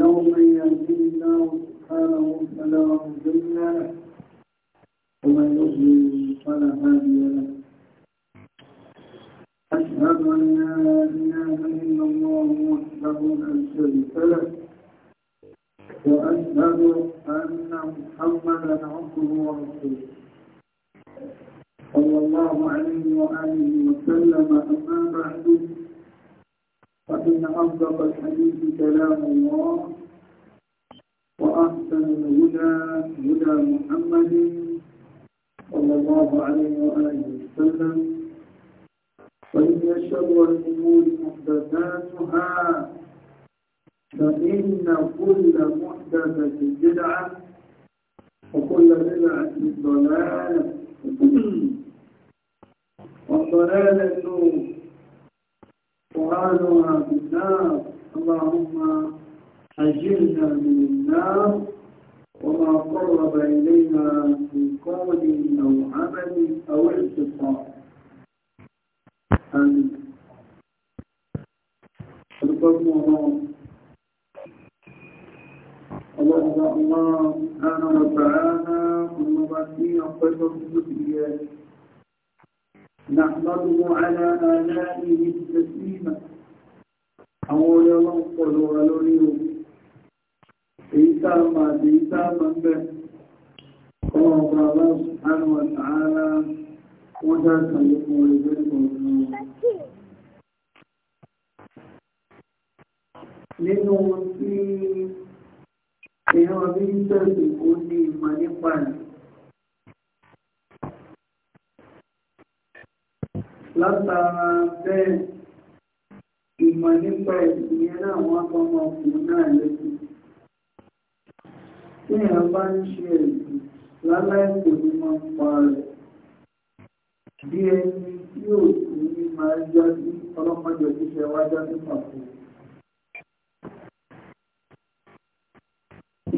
إنه من يهدي الله سبحانه فلا مضل له ومن يضلل فلا هادي له أشهد أن لا إله إلا الله وحده لا شريك له وأشهد أن محمدا عبده ورسوله صلى الله عليه وآله وسلم أما بعد فإن أصدق الحديث كلام الله وأحسن الهدى هدى محمد صلى الله عليه وآله وسلم وإن شر الأمور محدثاتها فإن كل محدثة بدعة وكل بدعة ضلالة وضلالة وأهلها في النار اللهم أجرنا من النار وما قرب إلينا من قول أو عمل أو اعتصام آمين الله سبحانه وتعالى وما في أقوى الرسل نحمده على آلائه التسليمة àwọn ọlọ́run pọ̀lọ̀ wà lórí o èyí sáàmà àti èyí sáàmà ń bẹ̀ ọmọ ọba aláṣù àwọn àtàrà wọ́n dá ìsàlẹ̀kùn rẹ̀ bẹ́ẹ̀kùn nínú tí èyàn bí ń tẹ̀sùn ó ní ìmọ̀ nípa rẹ̀ látara bẹ́ẹ̀ ìmọ̀ nípa ìyẹn náà wọ́n bá ọmọ ọkùnrin náà lẹ́sìn tí èèyàn bá ń ṣe ẹ̀sìn láláì kò ní máa ń pa rẹ̀ bí ẹni tí ò kú ní máa yá sí ọlọ́mọdé òṣìṣẹ́ wájá ní pàtó.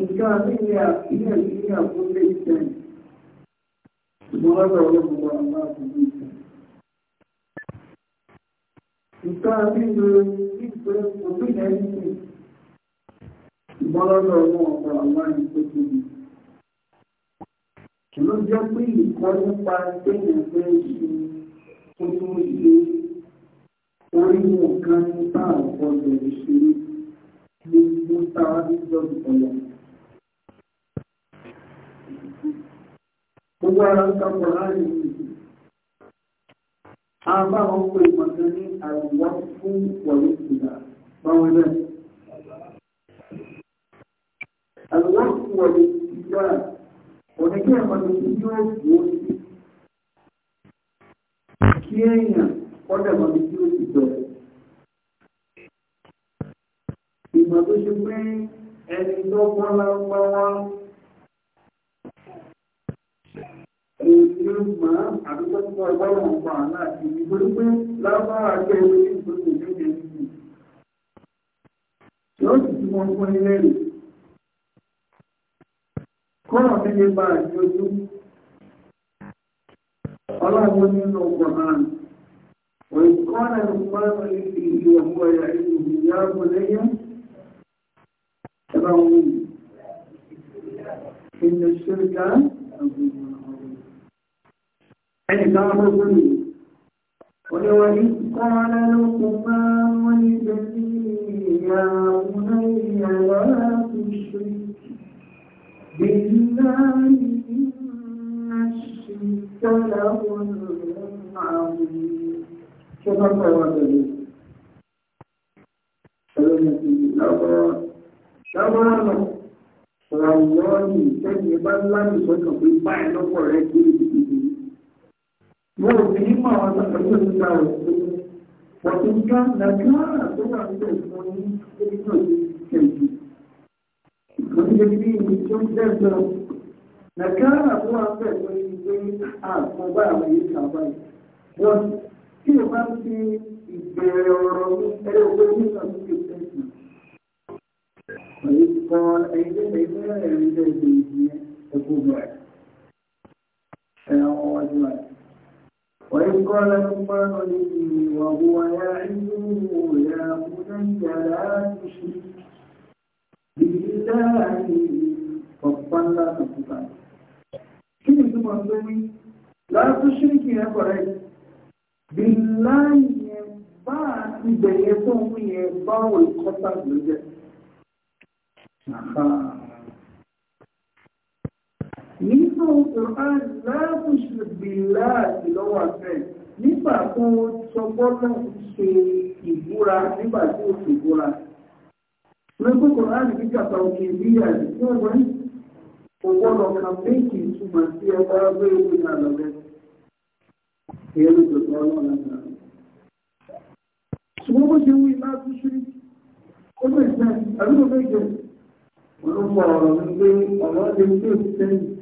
nǹkan nílé àfihàn ní àkókò ìtẹ̀yìn ṣùgbọ́n lọ́dọ̀ ọlọ́mọdé àwọn àkókò ìtẹ̀yìn ìtàn nínú ìpè òpínlẹ̀ ìpè ìbọ́lọ́dọ̀ ọmọ ọ̀pọ̀ àwọn ìpèsè ló jẹ́ pé ìkọ́ nípa tẹ́lẹ̀ fẹ́ ṣe tó tó ṣe orí nǹkan nípa ọ̀pọ̀lọ̀ ìṣeré gbogbo táwa ní ìjọba ìpọ̀lọ̀ àbá wọn pè mọ̀gán ní àríwá fún wọ̀lé ìgbà báwọn náà àríwá fún wọ̀lé ìgbà ọ̀nẹ́kẹ́ ìmọ̀lẹ́ tí yóò wò ó sí kí èèyàn ọ̀dẹ̀ mọ̀lẹ́ tí ó tó ṣe pé ẹni tó gbọ́n lárúbáwá èyí máa àdúgbò tí wọ́n bá wọn pa láti ìgbò pé lábára jẹ́ ìwé ìgbòkè lóde ìlú tí ó sì tí wọ́n fún ilé rẹ̀ kọ́nà tí lè bá àti ojú ọlọ́run nínú ọgbọ̀n وَإِذْ لُقْمَانُ لِابْنِهِ وَهُوَ يَعِظُهُ يَا بُنَيَّ إِنَّ الشِّرْكَ لظلم ẹnìkan ọmọ ogun ni oníwọ̀n ní kọ́ọ̀lá ló kò bá wọ́n ní bẹ̀rẹ̀ ìyàwó náà ìyàwó láti ṣe بالله إن الشرك لظلم عظيم شوف الصواب Ṣọ́wọ́n lọ, ṣọ́wọ́n lọ́yìn tẹ́yìn bá lábìsọ́kàn pé báyìí lọ́pọ̀ rẹ̀ kiri kiri wọn ò kì í mọ àwọn àgbàdo nípa òṣèlú wọ́n ti ká nàìjíríà tó wà nílẹ̀ fún ní ẹgbẹ́ náà ti kẹ̀jù wọ́n ti fi ìlú tó ń dẹ́gbẹ́ nàìjíríà tó wà nílẹ̀ fún ní pé àwọn bá àwọn yìí kà báyìí wọ́n tí o bá ń fi ìbẹ̀rẹ̀ ọ̀rọ̀ ní ẹ̀rọ owó ní ìlànà tó ti kẹ̀jù. Èyí kan ẹgbẹ́ ẹgbẹ́ ẹ̀rí وإذ قال لقمان لابنه وهو يعظه يا بني لا تشرك بالله فطلق الكتاب kí ni túmọ̀ tó ní láti ṣíríkì yẹn kọ̀rẹ́ bí láì yẹn bá ibẹ̀ yẹn tó ń yẹn báwo ìkọ́ta ló jẹ́ nínú Quran láàbù ṣùgbì láàbì lọ́wọ́ àfẹ́ nígbà tó sọgbọ́nà ṣe ìbúra nígbà tí ó sì búra lọ́gbọ́n Quran kíkà pàókè bí àti tí ó wọ́n owó lọ́ka méjì túmọ̀ sí ẹgbẹ́ ọgbẹ́ ìwé náà lọ́gbẹ́ èyí ló tó ọlọ́run náà ṣùgbọ́n bó ṣe wí láti ṣírí ó lè jẹ́ àdúgbò méje wọn ló fọ ọ̀rọ̀ nígbé ọ̀rọ̀ lè gbé sẹ́yìn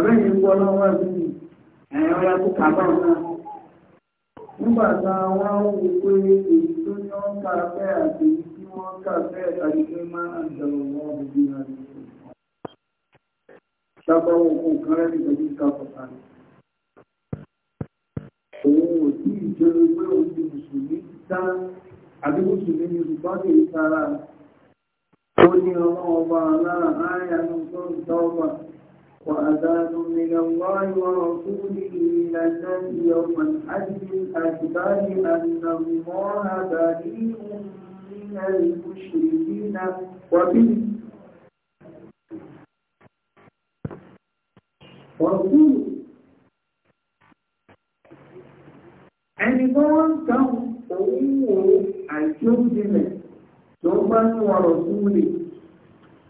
ẹ̀rọ yìí ń bọ́ lọ́wọ́ ẹ̀sìn ẹ̀yìn ọ̀yà tó kàbá náà nígbà tá a wá wò pé èyí tó ní wọ́n kà bẹ́ẹ̀ àti èyí tí wọ́n kà bẹ́ẹ̀ tàbí pé máa ń dẹ̀rọ̀ wọ́n bí i àti sábà wọn kò kán rẹ́ nígbà tí ká pàtà rẹ̀ òun ò tí ì jẹ́ pé òun ti mùsùlùmí dá àbí mùsùlùmí ni olùkọ́ lè sára ó ní ọmọ ọba alára áyà ní ọjọ́ ìta ọba وأذان من الله ورسوله إلى الناس يوم الحج الأكبر أن الله بريء من المشركين وبه وقول ẹni tó wọ́n tán òun wo àìsí òjìnlẹ̀ tó bá ní wọ́n rọ̀ fún lè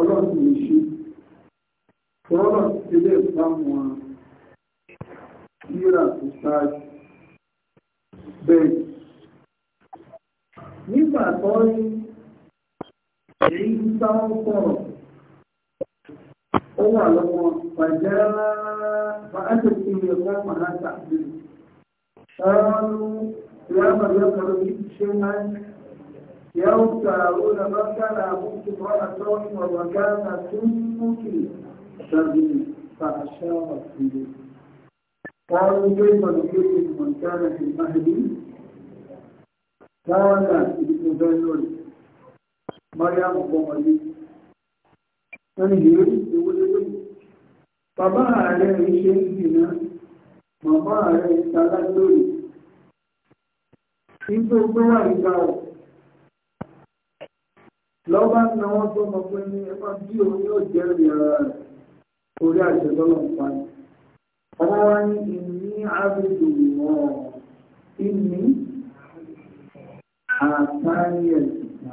ọlọ́run kò lè ṣe tọ́lọ́ ti lè fáwọn kíra tó ṣáájú bẹ́ẹ̀ nígbà tó ní èyí bá ń sọ̀rọ̀ ó wà lọ́wọ́ bàjẹ́ bàjẹ́ kí ni wọ́n máa tàbí ọ̀rọ̀ ìyá bàjẹ́ kan ló ti ṣe máa ń يوم ترون من كان أبوك امرأة سوء ومن كان أمك سبيل فأشارت إليه قالوا كيف نكلم من كان في المهد قال ابن بنون مريم ومريم أنا جيت يقول لي bàbá rẹ̀ ṣe ń dìnà màmá rẹ̀ ṣàlá lórí nígbà gbọ́wà ìgbà lọ́ba ń náwó tó mọ̀ pé ní ẹ̀fà bí òun yóò jẹ́rìí ara rẹ̀ orí àṣetọ́lọ̀ ń pa ni. ọmọ wa ní ìní àbùdù wọn ìní àtàrí ẹ̀sìnká.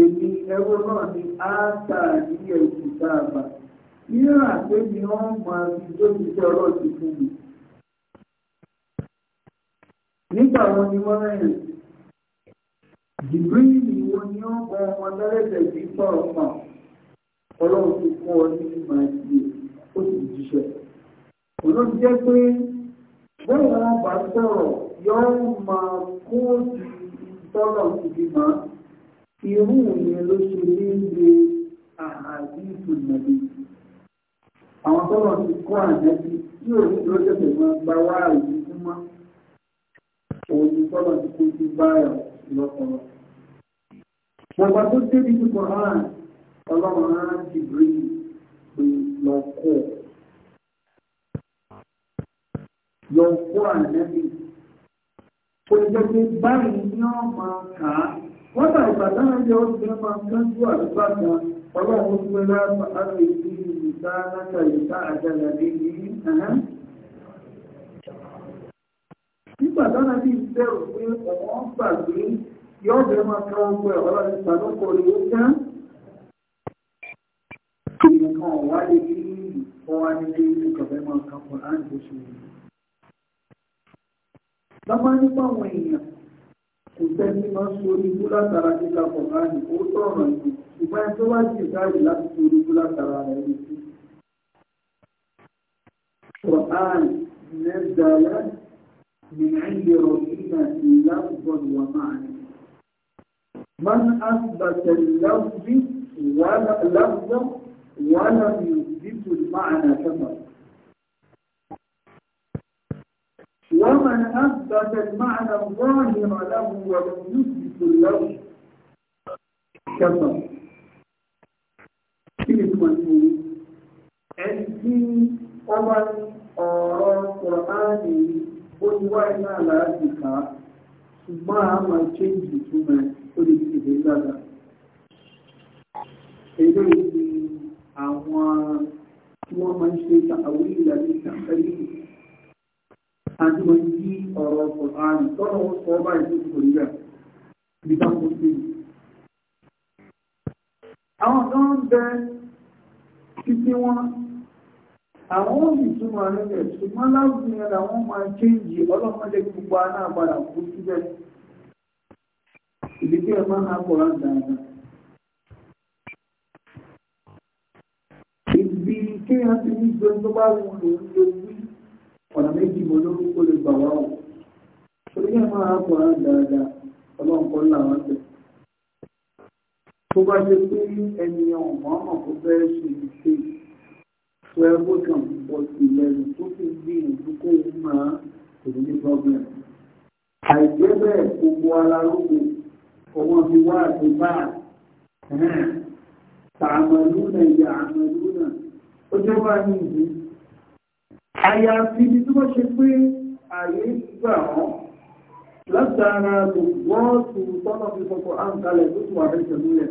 èmi ẹwọ́ náà ni àtàrí ẹ̀sìnká àbá. yíra pé ni wọ́n máa fi jókòó sí ọlọ́ọ̀tì fún mi. nígbà wo ni wọ́n rẹ̀ yẹn dìgírì ìwọ ni ó gba ọmọ lẹ́rẹ̀ẹ́dẹ̀ pípa ọmọ ọlọ́run ti fún ọ ní ìmọ̀ ìdíyẹ ó sì jíṣẹ́ olóòtú jẹ́ pé bẹ́ẹ̀ wọn bá sọ̀rọ̀ yóò máa kóòtù tọ́lọ̀ síbi máa irú ìyẹn ló ṣe léde àhàbí ìtùnàbí àwọn tọ́lọ̀ ti kọ́ àjẹ́bí tí òun ló ṣẹ̀ṣẹ̀ máa gba wáàrí fún mọ́ òun tọ́lọ̀ ti kó sí báyọ̀ lọ́pọ̀lọ́. Bàbá tó débi tó kọ̀ hàn ọlọ́run á ti na pé lọ́kọ̀. Lọ́kọ̀ ànẹ́bí. Kò jẹ́ pé báyìí ní ọmọ kà á. Wọ́n tà ìbàdàn ẹ̀jẹ̀ ó nígbà tánà bí bẹ̀rù pé ọ̀wọ́n gbàgbé yóò bẹ̀rẹ̀ máa tọ́ ọgbẹ́ ọ̀rọ̀ nípa lọ́kọ̀ọ́rẹ́ ó já. Ìyẹ̀kan ọ̀wá lè fi ọwá nílé ìkọ̀fẹ́ máa kan pọ̀ láti oṣù yìí. Lọ́pàá nípa àwọn èèyàn kò tẹ́sí máa ń sórí ibú látara kíkà pọ̀ láàyè ó tọ̀rọ̀ ìlú ṣùgbọ́n ẹni tó wá jì káàdì láti sórí ibú látara من عند ربنا لفظا ومعنى من أثبت اللفظ ولا لفظا ولم يثبت المعنى كما ومن أثبت المعنى الظاهر له ولم يثبت اللفظ كما كيف منقول أنت أمر أرى القرآن ó ti wá iná àlàájì ká ṣùgbọ́n a máa chéjì ìtumẹ̀ ó lè fi ìwé dàgbà èdè ìdí àwọn tí wọ́n máa ń ṣe àwọn ìlànà ìtàkẹ́lì àti wọ́n yí ọ̀rọ̀ ọ̀pọ̀ àrùn tọ́nà wọn sọ ọba ìlú kòríà bí dáko sí i. àwọn kan ń bẹ títí wọn àwọn olùtúmọ̀ níbẹ̀ ṣùgbọ́n láwùjọ yẹn làwọn máa chéǹjì ọlọ́mọdé gbogbo aná padà kú síbẹ̀ ìdíkẹ́ ẹ̀ máa ń hapọ̀ dáadáa. ibi kéèyàn ti ní gbé tó bá wù ló ń lé ọ̀nà méjì mo ló kó lè gbà wá o torí ẹ̀ máa hapọ̀ dáadáa ọlọ́nkọ́ làwọn tẹ̀. tó bá ṣe pé ẹnìyàn ọ̀mọ́ ọ̀mọ̀ kó fẹ́ ṣe ìṣe ẹgbẹ́ kan pọ̀ sí lẹ́nu tó fi gbìyànjú kó ń máa kò ní problem. àìjẹ́ bẹ́ẹ̀ gbogbo ara lóko ọwọ́n ti wá àti báà tààmàlú náà ìyá àmàlú náà ó jẹ́ wá ní ìlú. àyàfi ibi tí wọ́n ṣe pé ààyè gbà wọ́n látara tó wọ́n tó tọ́nà fi sọ̀kọ̀ tó tù wà fẹ́ tẹ̀lú rẹ̀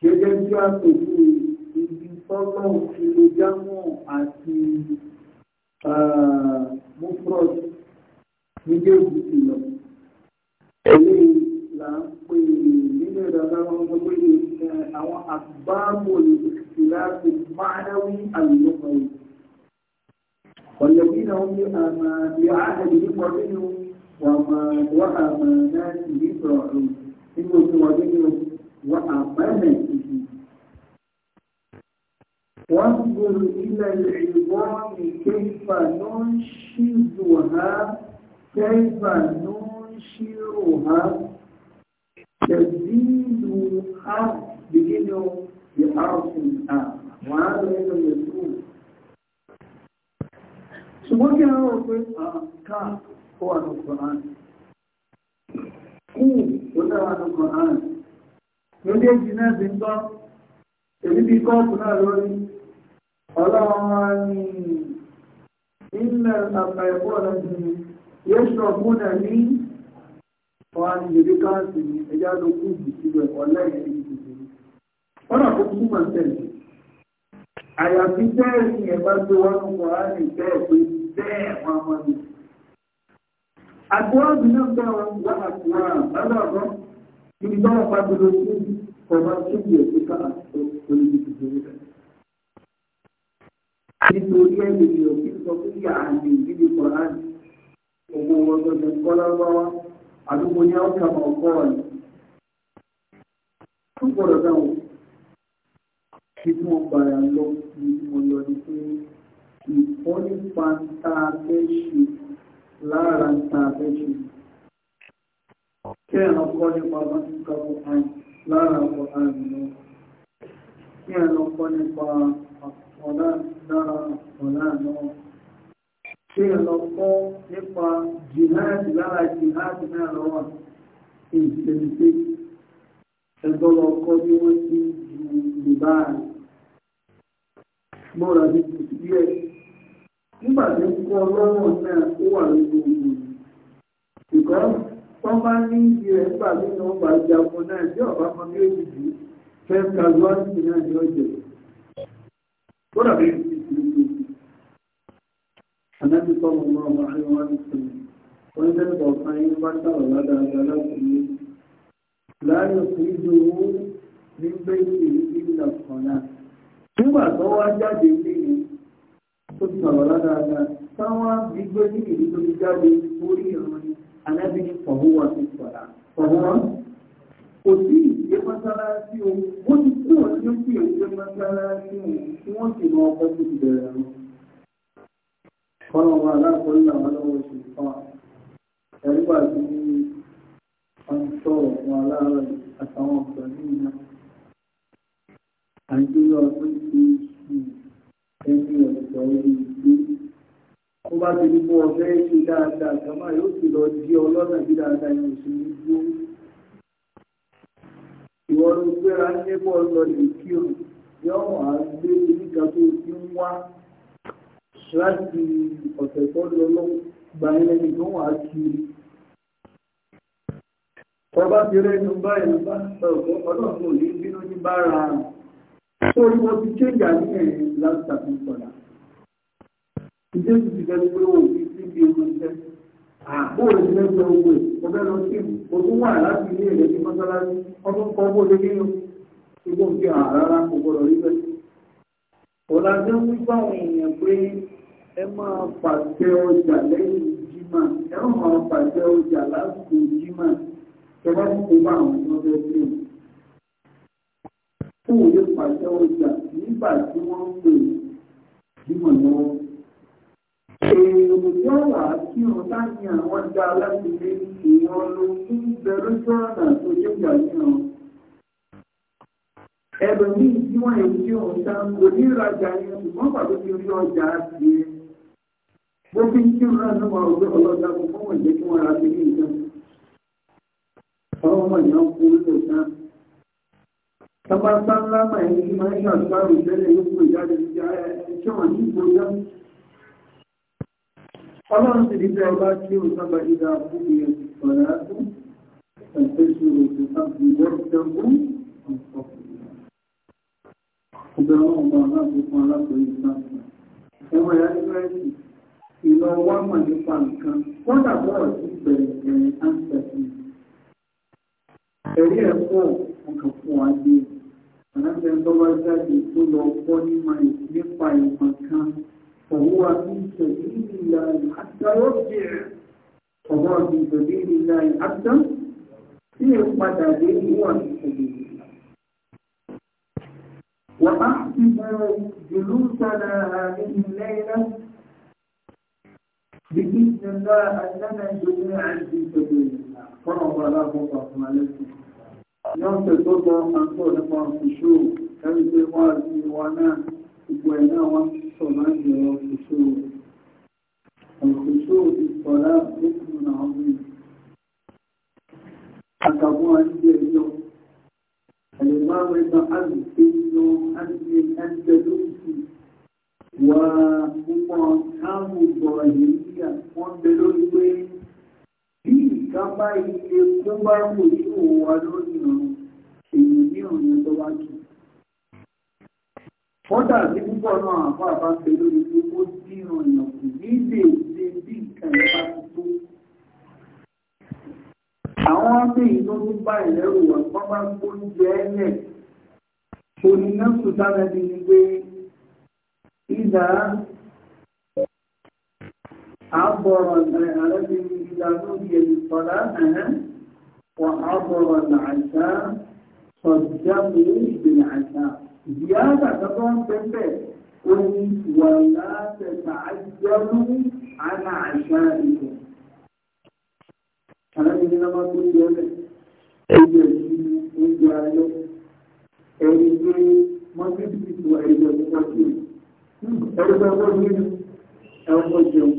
gẹ́gẹ́ bí wọ́n á tòkù tọ́lá òfin ló jámọ́ àti ah, mufrod méjèèjì ti lọ. èyí là ń pè nínú ìdájọ́ wọn sọ pé àwọn àgbáàbò ìlàsì máàdáwí àlùmọ́ọ̀rì. والذين هم بعهد منهم وما وأماناتهم راعون إنه سوى منهم وأماناتهم وانظر إلى العظام كيف ننشزها كيف ننشرها تزيد حرف بجنه بحرف آخر وهذا أيضا يكون ṣùgbọ́n kí àwọn òpin àkà ó wà ní Kùránì kú ó dáwà èyí bí kọ́ọ̀tù náà lórí ọlọ́wọ́n ní ilẹ̀ àpá ẹ̀kọ́ ọ̀rọ̀ ti yẹ́sọ̀ múnà ní wọ́n á ní ìdí káàsì ní ẹjá ló kú ìdìbò ẹ̀kọ́ lẹ́yìn ìdìbò ọ̀nà tó kú mọ̀ tẹ̀lé àyàfi bẹ́ẹ̀ ni ẹ̀bá tó wọ́n ń wọ́n á bẹ́ẹ̀ pé bẹ́ẹ̀ wọn mọ̀ ní. àgbọ̀ọ́dù náà bẹ́ẹ̀ wọn wá àkùrà lọ́dọ̀ ọba tó yẹ kó bá olùdí tuntun rẹ. nítorí ẹni yìí òbí sọ pé yà á ní ìdílé koran owó ọdún ní kọ́lábáwá àdúgbò ní ọ̀kà máa kọ́ ọ̀ ní. tó nípa bá ń kápọ̀ àìsàn lára àwọn àìmọ̀ kí ẹ lọ kọ́ nípa ọ̀la lára ọ̀la náà kí ẹ lọ kọ́ nípa jìláàdì lára jìláàdì náà lọ́wọ́ ìṣẹ̀lẹ̀ ẹgbọ́n lọ kọ́ bí wọ́n ti ju ìbáàrẹ̀ mọ́ra ní kùtù díẹ̀ nígbà tí ń kọ́ lọ́wọ́ náà ó wà lójú ogun wọ́n bá ní ìdí rẹ̀ gbà nínú ọgbà ìjàmọ̀ náà tí ọ̀bá kan ní òjìjì fẹ́ kàlùwájì náà ní ọjọ́ gbọ́dà bí i ti ti ti anábì sọ́wọ́ mọ́ ọmọ ayé wọn ní sinmi wọ́n jẹ́ ọ̀kan yín bá sọ̀rọ̀ ládàáda láti ní láàyò sí ìdòwò ní gbé ìlú ìlà kan náà nígbà tó wá jáde nílùú tó sọ̀rọ̀ ládàáda táwọn gbígbé ní ìlú tó fi jáde orí ìrànlẹ́ anábì ní fọ̀húwọ́ sí sọ̀dá fọ̀húwọ́ kò sí ìdílé mọ́sálásí o wọ́n ti kú wọn tí ó sì ìdílé mọ́sálásí o tí wọ́n sì mọ ọkọ̀ tó ti bẹ̀rẹ̀ lọ. kọ́nà wa aláàkọ́lé làwọn lọ́wọ́ ṣe fún wa ẹ̀rí wà sí wọn sọ̀rọ̀ àtàwọn ọ̀gbọ̀n ní ìná. àìjọyọ̀ ọdún ti ẹni ọ̀dọ́ orí ìgbé ó bá ti gbogbo ọ̀fẹ́ ṣe dáadáa àgbàmá yóò sì lọ di ọlọ́nà bí dáadáa yóò sì ní gbó ìwọ ló gbéra nípọ̀ lọ lè kí o yóò wá gbé oníkà tó ti ń wá láti ọ̀sẹ̀ tó lọ lọ́wọ́ gbà ilẹ̀ ní tó wà kiri ọba ti rẹ́nu báyìí bá sọ̀rọ̀ ọlọ́run ò ní bínú ní bára tó ní ti ṣéjà ní ẹ̀yìn láti tàbí ìjọ ti dìgbà ní pé òun ti ti di ogun iṣẹ́ àbó rẹ̀ ní ẹgbẹ́ owó ẹ̀ ọbẹ̀ lọ sí ọdún wà láti ilé rẹ̀ ní mọ́sálásí ọdún kan bó ṣe nínú ṣùgbọ́n kí àrárá kò gbọdọ̀ rí bẹ́ẹ̀. ọ̀la ní ń wí fáwọn èèyàn pé ẹ máa pàṣẹ ọjà lẹ́yìn jimá ẹ máa pàṣẹ ọjà lásìkò jimá ẹ bá ti kó bá àwọn ọmọ sí i. fún òye pàṣẹ ọjà nígbà tí wọ́n ń pè jimá náà Èrò yọ́wà kí o bá ní àwọn dá láti lé ìwọ̀n ló ń bẹ̀rù sọ́ọ̀nà tó yé gbà ní ọ. Ẹ̀rọ ní ìdíwọ̀n èyí tí òun ta ń wò ní ìrajà yẹn ṣùgbọ́n pàtó ti rí ọjà sí i. Bó fi ń kí ńlá náà wà ọjọ́ ọlọ́dà kò fún òjé kí wọ́n ra sí ọlọ́run ti di pé ọba tí ó sábà ìdá àbúgbé ọ̀rẹ́ àtún ẹ̀fẹ́sù òṣìṣàbí lọ́sẹ̀kún ọ̀pọ̀ ọba aláàbò fún aláàbò ìsáàbò ẹwà ìyá nígbàtí ìlọ wá mà nípa nǹkan wọ́n dàbọ̀ sí bẹ̀rẹ̀ bẹ̀rẹ̀ ánsẹ̀kì ẹ̀rí ẹ̀kọ́ ọkàn fún adé aláàbẹ̀ ń tọ́wọ́ jáde tó lọ kọ́ nípa ìmọ̀ kan فهو في سبيل الله حتى يرجع فهو في سبيل الله حتى في رقبة هذه هو في سبيل الله وأحسب جلوسنا هذه الليلة بإذن الله أننا جميعا في سبيل الله فرض له رحمة يوم تطلع من كل ما في شوق كيف واجي ونام gbogbo ẹ̀ náà wọ́n ti sọ máa ń yọ òṣìṣẹ́ o òṣìṣẹ́ o ti sọ láàbù lókùn náà wí àtàwọn àdúgbò ẹjọ́ ẹlẹgbàwọn ẹgbà àdúgbò ẹjọ́ àdúgbò ẹjọ́ lókùn wà púpọ̀ táwọn ìgbọràn yìí yà wọ́n bẹ lórí pé bí ìkápá ilé kó bá kò sí òun wa lónìí ọ̀run èyí ní ọ̀nà tó bá kì fọ́dà sí púpọ̀ náà àfọ́ àbáṣe lórí pé ó dínà èèyàn kù nílé ìṣe bí nǹkan ẹ̀ bá ti tó. àwọn abéyìn tó ń bá ìlẹ́rù wà wọ́n bá kó oúnjẹ ẹ̀lẹ̀ kò ní nọ́ọ̀sù sábẹ́bí ni pé ìdá àbọ̀rọ̀ àrẹ́bìnrin ìdá lórí ẹ̀yìn sọ̀dá wà àbọ̀rọ̀ àṣà sọ̀dá mú ìgbìyànjú àṣà ìyá àtàkọ́ ń tẹ́tẹ́ ó ní wà látẹ̀tà àjọlú àná àṣà ìlú. Àlàyé ní lọ́wọ́ tó yẹ lẹ̀, oúnjẹ yìí oúnjẹ alẹ́, ẹni pé mọ́tíbí ti wà ẹ̀jẹ̀ púpọ̀ sí i. Ẹ̀rọ pé ọkọ̀ yìí ẹ̀kọ́ jẹun.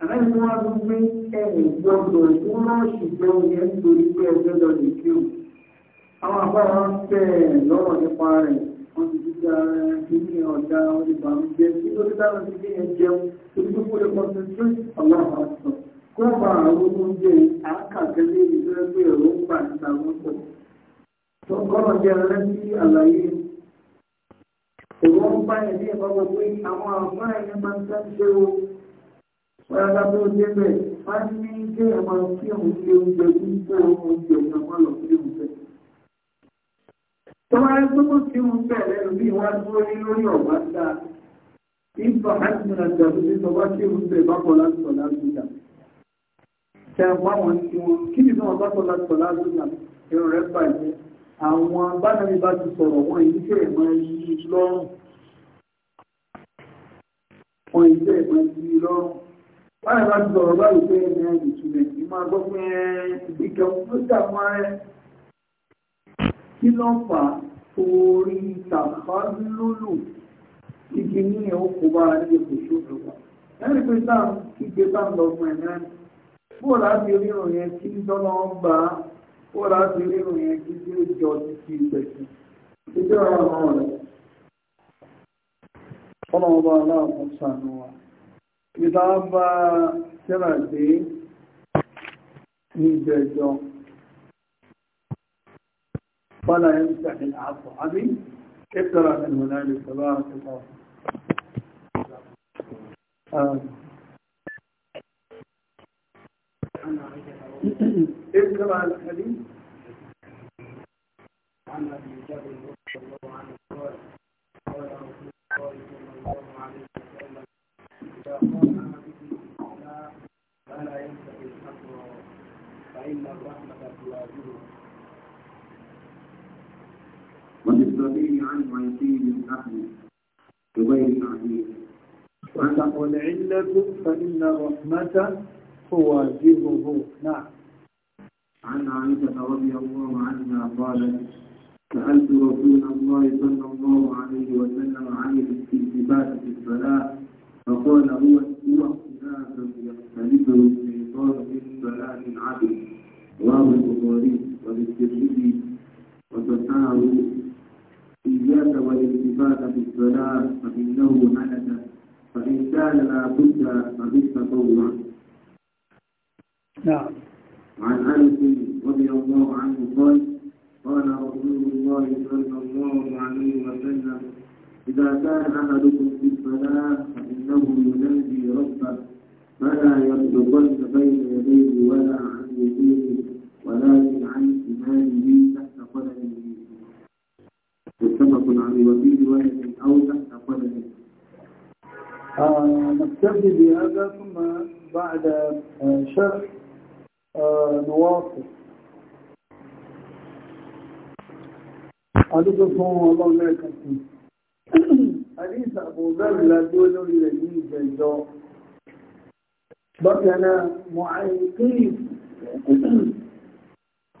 Àlàyé ní wọ́n tún gbé ẹ̀yìn gbọ́dọ̀ tó lọ́ọ̀ṣì jẹun yẹn nítorí pé ẹgbẹ́ lọ lè kírun. Àwọn àbáwọn fẹ́ lọ́rọ̀ nípa rẹ̀ wọ́n ti fi gba kíní ọ̀dà ọdún ìbànújẹ́ tí ó ti dára sí kí ẹ jẹun tó ti kúkú lè concentrate aláwọ̀ àtọ̀ kó bá àwọn oúnjẹ àákàkẹ́lẹ́ ìfẹ́ pé ẹ̀rọ ń bà níta wọn pọ̀. tọ́kọ́nà jẹ́ rántí àlàyé òun ń bá ẹ̀ ní ìbáwọ̀ pé àwọn àfáà ẹ̀yẹ máa ń Tọ́wọ́ ẹgbẹ́gbọ́ tí wọ́n bẹ̀rẹ̀ lórí ìwájú orí lórí ọ̀wá dá. Ìfọ̀ àìsàn àjọ̀dún ní sọ wá tí wọ́n bẹ̀ bákọ̀ láti sọ̀ lágbèjà. Tẹ̀wọ́ àwọn tí wọ́n kí ni náà bákọ̀ láti sọ̀ lágbèjà ẹ̀rọ rẹ̀ bàjẹ́. Àwọn abánami bá ti sọ̀rọ̀ wọn èyí tẹ̀ máa yí lọ́rùn. Wọ́n èyí tẹ̀ máa yí lọ́rùn. Báyọ̀ kí ló fà orí tàbálólò igi ní ọkọ̀ bá ní ipò ṣòro wa ẹni pé sáà kígbe bá ń lọ fún ẹ̀mí rẹ̀ bó láti rírun yẹn kí dọ́nà ń gbà á bó láti rírun yẹn kí tí ó jọ títí ìgbẹ̀sìn ìjọ ọ̀rọ̀ rẹ̀ ọlọ́ọ̀bá aláàbò sànù wa ìdábà tẹ́lá dé ní ìgbẹ̀jọ́ فلا يمسح من عني اقرأ من هنالك تبارك الله آه. اقرأ الحديث عن أبي جابر رضي الله عنه قال قال رسول الله صلى الله عليه وسلم إذا قام أحدكم الصلاة فلا يمسح الحق فإن الرحمة تواجهه الزبير عن عيسير أحمد بغير تعديل والعلة فإن رحمة تواجهه نعم عن عائشة رضي الله عنها قالت سألت رسول الله صلى الله عليه وسلم عن الالتفات في الصلاة فقال هو هو اختلاف يختلفه الشيطان في صلاة العبد رواه البخاري وبالترمذي وصححه إياك والالتفات في الصلاة فإنه حدث فإن كان لا بد فبالتطوع نعم عن أنس رضي الله عنه قال قال رسول الله صلى الله عليه وسلم إذا كان أحدكم في الصلاة فإنه ينادي ربه فلا يبلغن بين يديه ولا عن يمينه ولكن عن شماله تحت قدمه متفق عليه وفي رواية أو تحت قدمه آه بهذا ثم بعد آه شرح آه نواصل أدوكم الله لا يكفي حديث أبو ذر لا دول الذي جلده بكنا معيقين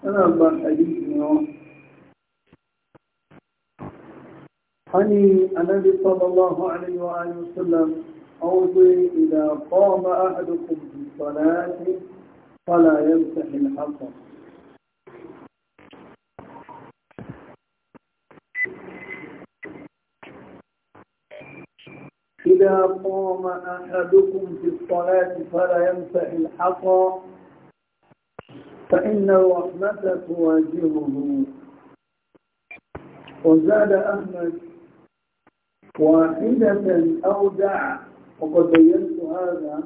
أنا أبا حديث نواصل حني النبي صلى الله عليه وآله وسلم أوضي إذا قام أحدكم في الصلاة فلا يمسح الحق إذا قام أحدكم في الصلاة فلا يمسح الحق فإن الرحمة تواجهه وزاد أحمد واحدة أو دع وقد بينت هذا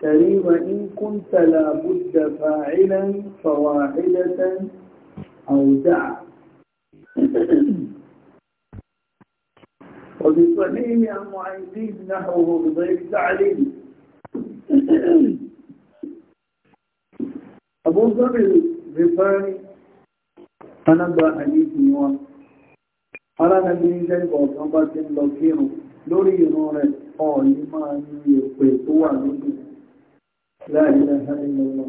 كريم إن كنت لابد فاعلا فواحدة أو دع وفي صحيح عن نحوه بضيف تعليم أبو ظبي الغفاري أنا بحديث نواف Aláàbí ilẹ̀ ọ̀kan bá ti ń lọ kírun lórí ìran rẹ̀ ọ̀ọ̀lú máa ń ní èpè tó wà lójú láàrin ẹ̀hẹ́rin lọ́wọ́.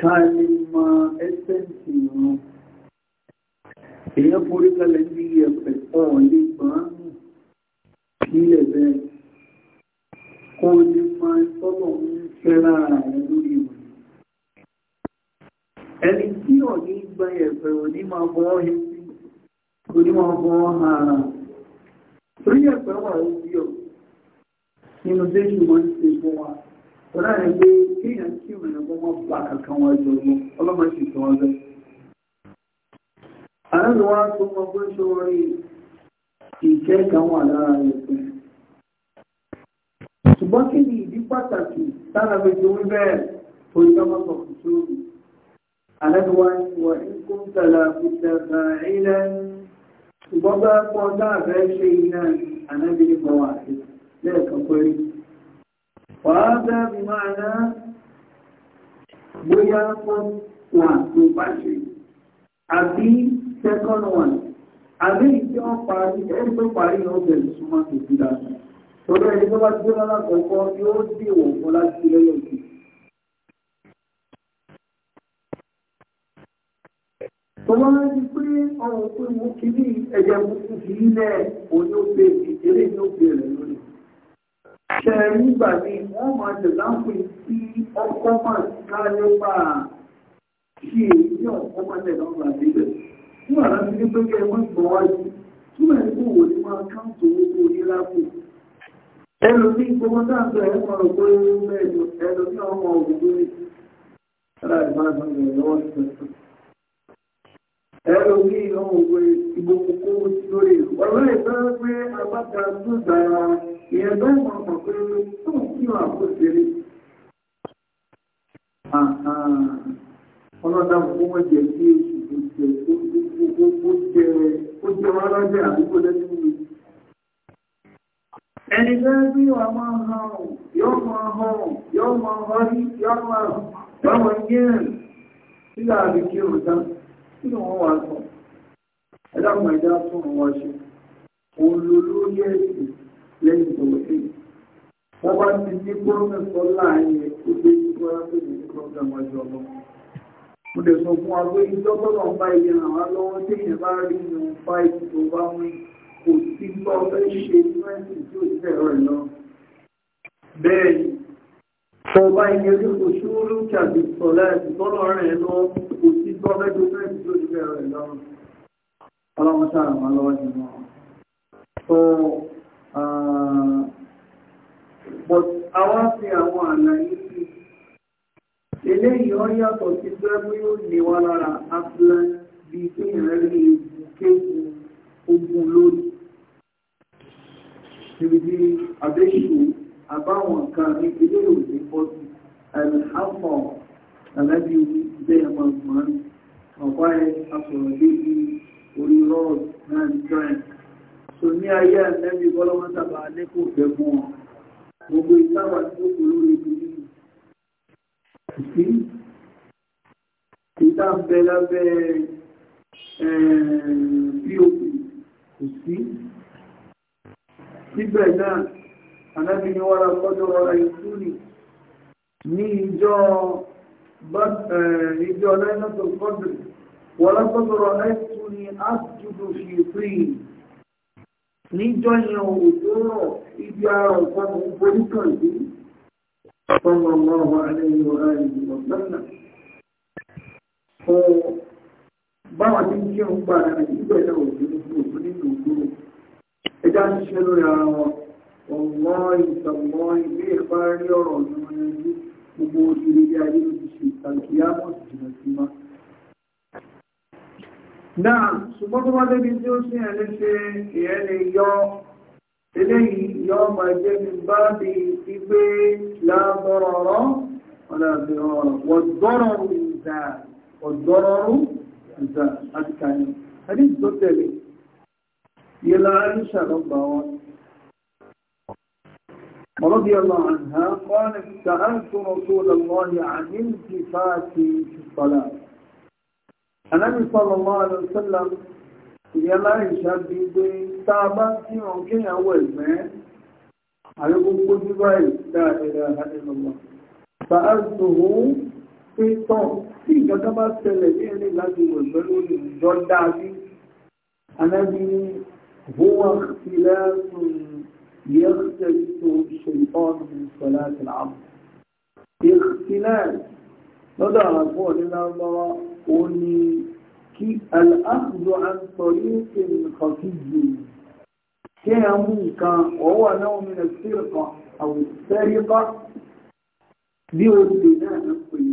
Káàlì máa ẹ́sẹ̀ǹsì ìran. Èèyàn forí kalẹ̀ ní ẹ̀pẹ̀ ọ̀ọ̀lú gbàánù nílẹ̀ bẹ́ẹ̀. Kò ní máa sọ́lọ̀ ń fẹ́ lára rẹ̀ lórí ìwọ̀n ẹni tí ò ní gbẹ̀yẹ̀ pẹ̀rù ní máa bọ́ ọ́hìn torí wọn fún wọn máa rà torí ẹ̀pẹ́ wà ó bí ọ̀ nínú déjì wọn ti fún wa ọ̀rá rẹ̀ pé kéèyàn kí ìrìnà fún wọn bá kankan wọn jọ mọ́ ọlọ́mọ sì fún wọn bẹ́ẹ̀. àárín tó mọ pé sórí ìjẹ́ kan wà rẹ̀ pé ṣùgbọ́n kí ni ìdí pàtàkì tára fi ti wí bẹ́ẹ̀ torí ká fún sórí. àlẹ́ wa ni wà ní ṣùgbọ́n bá pọ̀ láàrẹ ṣe iná ànábìnrin kan wà lẹ́ẹ̀kan pẹ̀lú wàá dábì máa ná bóyá fún wà tó bá ṣe àbí second one àbí ìdí wọn parí ẹni tó parí ọbẹ̀ ìsúnmọ́ tó fi dáadáa torí ẹni tó bá ti dé lọ́la kọ̀ọ̀kan yóò dìwọ̀n fún láti lẹ́yìn òkè Tọ́lá ń rí pé ọ̀rọ̀ pé mo kì í ẹ̀jẹ̀ mo kú sí ilẹ̀ òní ó pè ìdílé ní ó pè rẹ̀ lónìí. Ṣé nígbà mi wọ́n máa tẹ̀ láǹpẹ̀ sí ọkọ̀ máa ti ká nípa ṣe èyí tí ọ̀pọ̀ máa tẹ̀ láǹpẹ̀ àti ibẹ̀. Nígbà láti ní pé kẹ́ ẹ máa gbọ́ wájú, túmọ̀ ní kò wò ní máa káǹtò owó tó ní lápò. Ẹlòmí ẹ̀rọ ní ìran òwe ìgbòkòkò lórí ọ̀rọ̀ ìfẹ́ pé agbáta tó dára ìyẹn tó mọ̀ mọ̀ pé tó kí wà kó ṣeré ọlọ́dà fún wọ́n jẹ kí oṣù tó jẹ ó jẹ wá lọ́jẹ́ àdúgbò lẹ́nu mi ẹni fẹ́ bí wà máa hàn yọ́ máa hàn yọ́ máa hàn yọ́ máa hàn yọ́ máa hàn yọ́ máa hàn yọ́ máa hàn nínú wọn wà sọ ẹlẹ́kùn ẹ̀dá fún àwọn aṣọ òun ló lórí ẹ̀sìn lẹ́yìn tó wọlé wọ́n bá ti ní kórónà sọ láàárín ó gbé ìgbó arábìnrin ní kórónà wájú ọmọ mo dẹ̀ sọ fún wa pé ìjọ́gbọ́nà ń bá ilé ràn wá lọ́wọ́ tí èèyàn bá rí inú fáìlì tó bá mú kò sí gbọ́ fẹ́ ṣe inú ẹ̀sìn tí ò sí ẹ̀rọ ẹ̀ lọ bẹ́ẹ̀ ni ọba ìyẹn ní kò ṣúrú tàbí sọ̀lá ẹ̀sìn tọ́lọ́ rẹ̀ lọ kò sí gbọ́ fẹ́ tó fẹ́ bẹ̀rẹ̀ rẹ̀ lọ́rùn ọlọ́run sára wọn lọ́wọ́ ní wọn so but àwọn fi àwọn àlàyé sí eléyìí ó yàtọ̀ sí pé bí ó ní wá lára aflan bíi pé ilé ìwé bọ́sì ẹ̀rù hàpọ̀ àlábí bẹ́ẹ̀ máa mọ́ ọ̀pá ẹ̀ asọ̀rọ̀ lébi orí rọ́ọ̀dù náà ní jọ́ẹ̀ so ní ayé àtẹ́bí bọ́lọ́mọ́sàbà alẹ́kò fẹ́ fún ọ gbogbo ìtawà tí ó kò lórí ibi nínú sí ìta ń bẹ lábẹ́ pop eh, kò sí síbẹ̀ náà anábìnrin wọ́n ra kọ́jọ́ ọ̀rọ̀ ìtúnì ní ìjọ eh, ìjọ lẹ́nà tó kọ́dùrù ولقد رأيتني أسجد في طين níjọ́ yẹn òjò rọ̀ ibi ara nǹkan mọ̀ ń borí kàn sí ọmọ ọmọ àlẹ́yìn ọ̀rá ìlú ọ̀gbọ́nà fún báwọn tí ń kí ń gbà rẹ̀ nígbẹ̀ náà òjò ní òjò nínú òjò ẹjá ń ṣe lórí ara wọn ọ̀wọ́ ìtàwọ́ ilé ẹ̀bá rí ọ̀rọ̀ ọ̀nà ọ̀nà gbogbo orílẹ̀ ayé ìtàkìyà mọ̀ náà ṣùgbọ́n tó bá débi tí ó sì ẹ̀ lè ṣe ìyẹn lè yọ eléyìí yọ ọmọ ẹgbẹ́ mi bá di gbígbé lábọ́rọ̀rọ̀ ọ̀làbẹ̀rọ̀rọ̀ wọ̀dọ́rọ̀rù ìzà wọ̀dọ́rọ̀rù ìzà àti رضي الله عنها قالت سألت رسول الله عن التفاتي في الصلاة Ànábì sallallahu alaihi wasallam ìyá láìṣà bí gbé tá a bá tí wọn kéyàwó ẹ̀gbẹ́ àrígbogbo bí báyìí dáadẹ́rẹ́ àdínlọ́wọ́. Fàáṣùhù pé tán tí ìjọba bá tẹ̀lẹ̀ ní ẹni láti wẹ̀ pẹ̀lú ìjọ dáadé. Ànábì ní هو اختلاف يختلف الشيطان من صلاة العبد. اختلاف lọ́dọ̀ àwọn àpò ọ̀dẹ́lá ń ó ní kí aláàbùdó à ń sọ yíké nǹkan sí jù kí a mú nǹkan ọwọ́ náà mi nà sí nǹkan àwọn sẹ́ríkà bí o lè náà ń pè é.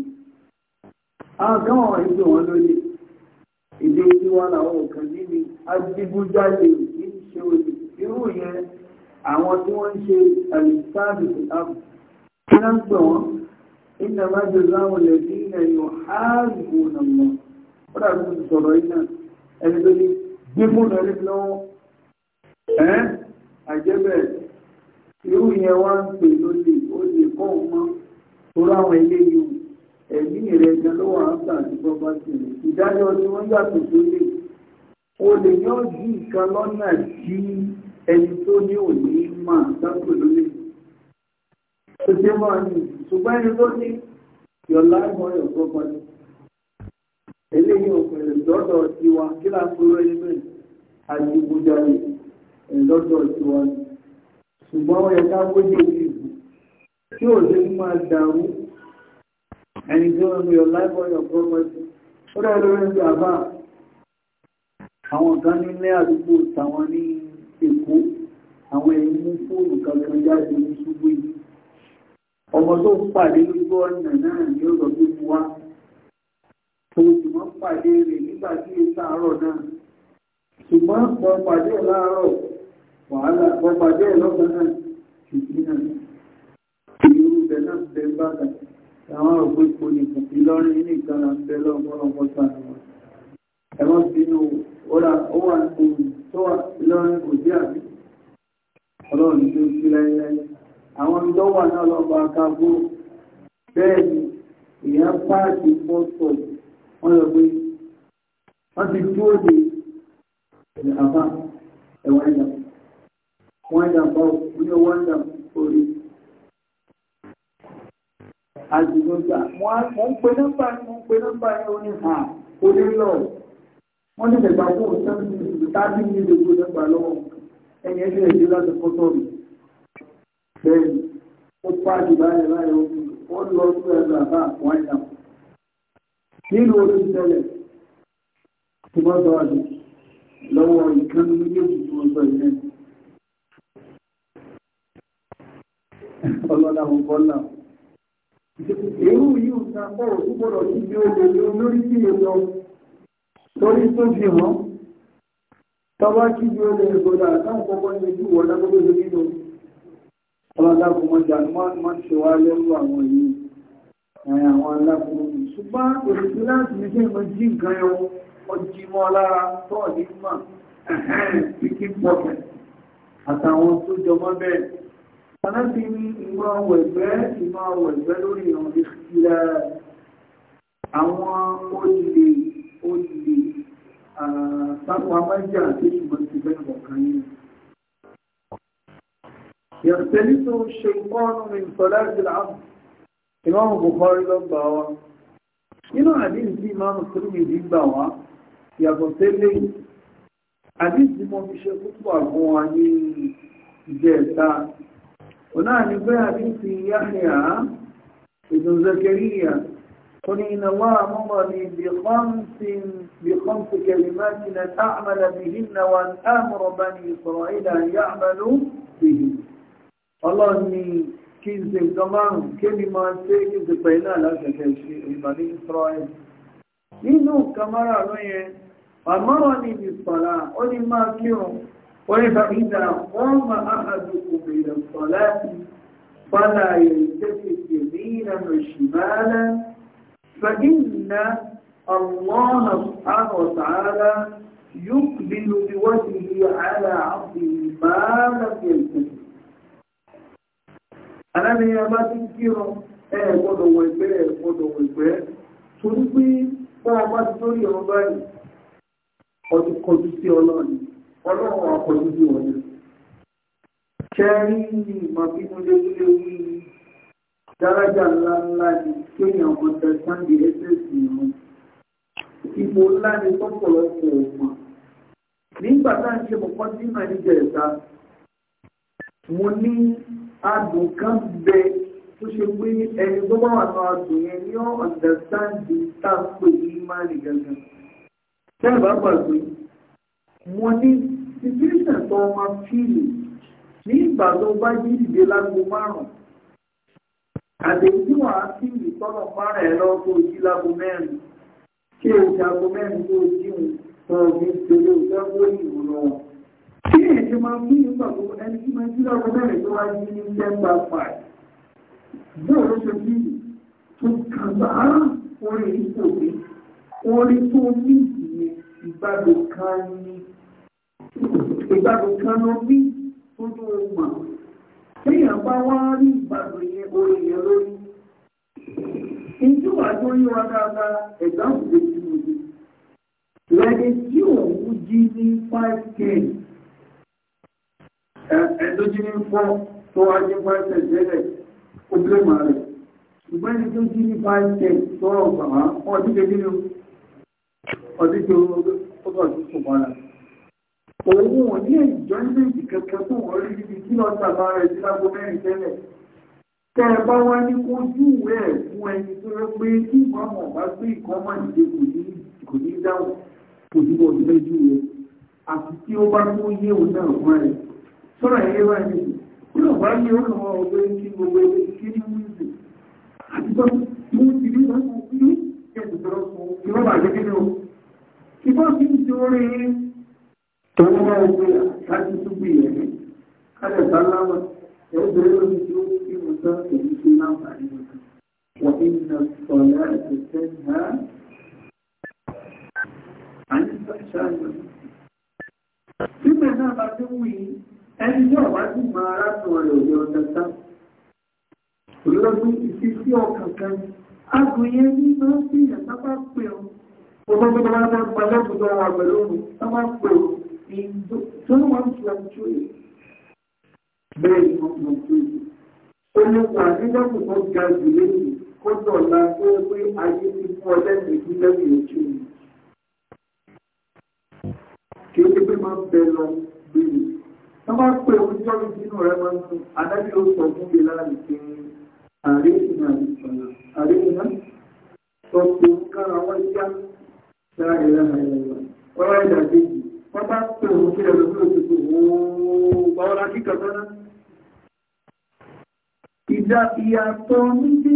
àgbọ̀n ìgbé wọn lóye èdè tí wọn làwọn òkè níbi adigunjalè kì ṣe olè irú yẹn àwọn tí wọ́n ń ṣe àlùfáàbì àbù kí náà ń pè wọ́n. إنما جزاء الذين يحاربون الله ولا يكون صرعنا الذي يكون ربنا àjẹ́bẹ̀ irú yẹn wá ń pè lólè ó lè kọ́ ọmọ torọ àwọn ilé yìí ẹ̀mí rẹ̀ gan ló wà ń gbà ní bọ́bá sí rẹ̀ ìdájọ́ tí wọ́n yàtọ̀ tó lè o lè yọ́ ju nǹkan lọ́nà tí ẹni tó ní òní máa sápò lólè ó ṣe mọ́ ní ṣùgbọ́n ẹni tó ní yọ̀lá ìmọ̀ yọ̀ tó pọ̀ ní. eléyìí òpèrè lọ́dọ̀ tiwa kí là ń kúrò nínú àdìgbòjàre lọ́dọ̀ tiwa ni ṣùgbọ́n ó yẹ ká gbójú ìbò tí ò lè máa dàrú ẹni tó ń yọ̀lá ìmọ̀ yọ̀ tó pọ̀ ní. ó dẹ̀ lórí ẹgbẹ́ àbá àwọn kan nílé àdúgbò tàwọn ní Èkó àwọn ẹ̀yìn mú fóònù kankan jáde ní ṣubú yìí ọmọ tó pàdé lójú ọ̀nà náà ni ó lọ gbé wá tó sì mọ́ pàdé rẹ̀ nígbà tí ó sáàárọ̀ náà ṣùgbọ́n pọ̀ pàdé láàárọ̀ wàhálà pọ̀ pàdé lọ́gbọ̀n náà ṣùgbọ́n náà ìlú ibẹ̀ náà bẹ bàtà àwọn òpó ipò ní kùpì lọ́rin ní ìkan náà bẹ lọ́gbọ̀lọ́gbọ̀ sàrànwọ̀ ẹ̀wọ́n bínú ó wà tó wà lọ́rin kò sí àbí ọlọ́run tó sí láéláé àwọn tó wà náà lọ bá kábó bẹ́ẹ̀ ni èèyàn páàkì mọ́tò wọ́n lọ pé wọ́n ti dúró de ẹ̀rẹ̀ àbá ẹ̀wọ̀n ẹ̀dà wọ́n ẹ̀dà bá òkúlé wọ́n ẹ̀dà orí àjùmọ̀gbà wọ́n pe nọ́mbà ni wọ́n pe nọ́mbà ni ó ní hà ó ní lọ wọ́n ti dẹ̀gbà fún òṣèlú tábìlì ní gbogbo nọ́mbà lọ́wọ́ ẹ̀yẹ́ ti rẹ̀ dé láti fọ́tọ̀ mi bẹ́ẹ̀ni ó pàdé báyìí láyé omi wọ́n lọ sí ẹ̀rọ àbá àwọn ẹ̀yà nínú oṣù tẹ́lẹ̀ tí wọ́n sọ àdé lọ́wọ́ ìkànnì méjèèjì tí wọ́n sọ ìyẹn ọlọ́dà wọn bọ́lá èrú yìí ń ta bọ́ọ̀ tó gbọ́dọ̀ sí bí ó lè ní olórí sí ètò torí tó fi hàn tọ́wá kí bí ó lè gbọ́dọ̀ àtàwọn kọ́kọ́ ní ojú wọ́n lágbọ́dọ̀ nínú alágbòmọjà ni wọ́n máa ń ṣe wá lẹ́rú àwọn yìí ẹ̀yìn àwọn alágbòmọjà ṣùgbọ́n òṣìṣẹ́ láti ní kí ẹ̀mọ jí nǹkan ẹ̀ ọjí mọ́ lára tọ́ ní mà picking pocket àtàwọn tó jọmọ́ bẹ́ẹ̀ alábi ní ìmọ̀ wẹ̀gbẹ́ ìmọ̀ wẹ̀gbẹ́ lórí ìrìn ìṣìlẹ̀ àwọn olè olè àtàwọn amájà àti ìmọ̀ ìṣìlẹ̀ ọ̀kan yìí يختلطه الشيطان من صلاة العبد إمام بخاري لبعوة inú àdíjì tí máa ń sọ́rọ̀ ìdí gbà wá yàtọ̀ tẹ́lẹ̀ àdíjì mọ́ fi ṣe púpọ̀ àwọn wa ní ìjẹ́ ẹ̀ta ọ̀nà ànígbé àdíjì yáhìá ibn Zakariya kò ní iná wá mọ́mọ́ ní bíkọ́ǹsì kẹlìmáàtì na ta'amala bihinna wa ta'amọ̀rọ̀ bá ní ìsọ̀rọ̀ ìdá ya'malu bihin ọlọ́run ni kí n ṣe nǹkan márùn-ún kí ni máa ṣe kí n ṣe pẹ̀lú náà láṣẹ̀ṣẹ̀ ṣe ìbàdí Israel nínú nǹkan márùn-ún yẹn àmọ́rọ̀ ni ìsọ̀lá ó ní máa kírun ó ní fàmídà wọ́n máa àhàdùkù bẹ̀rẹ̀ sọ̀lá ti fọ́lá ìrìntẹ́sìtì ní ìlànà ìṣìbálẹ̀ fàgínà الله سبحانه وتعالى يقبل بوجهه على عبده ما لم يلتفت alábìnrin ọba tí ń kírun ẹ gbọ́dọ̀ wọ ẹgbẹ́ ẹ gbọ́dọ̀ wọ ẹgbẹ́ torí pé bá a bá ti lórí ọ̀rọ̀ báyìí ọdún kọjú sí ọlọ́run ọlọ́run àkọjú sí wọn kẹrin ní ìmọ̀ bí mo lé lé wí dárájà ńlá ńlá ni kéèyàn ọmọ tẹsáǹdì ẹsẹsì wọn ipò ńlá ni tọ́pọ̀lọpọ̀ ọmọ nígbà tá à ń ṣe mọ̀kọ́ mo ní adùn kan bẹ tó ṣe pé ẹni tó bá wà ní adùn yẹn ní ọ̀ndẹ̀stáǹdì tá a pè ní máàlì gangan tẹ́lẹ̀ bá gbàgbé mo ní situation tó máa fíìlì ní ìgbà tó bá jí ìdè lágbo márùn-ún àdéhùn àfíìlì tọ́nà márùn-ún ẹ̀ lọ́wọ́ tó jí lágbo mẹ́rin kí èyí àgbo mẹ́rin tó jí òun tó ní ìṣẹ̀lẹ̀ òjá gbóyìn òun lọ́wọ́. Kí ni ẹ̀ṣẹ̀ máa mú nígbà gbogbo ẹni tí máa ń sílẹ̀ ọkọ̀ bẹ̀rẹ̀ tó wáyé ní Nẹ́mbà 5? Bóò ló ṣe bí tó kàbá orin ipò mi, orin tó ní ìyẹn ìgbádùn kan ní. Ìgbádùn kan ló bí tó tó mà. Téèyàn bá wá rí ìgbádùn yẹn orin yẹn lórí. Ìjú wà tó yí dáadáa ẹ̀dá òṣèlú mi. Lẹ́ni tí òun jí ní 5 10 ẹ̀ẹ́dójú ní fọ́ tó wájú pàṣẹ jẹ́rẹ̀ ó bílẹ̀ máa rẹ̀ ṣùgbọ́n ẹni tó jí ní pàṣẹ tọ́rọ bàbá ọdún kejì ní ọdún kejì ó bọ̀ sí ṣùgbọ́nà òun ò ní ìjọ ní méjì kankan tó wọ́n rí níbi kí lọ tàbá rẹ̀ sí lágbo mẹ́rin tẹ́lẹ̀ tẹ́ ẹ bá wá ní kó júwèé ẹ̀ fún ẹni tó rẹ pé sọ́rọ̀ ẹ̀yẹ wà ní ìlú wà ní ó kàn wọ́n ọgbẹ́ kí gbogbo ẹgbẹ́ kí ní wíńdì àtijọ́ ìwọ́n ti rí wọn kú ní ẹ̀dùtọ̀rọ̀ fún ìwọ́n bà jẹ́ nínú ìbọn kí ní ti orí tọ́wọ́ wá ọgbẹ́ láti tún bí ẹ̀mí kálẹ̀ sáláwà ẹ̀ẹ́dẹ̀rẹ́ lórí tí ó fi wọn sọ èyí tó láǹfààní wọn wọ́n ní sọ̀lá ẹ̀sẹ̀ náà àyíká ṣáà lọ. Nígbà bá tó wù yìí ẹni tí ọ̀wá sì máa arákùnrin rẹ̀ òde ọ̀tẹ̀ sá olóògùn ìfífí ọkàn kan agùn yẹn ní máa ń fi ìyàn sábà pè ọ́ gbogbo gbogbo wọn bá gba lọ́gbọ̀dọ̀ wà pẹ̀lú òun sábà pè ọ́ ní tó wọ́n ti wà tó yẹ bẹ́ẹ̀ ni wọ́n mọ̀ tó yẹ ó ní tó ga jù lẹ́yìn kó dọ̀la tó pé ayé ti fún ọ lẹ́yìn ìdílẹ́yìn ojú mi kí ó ti pé máa bẹ lọ gbèrè tó bá pè ó jọ́ mi sínú rẹ̀ máa ń tún adájú ló sọ fún mi lára nìkí ààrẹ ìnà ààrẹ ìnà sọ pé ó kára wọ́n yá lára ìlà àìlà wọ́n wá ìdá kejì wọ́n bá pè ó sí ẹ̀rọ tó ti tó wọ́n bá wọn láti kàtọ́ náà. ìdá ìyàtọ̀ méjèèjì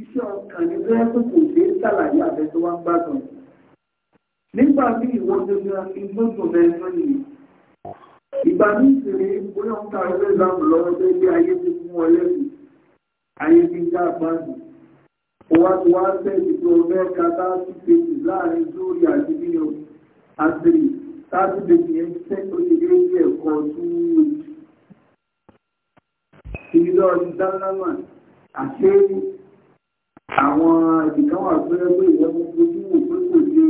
iṣẹ́ ọkàn ní bẹ́ẹ̀ tó kò ṣe é ṣàlàyé àbẹ wá ń gbàgbọ́n nígbà bí ìwọ́n ìgbà ní ìsinmi bóyá ń ta ẹgbẹ́ ìlànà lọ́wọ́ tó gbé ayé ti fún wọn lẹ́sìn ayé ti ń dá àpáàdì wá ti wá tẹ́sí pé ọgbẹ́ kata sí pèsè láàrin lórí àti nínú àtìrì láti pèsè yẹn tẹ́ tó ṣe dé ilé ẹ̀kọ́ túwú ìlú ọdún dáńdáńmà àṣẹ àwọn ìdìkan wà pé ẹgbẹ́ ìwọ́n ojú wò pé kò dé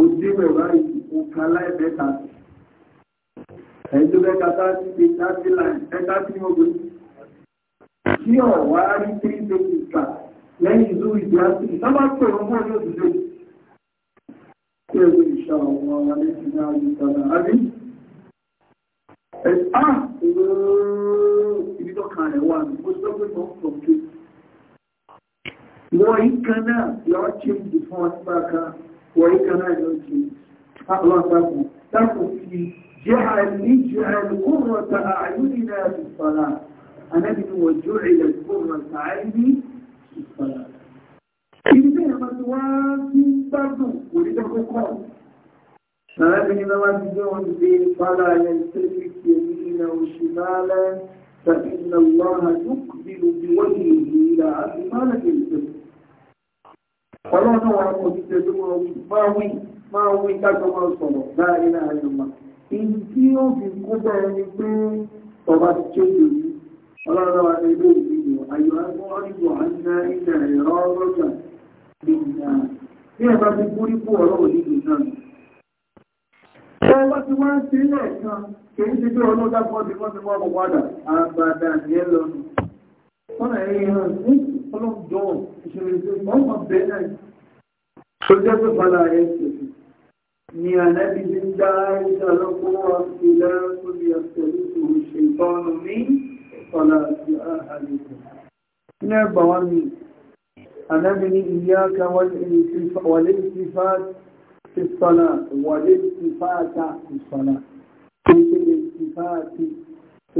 ojú bẹ̀rẹ̀ ìkókà láìpẹ́ tàbí ẹ̀yìn tó bẹ́ kàtà sí pé tàbí láì ẹ̀ta sí ọgbọ̀ tí ọ̀ wá rí tí ń tẹ́kì ìkà lẹ́yìn ìlú ìjọ sí ìsábà pé ọmọ ní òdúdó tí ó lè ṣà ọmọ wa lẹ́sìn náà yìí tọ́lá àbí ẹ̀ta ah, ìbí tọ́ka rẹ̀ wà ní mo sọ pé mo ń pọ̀ pé wọ́n yìí kan náà lọ́ọ́ ṣe ìdìfọ́n nígbà kan wọ́n yìí kan náà ah, lọ́ọ́ ṣe تقفي جعل نجعل قرة أعيننا في الصلاة أنا أنجد وجعلت قرة عيني في الصلاة إن فيها تواسي برضو ولد الرقاب فأبني نواسيون في الصلاة يلتفت يمينا وشمالا فإن الله يقبل بوجهه إلى أبي مالك الجسد فلا نوع مستدور مباوي máa wí kájọ máa sọ̀rọ̀ láàrin láàrin ọmọ ìdí tí ó fi kó bẹ́ẹ̀ ni pé ọba ti ké lórí ọlọ́rọ̀ wa ní ilé ìgbìmọ̀ ayọ̀ agbọ́nrìbò àná ilẹ̀ ẹ̀rọ ọlọ́jà nìyà bí ẹ bá ti borí bó ọ̀rọ̀ òdìdì náà ọba ti wá ń ṣe lẹ́ẹ̀kan kìí ṣe bí ọlọ́dá kan ti wọ́n ti wọ́n mọ̀ padà àgbàdà ní ẹ lọ wọ́n ẹ̀yìn hàn ní ọlọ́dọ̀ ìṣẹ̀lẹ̀ ìṣẹ̀lẹ̀ ọmọ bẹ́ẹ̀ náà tó jẹ́ pé padà ẹ̀ ṣe ni ànábì ti ń dá ìdálọ́pọ̀ àfilẹ́ tó di àtẹ̀lẹ́tò ìṣètọ́nù ní ọ̀nà àti àhàlẹ́kọ̀. ní ẹgbà wọn ni ànábì ní ìyáka wàlé ìfífà ti sọ́nà wàlé ìfífà ta ìsọ̀nà tó ṣe ìfífà ti tó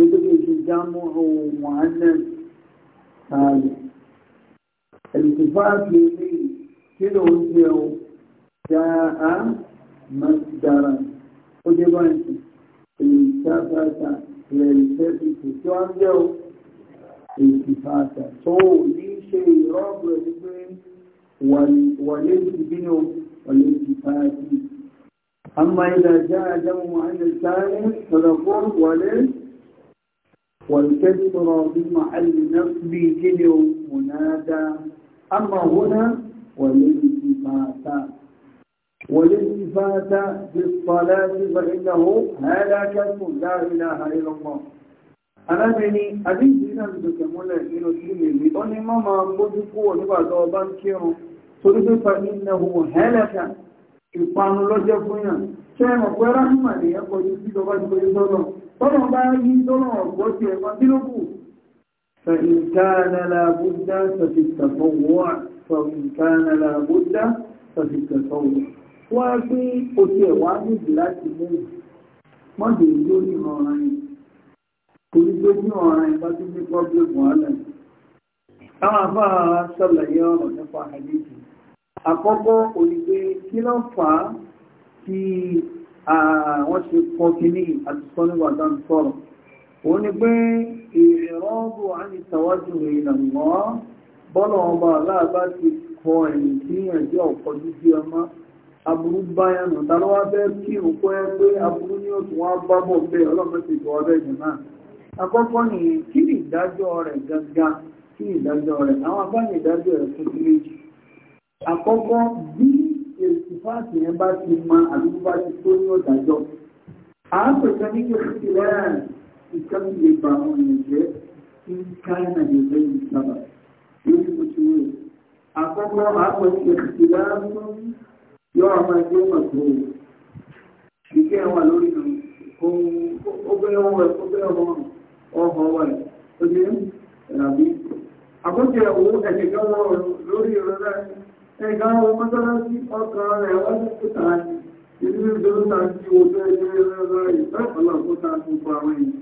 masdara ó dé báyìí ìtàbàtà lẹ́ẹ̀lẹ́sẹ̀sì tí wọ́n ń jẹ́ o ìtìfàtà tó ní ṣe ìrọ́bù ẹ̀ wípé wàlé ìbínú wàlé ìtìfàtì أما إذا جاء جمع عن الثاني فنقول ولي والكسرة في محل نصب جنو منادى أما هنا والانتفاثات والالتفات في الصلاة فإنه هلاك لا إله إلا الله arábìnrin àdíjìnà ìjọkẹ̀ mọ́lẹ̀ nínú sílè rí ó ní mọ́ máa mójú kúrò nígbàtọ̀ ọba ń kírun torí pípa nínú ohun hẹ́lẹ́ta ìpanu lọ́jẹ́ fún yàn ṣe ẹ̀mọ̀ pé ráhùnmà lè yẹ́ kọjú sí ọba ti kọjú sọ́nà tọ́nà bá yí tọ́nà ọ̀gbọ́ ti ẹ̀kọ́ tí ló kù فإن كان لابد ففي التطوع فإن كان لابد ففي التطوع wọ́n á pín òkè ẹ̀wà níbi láti mẹ́rin mọ́dé ló ní ọ̀ràn yìí torí tó ní ọ̀ràn yìí bá tún ní pọ́blẹ́mù wàhálà yìí. àwọn afáà ṣàlàyé ọ̀rọ̀ nípa àdéjì àkọ́kọ́ òyìnbó kí ló fà á tí wọ́n ṣe kọ́ kínní àti sọ́níwà dáná sọ̀rọ̀ ó ní pé ìrọ́bù ànìtàwájú ìlànà bọ́lọ̀ ọba aláàbá ti kọ ẹ̀yìn tí ẹ̀jẹ̀ ọ̀pọ̀ jíjí ọmọ aburú báyà nù dáná wá fẹ́ kí òkú ẹ pé aburú ní òtún wá bá bọ̀ bẹ́ẹ̀ ọlọ́mọdé ìbọn ọbẹ̀ jù náà àkọ́kọ́ nìyí kí ni ìdájọ́ rẹ̀ gangan kí ni ìdájọ́ rẹ̀ àwọn abáyé ìdájọ́ rẹ̀ fún méjì àkọ́kọ́ bí èsì fáàtì yẹn bá ti mọ àdúgbò bá ti tó ní ọ̀dájọ́ àápèkẹ́ ní kí o ti lẹ́yìn ìkẹ́kọ̀ọ́ yóò àwọn ẹgbẹ́ mọ̀ tó kíkẹ́ wà lórí ọ̀họ̀ wà lórí ẹ̀ràbí àkójẹ owó ẹ̀kẹ́kẹ́ wọ́n lórí ìrọ̀lá ẹ̀kà wọn mọ́sánásí ọkàn rẹ̀ wọ́n ní kúta ní ìlú ìdóòtà tí ó tẹ́ ẹgbẹ́ ìrọ̀lá ìfẹ́kọ̀ọ́lá kúta tó pa àwọn èèyàn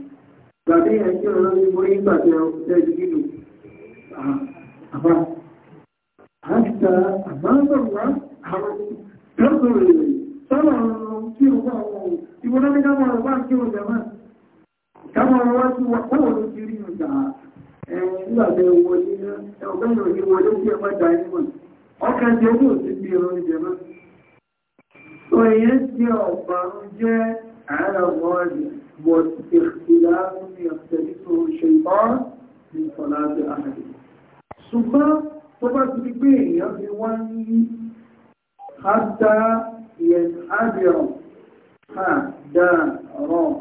gbàdé ẹ̀kẹ́ ọ̀rọ̀ ní borí ìgbàdé ọ̀tẹ́ lọ́gbọ̀rẹ̀ sọ́rọ̀ tí ó wà wọ́n ìwọ̀nà ní káwọn ọ̀rọ̀ wá kí ó jẹ máa káwọn ọ̀rọ̀ wá tí wà pọ̀wọ̀ ló ti rí ìjà ẹ̀yìnlẹ̀ wọlé náà ẹ̀ọ̀gbẹ́ ìròyìn wọlé tí ẹ má dá ẹ̀mọ̀ ọkàn jẹ́ ní òsì bí ẹ̀rọ ìjẹ máa sọ èyẹ tí ọ̀pá ń jẹ́ ààrẹ wọ́ọ̀dì bọ̀ ìfìlà ní ọ̀sẹ̀ nínú ṣùgbọ́n tó bá ti gbé èèyàn fi wá ní hátà yẹ̀hádìrọ̀ hádàrọ̀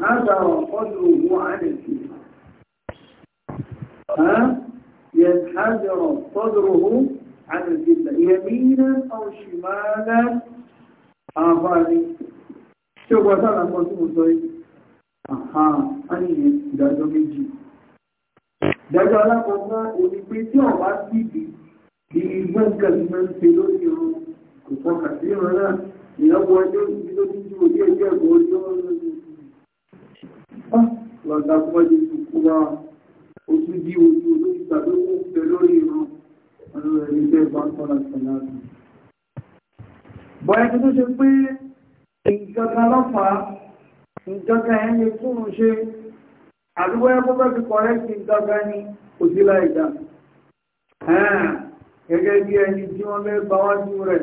hádàrọ̀ ọdún òun àdìsí ينحدر صدره عن الجبلة يمينا أو شمالا أعفاني شوف وصل أقول مصري أها أني dájọ́ méjì dájọ́ alákọ̀ọ́kọ́ onípe tí ọba síbi bí igbó nǹkan ti máa ń ṣe lórí irun nǹkan kàtí ìran náà ìyàwó ẹjọ́ ìdílé títí òdí ẹjẹ́ ẹ̀kọ́ ojú ọ̀rọ̀ lọ́dà kúmọ́dé tó kú wa ojú dí ojú olóyè tàbí kó fẹ́ lórí ìran ọ̀rọ̀ ẹni bẹ́ẹ̀ bá ń tọ́ra sọ̀rọ̀ bọ́yá tó ṣe pé nǹkan kan lọ́fàá nǹkan kan ẹ̀ lè túnrun ṣe àdúgbò ẹ̀kọ́ bẹ́ẹ̀ fi kọ̀rẹ́kì nǹkan kan ní òsílà ìdá gẹ́gẹ́ bí ẹni tí wọ́n mẹ́ bá wájú rẹ̀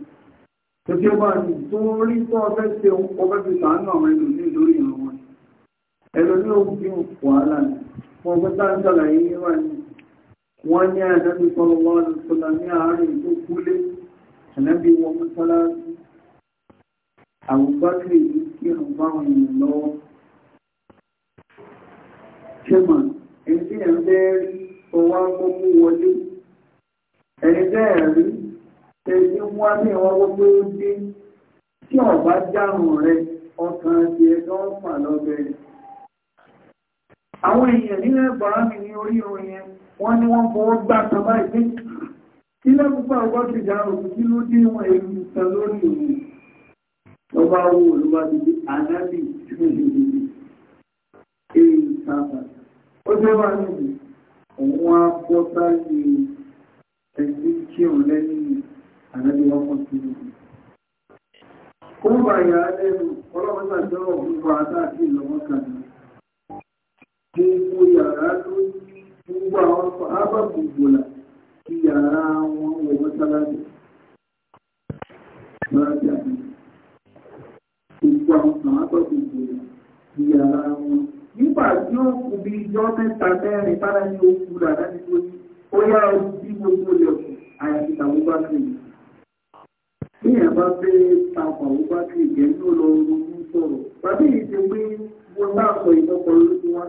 tó tí ó bá ní tó rí tó ọfẹ́ tí ó fẹ́ fi sàánú àwọn ẹlòmí lórí ìran wọn ẹlòmí ò fi wàhálà ní wọn fẹ́ tá ń sàlàyé níwà ní wọ́n ní àdájú sọ́rọ̀ wọn lọ́sọ́lá ní àárín tó kúlé ànábì wọn mọ́sálásí àwùbákẹ́ ìlú kí àwọn báwọn èèyàn lọ́wọ́ ṣẹ́mà ẹni tí ẹ̀ ń bẹ́ẹ̀ rí ọwọ́ akọ́kọ́ wọlé ẹni bẹ́ẹ̀ rí èyí wá ní ọwọ́ gbogbo dé tí ọ̀bá dárùn rẹ ọkàn ti ẹ̀dọ́ mà lọ́bẹ̀. àwọn èèyàn nílẹ̀ bàá mi ní orí irun yẹn wọ́n ní wọ́n fọwọ́ gbà kan báyìí pé kí lẹ́kùnfà ọgbọ́n ti dárùn kí ló dé wọn èlú ìtàn lórí òun lọ́ba owó olúwa ti di ànábì èyí sábà ó jẹ́ wà níbi òun á bọ́ sáyé ẹ̀sìn kírun lẹ́yìn àlẹ́bí wọn kọ́ sí i. kó bá yà á lẹ́nu ọlọ́mọdé àjọrò gbogbo àtàkì lọ́wọ́ kan ní gbogbo yàrá ló gbogbo àwọn sàhábà gbogbo là kí yàrá wọn wọ mọ́sálásí. Gbogbo àwọn sàhábà gbogbo là kí yàrá wọn nígbà tí ó kù bí ijọ́ mẹ́ta mẹ́rin bára ní okùn rà láti tó ní ó yára ojú bí gbogbo lẹ̀kùn àyàfi tàwọn bá kiri bí yàn bá fẹ́ tapà ó bá ti jẹ́ ní olóòrùn ń sọ̀rọ̀ bàbá yìí ti wí wọn náà sọ ìtọ́kọ̀ lójú wa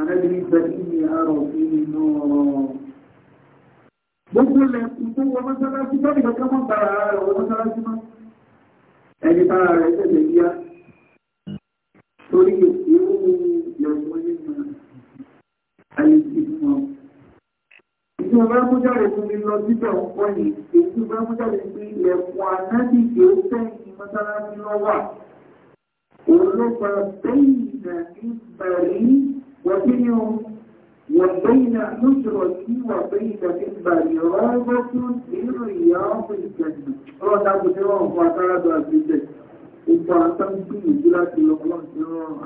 àrẹ́bí ìgbà tí mi àárọ̀ sí inú ọ̀rọ̀ gbogbo lẹ́kùn tó wọ mọ́sálásí bá nìkan kan mọ́ bàrà rẹ̀ wọ mọ́sálásí mọ́ ẹni bàrà rẹ̀ tẹ̀lé yá torí ìwú ìyàwó nínú àyè ìfún tí wọ́n bá mú jáde fún mi lọ síbẹ̀ wọ́n yìí èyí tí wọ́n bá mú jáde fún ilẹ̀kùn ànábì tí ó sẹ́yìn mọ́sálásí lọ́wà òun ló gba bẹ́yìn náà ní tí ní ní bàrí tó nínú ìyá ọ̀pọ̀ ìjẹ̀dù ọ̀rọ̀ dákò tí wọ́n fún agbáradọ̀ àti ìjẹ̀ ìgbà àtàkùn ìjú láti lọ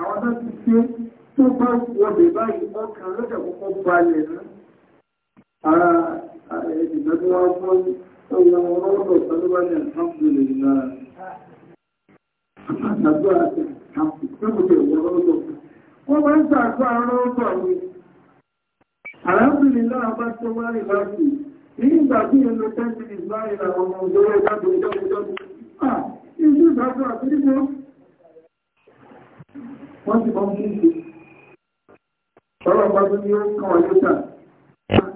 àwọn tó ti ṣe tó bá wọlé báyìí ara ìgbà tí wọ́n fún ọ̀yà ọlọ́rọ̀ sọ́lọ́wọ́lẹ̀ alhamdulillah àtàdúrà àti àpùpùpù ọlọ́rọ̀ wọ́n bá ń sàkó àrọ́rọ̀ àwọn alhamdulillah bá tó wá ìbáṣì ní ìgbà tí èlò tẹ́sìlì láì àwọn ọmọ òjòrò ìdájọ́ ìjọ́ Wọ́n ti bọ́ mú ìṣẹ́. Ọlọ́pàá tó ní ó kàn wà lóta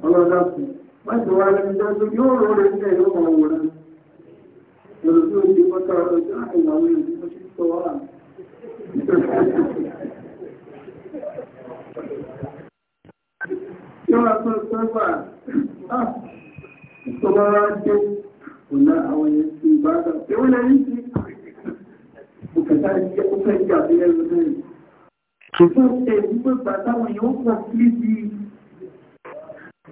ọlọ́dọ̀ sí wọ́n ti wá lẹ́nu ah! tó tó yóò rọ rẹ̀ nílẹ̀ yóò mọ̀ wò náà lọ́dọ̀ tó ti kọ́ta ọ̀dọ̀ tó á ìwà wí ní mo ti sọ wá. Yóò wá tó tó wà á ìṣòro wa dé ọ̀nà àwọn yẹn ti ó fẹ́ gbà táwọn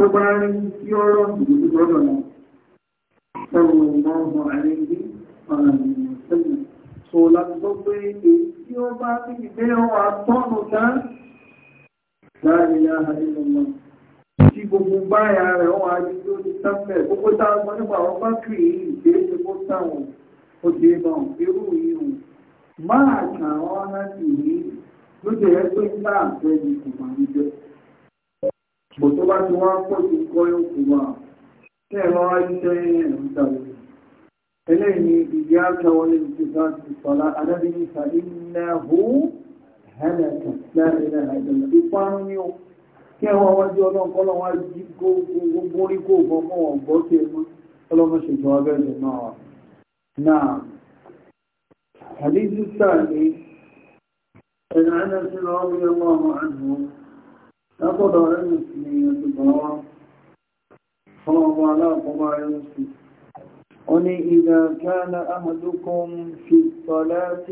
tó bá rí tí ó rọ̀ ìdíjú lọ́dọ̀ náà sọ̀rọ̀ ọmọ àrẹ́gbé ọ̀nà ìrìnàṣẹ́lẹ̀ so láti gbọ́ pé èyí tí ó bá rí ìgbé ọwà tọ́nù tán láàrin àárín ọmọ tí gbogbo báyà rẹ̀ wọ́n á rí tó ní sáfẹ́ gbogbo táwọn nípa àwọn bá kìí ìgbéṣe kó táwọn ó ti bá wọn irú yìí hùn máa kà wọ́n láti rí ló jẹ́ pé ńlá àfẹ́ ni kò máa ń jẹ́ bò tó bá ti wọ́n pọ̀ sí kọ́ òkú wa tí ẹ̀rọ ayíṣẹ́ ẹ̀rùn tàbí eléyìí ìdí àtàwọn olùsí láti sọ̀lá adábíyí sa ilẹ̀ hù hẹ́lẹ̀kẹ̀ lẹ́rẹ̀lẹ̀ àìdẹ̀lẹ̀ ipá ń ní o kí ẹwọ́n wájú ọlọ́nkọ́lọ́ wá jí gbogbo orí kó bọ́ mọ́ ọ̀gbọ́ tí ẹ mọ́ ọlọ́mọ ṣètò abẹ́rẹ̀ náà náà حديث الثاني عن انس رضي الله عنه lápọ̀dọ̀ rẹ̀ ní ọdún ọmọ aláàkọ́mọ́ rẹ̀ sí ní إذا كان أحدكم في الصلاة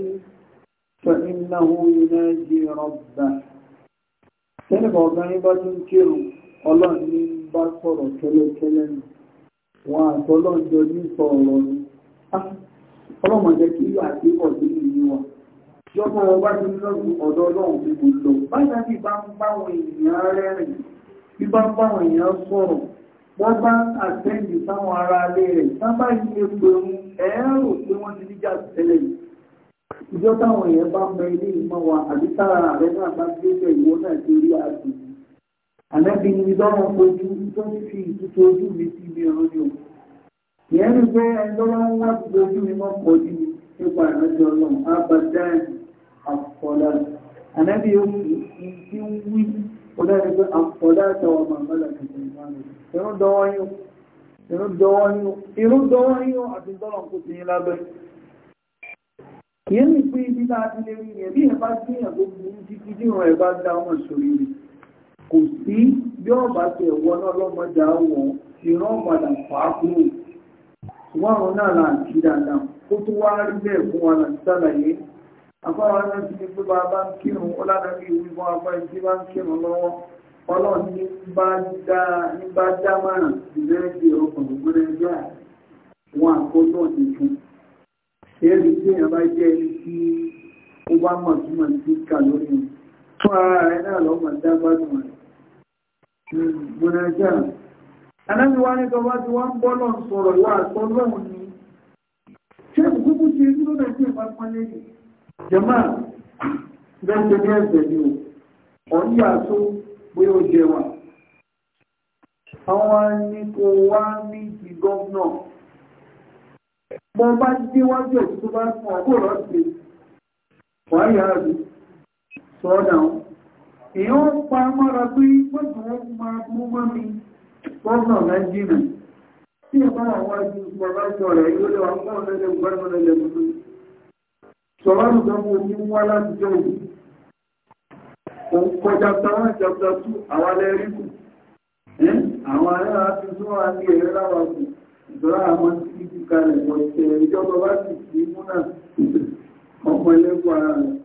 فإنه يناجي ربه tẹ́lẹ̀kọ̀ ọ̀gá yín bá tún kírun ọlọ́run ní bá sọ̀rọ̀ kẹ́lẹ́kẹ́lẹ́ nù wọn àtọ́lọ́jọ ní yọ́mọ̀ ọba ti lọ́rùn ọ̀dọ̀ ọlọ́run ti kò lọ báyá bí bá ń báwọn èèyàn rẹ́rìn bí bá ń báwọn èèyàn sọ̀rọ̀ wọ́n bá àtẹ́jì sáwọn ara alẹ́ rẹ̀ sábà ilé pẹ̀lú ẹ̀rọ pé wọ́n ti níjà tẹ́lẹ̀ ìjọ táwọn èèyàn bá mọ ilé ìmọ̀ wa àbí tára rẹ̀ náà bá gbé bẹ̀ ìwọ náà ti rí àdùn ànábì ni lọ́rọ̀ fojú tó ń fi ìtútù nípa ìrẹ́jọ ọlọ́run abadan àfọ̀lá ànábì yóò fi ń wí ọlọ́run pé àfọ̀lá àtàwọn màmọ́lá tuntun ìmánu irun dọ́wọ́ yóò irun dọ́wọ́ yóò irun dọ́wọ́ yóò àti dọ́lọ̀ kò sí lábẹ́ kìí ní pé ibi láti lè rí ẹ̀bí ẹ̀ bá gbé ẹ̀ gbogbo ní títí tí ìrọ̀ ẹ̀ bá dá ọmọ ìṣòrí rẹ̀ kò sí bí ọ̀bá ti ẹ̀wọ́ náà lọ́mọdé àwọn ìran ọ̀padà pàápàá ṣùgbọ́n àwọn náà là ń kí dáadáa ó tún wá rí bẹ́ẹ̀ fún wa láti sàlàyé afáwa náà ti ní pé bá a bá ń kírun ó lára bí ìwé fún afá ẹni tí bá ń kírun lọ́wọ́ ọlọ́run ní bá dá márùn ìrẹ́jì ọkùnrin gbọ́dọ̀ ẹgbẹ́ wọn àkójọ tuntun èyí tí èèyàn bá jẹ́ ẹni tí ó bá mọ̀ tí mọ̀ sí kà lórí fún ara rẹ̀ náà lọ́mọ̀ dágbádùn rẹ̀ gbọ́dọ̀ ẹgbẹ́ anábíwá ní tọ́wọ́ tí wọ́n ń bọ́ lọ́n sọ̀rọ̀ wà àtọ́lọ́hùn ni kúkú ṣe ní ló náà tí ẹ̀ pápá lẹ́yìn jẹ́mà lẹ́sẹ̀ ní ẹ̀sẹ̀ ni o ọ̀n yà tó bóyá ó jẹ wà àwọn ni kò wá ní ti gọ́vnà mo bá déwájú ẹ̀ tó bá fún ọkọ̀ lọ́sẹ̀ wàá yára rí sọ́ọ́dà èèyàn pa mọ́ra pé wọ́n ti wọ́n máa mú mọ́ mi gọ́vnà nàìjíríà tí a máa wá ju bàbá sọ̀rọ̀ yìí ó lè wà fún ọ̀nà ilẹ̀ ìgbà ọ̀nà ilẹ̀ ìgbà sọ̀rọ̀ àlùkò mo ní wá láti jọ yìí kò kọjá táwọn ìjọba tú àwọn alẹ́ rí kù àwọn ará àti tó wà ní èrè láwà kù ìdọ́rà àwọn tí kí kalẹ̀ wọ ìṣẹ̀ ìjọba bá sì sí múnà ọmọ ẹlẹ́kọ̀ọ́ ara rẹ̀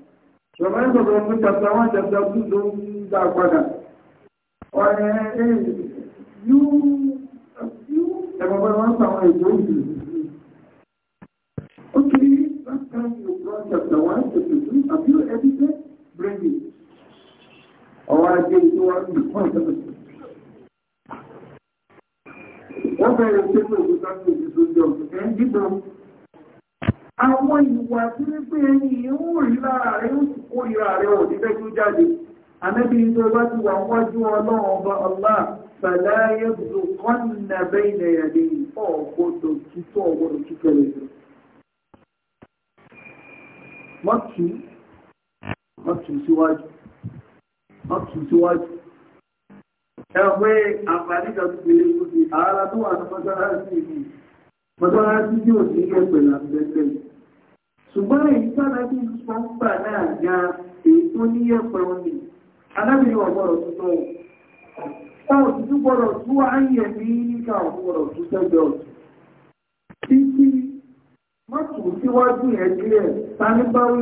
sọ̀rọ̀ ìjọba mo jàpá àwọn ìjọba tú ló ń dá padà ọ̀rẹ́ ọmọ last time you brought chapter one chapter two have you edited bring it ọwọ́ ajé tó wá ń bì fún ìjọba wọ́n bẹ̀rẹ̀ pé kí òkúta tó ti tó jọ ẹ̀ ń dìbò àwọn ìwà tí ó pé ẹni ìhún rí lára rẹ̀ ó sì kó ìra rẹ̀ ọ̀ níbẹ̀ tó jáde Ànábì tó bá ti wà wájú ọlọ́run ọba Allah fàlá yẹ́bùdó kọ́nà bẹ́ẹ̀nà yàdé ọ̀gbọ́dọ̀ títọ́ ọ̀gbọ́dọ̀ títọ́ rẹ̀. mọ́tù mọ́tù síwájú mọ́tù síwájú ẹ̀wẹ́ àǹfààní kàtùkìlẹ̀ ìgbòsì ààrà tó wà ní mọ́sálásí ìlú mọ́sálásí tí ò sí ẹgbẹ̀ làbẹ́gbẹ̀ ṣùgbọ́n èyí sára bí sọ ń gbà náà ya èyí tó níyẹ̀pẹ̀ òní alábìyàn ọ̀gbọ́dọ̀ títọ́ táwọn tuntun gbọ́dọ̀ tú ayẹ̀ ní níka òun gbọ́dọ̀ tú sẹ́gbẹ̀ ọ̀tún títí mọ́tò síwájú yẹn díẹ̀ tani bá wí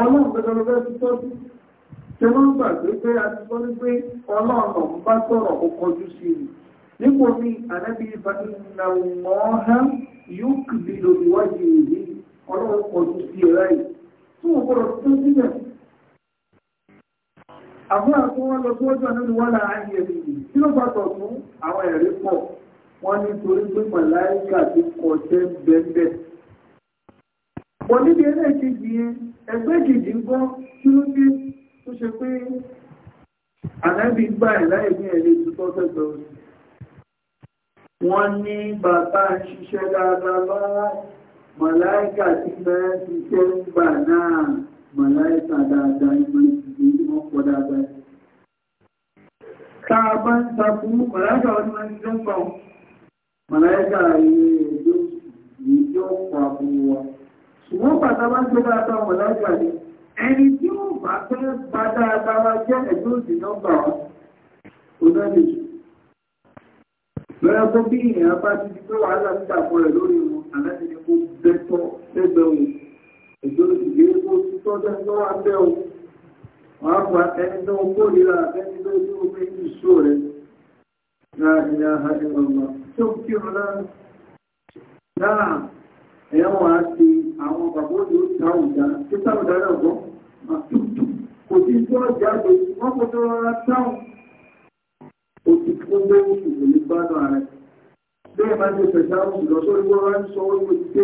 ọlọ́run gbẹdọ̀rọ̀ bẹ́ẹ̀ ti tọ́jú ṣe wọ́n gbàgbé pé a ti sọ wípé ọlọ́run bá sọ̀rọ̀ ó kọjú sí i nípò mi ànábì àbúrà tó wọ́n lọ tó ọjọ́ nínú wọ́n láàá yẹ kí ló bá tọ̀ fún àwọn ẹ̀rí pọ̀ wọ́n ní torí pé màláìkà ti kọjẹ́ bẹ́ẹ̀ wọ́n níbi ẹlẹ́ẹ̀kejì yẹn ẹgbẹ́ kejì ń gbọ́ kí ló dé tó ṣe pé ànábì gbà ẹ̀ láì ní ẹ̀rí tuntun tẹ́tọ̀ ìlú wọn pọ̀ dáadáa. Tá a bá ń takú, màláìka ọdún máa ń jọ ń pa ọ̀. Màláìka ilé ẹjọ́ yìí jọ ń pa àbúrò wa. Ṣùgbọ́n bàtà bá Ẹni tí ó bá fẹ́ bá dáadáa wa jẹ́ ẹ̀jọ́ òsì nọ́mbà wa. Ó náà jù. Lọ́yọ́ tó bí ìyẹn bá ti di pé wàhálà ń dà fún rẹ̀ lórí wọn, àlẹ́ ẹgbẹ́ òṣìṣẹ́ kó títọ́ jẹ́ lọ́wọ́ abẹ́ òun wọ́n kò ẹni tó ń kó nílá ẹni tó tí ó fẹ́ ìṣó rẹ̀ láàrin àhàrí ọmọ tó kí ọ lára ẹ̀wọ̀n àti àwọn bàbá òjò táwùdá tó táwùdá náà gbọ́ kò sí tó jáde wọ́n kò tó rọra táwùn ó ti kó gbé oṣù lè gbádùn ààrẹ bẹ́ẹ̀ bá ti fẹ̀sà oṣù lọ sórí wọ́n rán sọ orí oṣù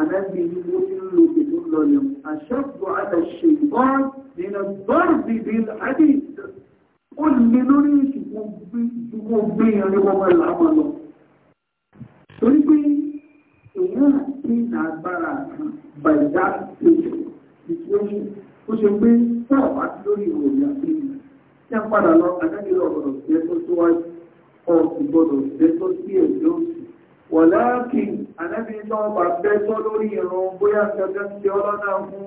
ànábì ní ó ti ń lo pẹ̀lú lọ́yọ̀ àṣọ́pọ̀ àtàṣe ìbọn nínú bọ́ọ̀bì bí adé ó lè lórí ìṣùkú gbé ìrìn wọn pẹ̀lú àwọn lọ torí pé èèyàn àti ìdàgbára kan bàjá ìṣòro ó ṣe pé fọ́ọ̀bù àti lórí ìròyìn àti ìrìn padà lọ àdájọ́ ọ̀rọ̀ ìgbẹ́ tó síwájú ọ̀sùn gbọ́dọ̀ ìgbẹ́ tó sí ẹ̀jọ́ sí wọ̀láàkì anábí sọ́ọ̀bà bẹ́tọ́ lórí ìran bóyá gẹ́gẹ́ tí ọlọ́nà fún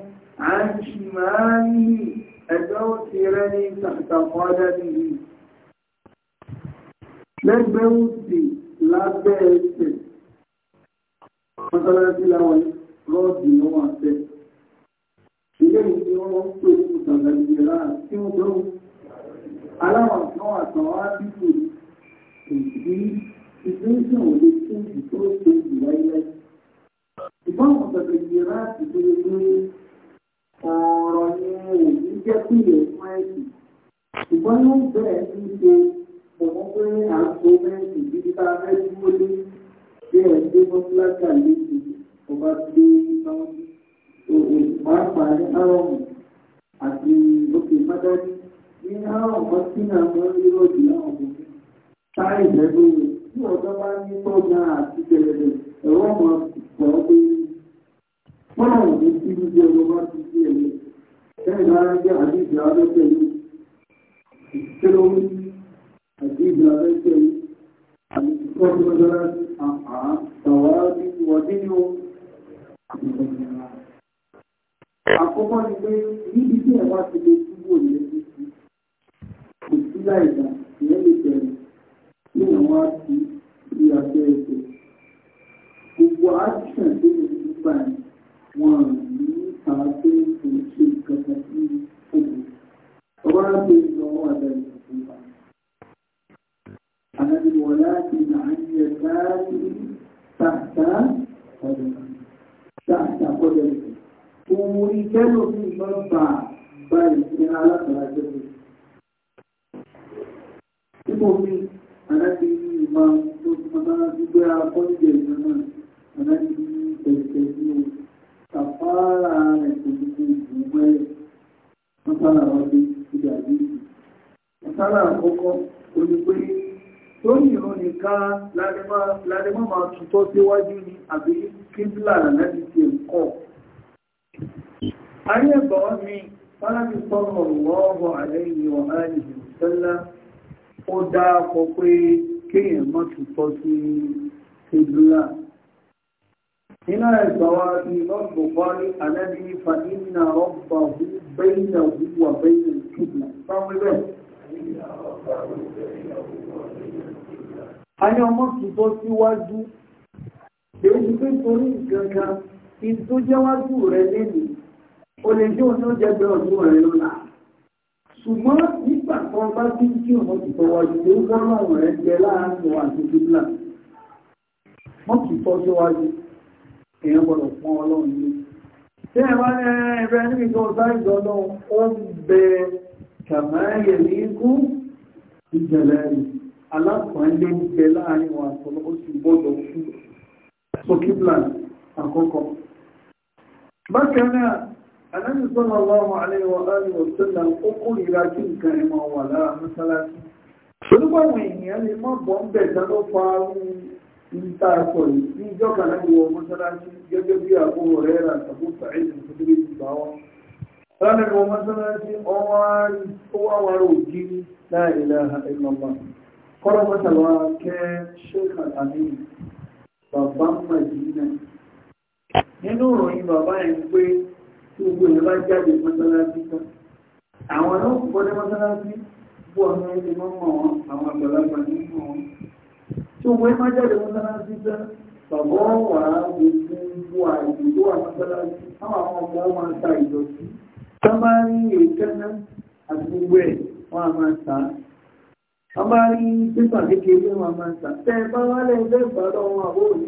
àájì máa ní ẹgbẹ́ ó ti rẹ ní ìtàkùn adẹ́ni yìí lẹ́gbẹ́ ó sì lábẹ́ ẹsẹ̀ mọ́sálásí láwọn rọ́ọ̀dì ló wà fẹ́ ilé ìdí wọn ń pè fún ìtàgbàjì láàá tí wọ́n tó aláwọ̀ kan àtàwọn á bí kò sí Ìgbésẹ̀ ò lè tún ìtò ṣe ìwáyé. Ìbáwọn bẹ̀rẹ̀ yìí láti dé pé ọ̀rọ̀ yẹn ò ní jẹ́ pìlẹ̀ fún ẹ̀sìn. Ṣùgbọ́n ló ń bẹ̀rẹ̀ sí ṣe ọmọ pé à ń so mẹ́sìn bíi ká fẹ́ dúró lé bí ẹ̀ ń dé mọ́tíláṣí àlejò ọba tí ní áwọ̀mù àti òkè ní áwọ̀mù ọtí náà ní ròdì láwọn ọmọ táì lẹ́gbẹ̀ẹ́ tí ọjọ́ bá ní tọ́jà àti bẹ̀rẹ̀ ẹ̀rọ ọmọ ìgbà pé wọ́n àwọn ní sí ibi ọmọ bá ti sí ẹ̀mí ẹ̀rìn lára jẹ́ àdíjì abẹ́tẹ̀ ní ìṣẹ́lórí àdíjì abẹ́tẹ̀ ní àdíjìkọ́ tí wọ́n dára sí àpá tàwá nínú kò sí láìda ìyẹn lè bẹ̀rẹ̀ ní àwọn àti bí abẹ́ ẹ̀kọ́ gbogbo action tó lè nípa wọn sallallahu alayhi wa alihi wa sallam ó dáàkọ pé kéèyàn mọ́ ti tọ́ sí ṣèdúrà nínú ẹ̀gbà wa ti lọ́gbọ̀ fọ́lé alẹ́bí fa inna rabbahu baynahu wa bayna al-qibla sáwọn ibẹ̀ a ní ọmọ tuntun síwájú èyí pé torí nǹkan kan ìtó jẹ́wájú rẹ̀ lẹ́nìí o lè jẹ́ oní oúnjẹ bẹ́ẹ̀ ọdún rẹ̀ lọ́la ṣùgbọ́n nígbà kan bá bí kí ọmọ ti tọwọ́ ìdè ó bọ́lá ọ̀rọ̀ rẹ̀ jẹ láàárín wọn àti kíbla wọ́n kì í tọ́ síwájú èèyàn gbọ́dọ̀ pọ́n ọlọ́run ní tí ẹ bá ní ẹgbẹ́ níbi tó ń sáré jọ náà ó ń bẹ kàmáyé ní kú ìjẹ̀lẹ̀ rẹ̀ alápọ̀nlé ń bẹ láàárín wọn àti ọlọ́run ó sì gbọ́dọ̀ fún sókíbla àkọ́kọ́ bákan náà Ànábì sallallahu alaihi wa alihi wa sallam ó kó ìra kí nǹkan ẹ̀mọ̀ wà lára mọ́sálásí. Olúgbà àwọn èèyàn lè mọ́ bọ́ ń bẹ̀ tán ló fa ìta àpọ̀ yìí ní ìjọ́ kan láti wọ mọ́sálásí gẹ́gẹ́ bí àpò rẹ̀ rà tàbí sàìdì ìfúdúrí ìgbà wọn. Láàrin wọ mọ́sálásí ọwọ́ àwọn tí gbogbo èèyàn bá jáde mọ́sálásí kan àwọn náà kò kọ́ ní mọ́sálásí bó ọmọ ẹni mọ́ mọ́ wọn àwọn àgbàlagbà ní mọ́ wọn tí wọ́n má jáde mọ́sálásí tán bàbá wà á lè fi gbogbo àyè tó wà mọ́sálásí táwọn àwọn ọmọ wọn máa ta ìdọ̀tí tá bá rí àti gbogbo ẹ̀ wọ́n á máa ta wọ́n bá rí kékeré wọ́n máa ta tẹ́ bá wálé ẹgbẹ́ ìbàdàn wọn àbó òní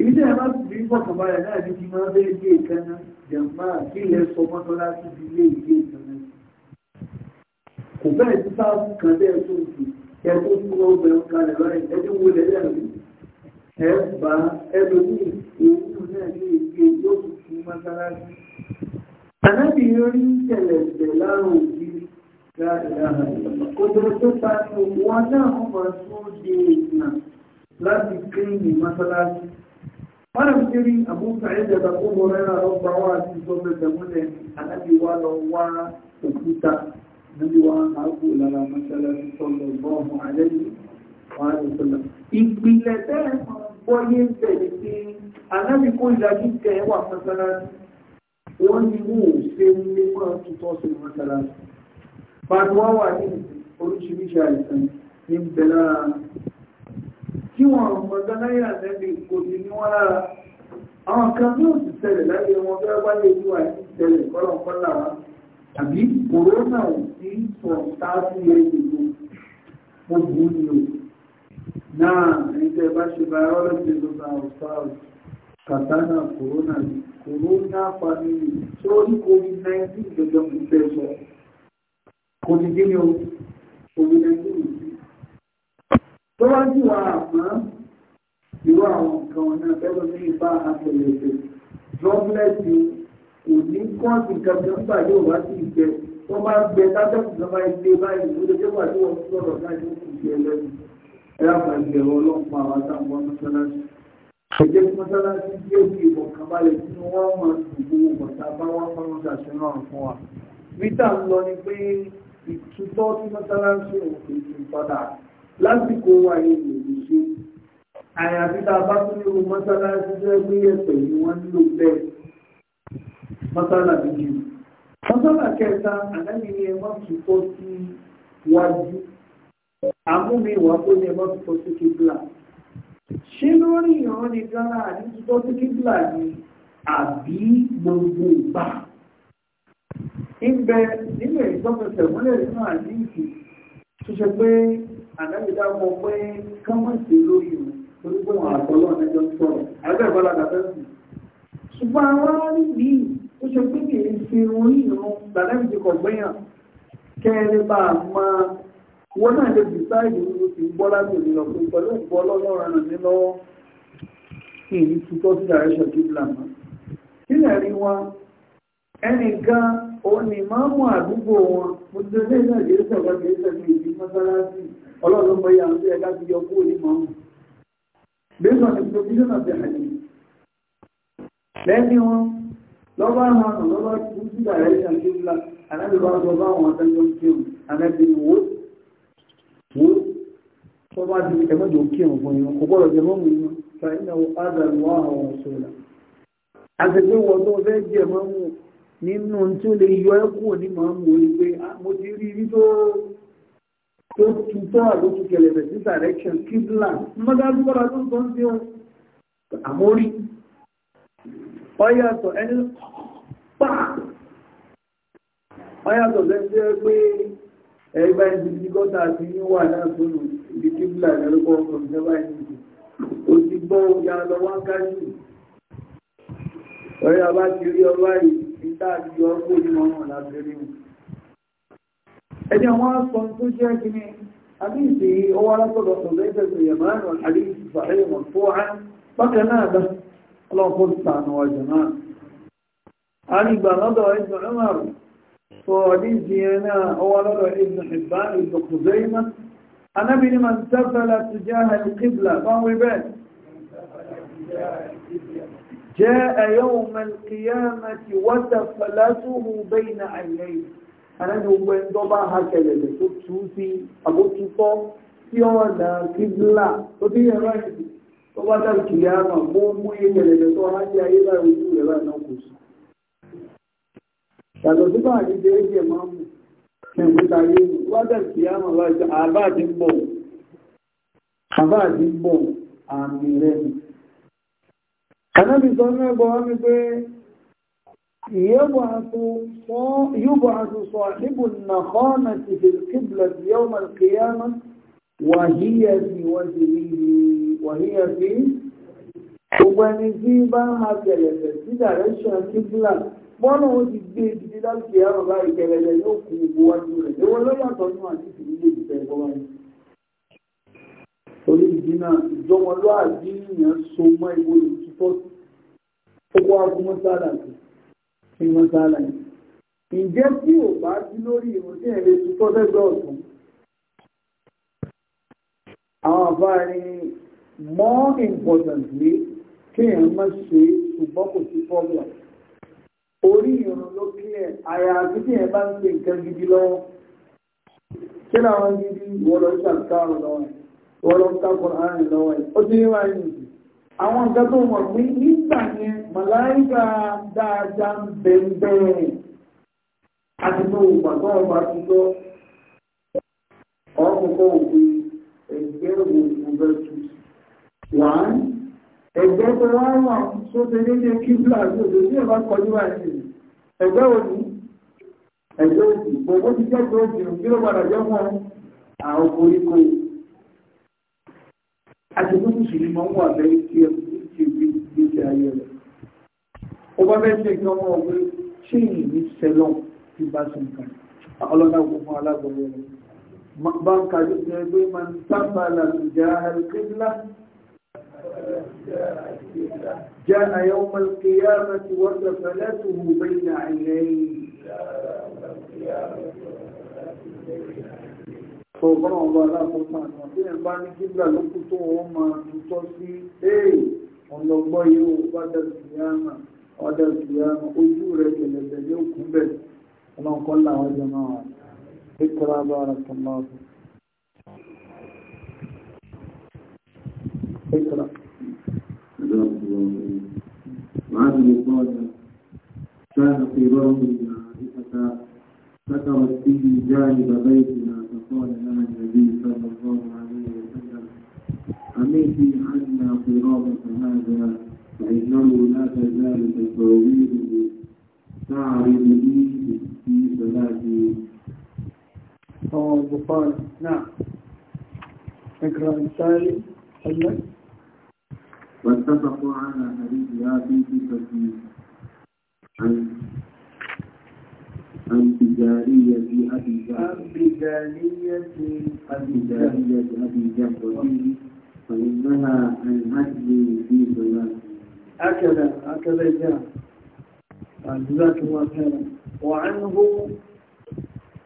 ibi tí a bá ti fi ń bọ̀ kàn báyà náà ní kí máa bẹ́ẹ̀ gé ìkànnà jàmbá kí ilẹ̀ sọ mọ́tọ́ láti fi lé ìgbé ìkànnà kò bẹ́ẹ̀ ti sáà fún kan bẹ́ẹ̀ tó ń fi ẹ̀kọ́ tó lọ bẹ̀rù kalẹ̀ lọ́rẹ̀ ẹjọ́ wo lẹ̀ lẹ́rù ẹ bá ẹlòmí òun náà ní ìgbé yóò tún fún mọ́sálásí ànábì rí tẹ̀lẹ̀ tẹ̀ lárùn ògiri kòtò tó láti kí ní mọ́sálásí Fara kiri àbúkà ẹ̀jẹ̀ tàbí mo rẹ̀ rà lọ́gbà wá sí ìjọba ìjẹ̀múlẹ̀ ànábì wa lọ wá òkúta níbi wa àákò lára mọ́ṣáláṣí sọ́lọ̀ bọ́ọ̀mù àlẹ́yìn wa rẹ̀ sọ́lọ̀. Ìpìlẹ̀ bẹ́ẹ̀ bọ́yé ń tẹ̀lé sí ànábì kó ìdájú tẹ̀ wà mọ́ṣáláṣí. Wọ́n ní tí wọ́n mọ̀gá náírà lẹ́bí kò sí ní wọ́n lára àwọn kan tí ó sì ṣẹlẹ̀ láyé wọn fẹ́ wáyé ìlú àti ìṣẹ̀lẹ̀ kọ́lọ̀kọ́lá wa àbí kòrónà ò sí sọ táàbí ẹgbẹ̀gbọ́ mo bù ú ni o náà ẹgbẹ́ bá ṣe bá rọ́lọ́sì ló bá ọ̀ sáàrù kàtánà kòrónà ni corona family tó ní covid-19 gbẹgbẹ́ mi fẹ́ sọ kò ní kí ni o covid-19 tó wá jù wá àmọ́ irú àwọn nǹkan ọ̀nà ẹgbẹ́ ní ìbá àtẹ̀lẹ̀tẹ̀ droplet kò ní kọ́ọ̀tì kankan gbà yóò wá sí ìgbẹ́ wọ́n bá gbẹ tábẹ́kù náà bá gbé báyìí ló lè wà tí wọ́n ti sọ̀rọ̀ náà yóò kù sí ẹlẹ́nu ẹ̀rọ àgbàgbẹ̀ ọlọ́pàá àwọn àtàwọn mọ́sálásí ẹ̀jẹ̀ mọ́sálásí tí ó fi ìbọn kan balẹ̀ tí wọ́n mọ̀ gbogbo bọ̀tà bá wọ́n mọ̀ lọ́dà sí náà fún wa. mítà ń lọ ni pé ìtútọ́ tí mọ́sálásí òkè ti padà lásìkò wa yìí lè ṣe àyàfi tá a bá tún ní ohun mọ́sálásí tó ẹ gbé ẹ̀pẹ̀ ni wọ́n nílò bẹ́ẹ̀ mọ́sálà méjì mọ́sálà kẹta àdáni ni ẹ má tún kọ́ sí wájú àmúmi ìwà tó ní ẹ má tún kọ́ sí kíbla ṣé lórí ìran ni ghana àdínkù kọ́ sí kíbla ni àbí gbogbo ìgbà ń bẹ nínú ìgbọ́fẹsẹ̀ múlẹ̀ nínú àdínkù tó ṣe pé àdájúdá mọ̀ pé kọ́mọ̀sì lórí orúkọ àwọn àtọ́lọ́ ẹjọ́ sọ̀rọ̀ àgbẹ̀bọ́lá gàtẹ́sì ṣùgbọ́n àwọn aráàlú yìí ó ṣe pé kì í ṣe orí ìrún làdájú ti kọ̀gbẹ́yàn kẹ́ẹ̀rẹ́ bá a máa wọ́n náà lè bù sáàyè ó ti gbọ́ láti òní lọ pé pẹ̀lú ìgbọ́ ọlọ́run ràn mí lọ́wọ́ kí ní tutọ́ sí direction tó blàmà sílẹ̀ rí wọn ẹnìkan òun ni máa mú àdúgbò wọn mo ti lè ní ìlànà ìgbésẹ̀ wọn kì í ṣe ìdí mọ́sálásí ọlọ́run mọ̀ yà ń bí ẹ̀ká ti yọ kúrò ní mọ̀ ọ́n based on the provision of the hadith lẹ́ni wọn lọ́wọ́ àwọn ọ̀nà lọ́wọ́ kú sí direction tó ń la alábìbá sọ bá àwọn ọ̀tẹ́jọ́ ń kírun alábìbá wo wo tó bá di ẹ̀mọ́jọ́ kírun fún yín kò gbọ́dọ̀ jẹ́ mọ́mú yín fa iná ádàlú àwọn ọ̀ṣọ́lá àtẹ̀gbẹ́ wọn tó fẹ́ jẹ́ mọ́mú nínú tí ó lè yọ ẹ́ kúrò ní mọ́mú orí pé ah, mo ti rí rí tó tó tutọ́ àlójú kẹlẹ̀bẹ̀ sí direction kibla mọ́dájú kọ́ra ló ń sọ ń sí ọ àmórí ọyàtọ̀ ẹni pa ọyàtọ̀ lẹ́sẹ̀ pé ẹgbà ẹni tí gọ́ta àti níwà náà tó nù ibi kibla ìrẹ́lẹ́kọ́ ọkọ̀ ìjọba ẹni ó ti gbọ́ ya lọ wá kájú ọyà bá ti rí ẹjẹ́ wọ́n sọ tó jẹ́ gini àbíṣe owó alákọ̀ọ́dọ̀ ọ̀lẹ́gbẹ̀rẹ̀ yamanu alhadith sahih marfu'a bákan náà bá ọlọ́pọ̀ sànù ọjọ́ náà a ní gbà lọ́dọ̀ ibn umar sọ àdíṣe yẹn náà owó alákọ̀ọ́dọ̀ ibn hibban ibn khuzaimah anábì ni man tafala tujaha alqibla báwọn ibẹ̀ جاء يوم القيامة وتفلته بين عينيه alábi gbogbo ẹni ndọba ha kẹlẹ̀lẹ̀ tó tú sí àbótútọ́ sí ọ̀nà kíbílà tó bí ẹ̀rọ ìdí tó bá dàbí kìlẹ̀ àmà mọ́ mú iye kẹlẹ̀lẹ̀ tó ha jẹ́ ayé báyìí ojú rẹ̀ báyìí náà mú àbá àti àbá àti يبعث صاحب النخامة في القبلة يوم القيامة وهي في وجهه وهي في ọgbẹni tí bá ń ha kẹlẹ̀lẹ̀ sí direction kíbla bọ́nà ó ti gbé ìdílé láti ẹ̀rọ láì kẹlẹ̀lẹ̀ yóò kú gbogbo wájú rẹ̀ ewé ló yàtọ̀ àti ìfìdílé ìfẹ́ ìfọwọ́ yìí torí ìdínà ìjọmọlúwàbí yìnyín so mọ́ ìwé òtítọ́ ó wá fún mọ́sálà sí ìwọ̀n sáàlà yìí ǹjẹ́ tí ò bá sí lórí ìwọ̀n tí ẹ̀rẹ́ tó tọ́ sẹ́gbẹ́ ọ̀tún àwọn àbára ni more importantly kí èèyàn má ṣe ṣùgbọ́n kò sí problem orí ìrùn ló kílẹ̀ ara àti tí èèyàn bá ń ṣe nǹkan gidi lọ́wọ́ kí làwọn gidi wọ́n lọ ṣàkárò lọ́wọ́ wọ́n lọ ń àárín lọ́wọ́ ó ti ní àwọn nǹkan tó mọ̀ pé nígbà yẹn màláìkà dáadáa ń bẹ̀ẹ̀bẹ̀ àti tó ògbà tó ọba ti lọ ọkùnkọ́ òfin ẹgbẹ́ òògùn bẹ́ẹ̀ wọ́n ẹgbẹ́ tó wá wà tó ṣe déédéé kíbla àti òṣèlú tí ẹ̀bá kọjú wà ní ẹgbẹ́ òní ẹgbẹ́ òsì gbogbo ti jẹ́ pé òsì òsì ló padà jẹ́ wọn àwọn orí àṣẹ́gbé mùsùlùmí máa ń wà lẹ́yìn tí ẹ kú sí ìwé ìgbésẹ̀ ayé rẹ̀ ó bá bẹ́ẹ̀ ṣe kí ọmọ ọ̀gbẹ́ ṣé ìyìn ní sẹlọ̀n tí bá ṣe nǹkan ọlọ́dà gbogbo alágbọ̀rọ̀ rẹ̀ bá ń ka ló jẹ́ pé máa ń sábà làlùjá àìkéńlá جاء يوم القيامة وكفلته بين عينيه ọgbọ́n ọba alákọ̀ọ́ta àti àbíyàn bá ní kígbà ló kú tó wọ́n máa tutọ́ sí ee ọlọ́gbọ́ yóò wádà síyáàmà wádà síyáàmà ojú rẹ̀ kẹlẹ̀bẹ̀ yóò kún bẹ̀ ọlọ́nkọ́ làwọn jẹ كان في روضنا عائشة ذكرت به جانب بيتنا فقال لنا النبي صلى الله عليه وسلم أميتي عنا قرابة هذا فإنه لا تزال تصاويره تعرض لي في صلاتي رواه البخاري نعم اقرأ التالي حلك واتفقوا على حديثها في صفة عن البدالية أبي جعفر البدالية البدالية أبي جعفر فإنها عن العدل في صلاة هكذا هكذا جاء جزاك الله خيرا وعنه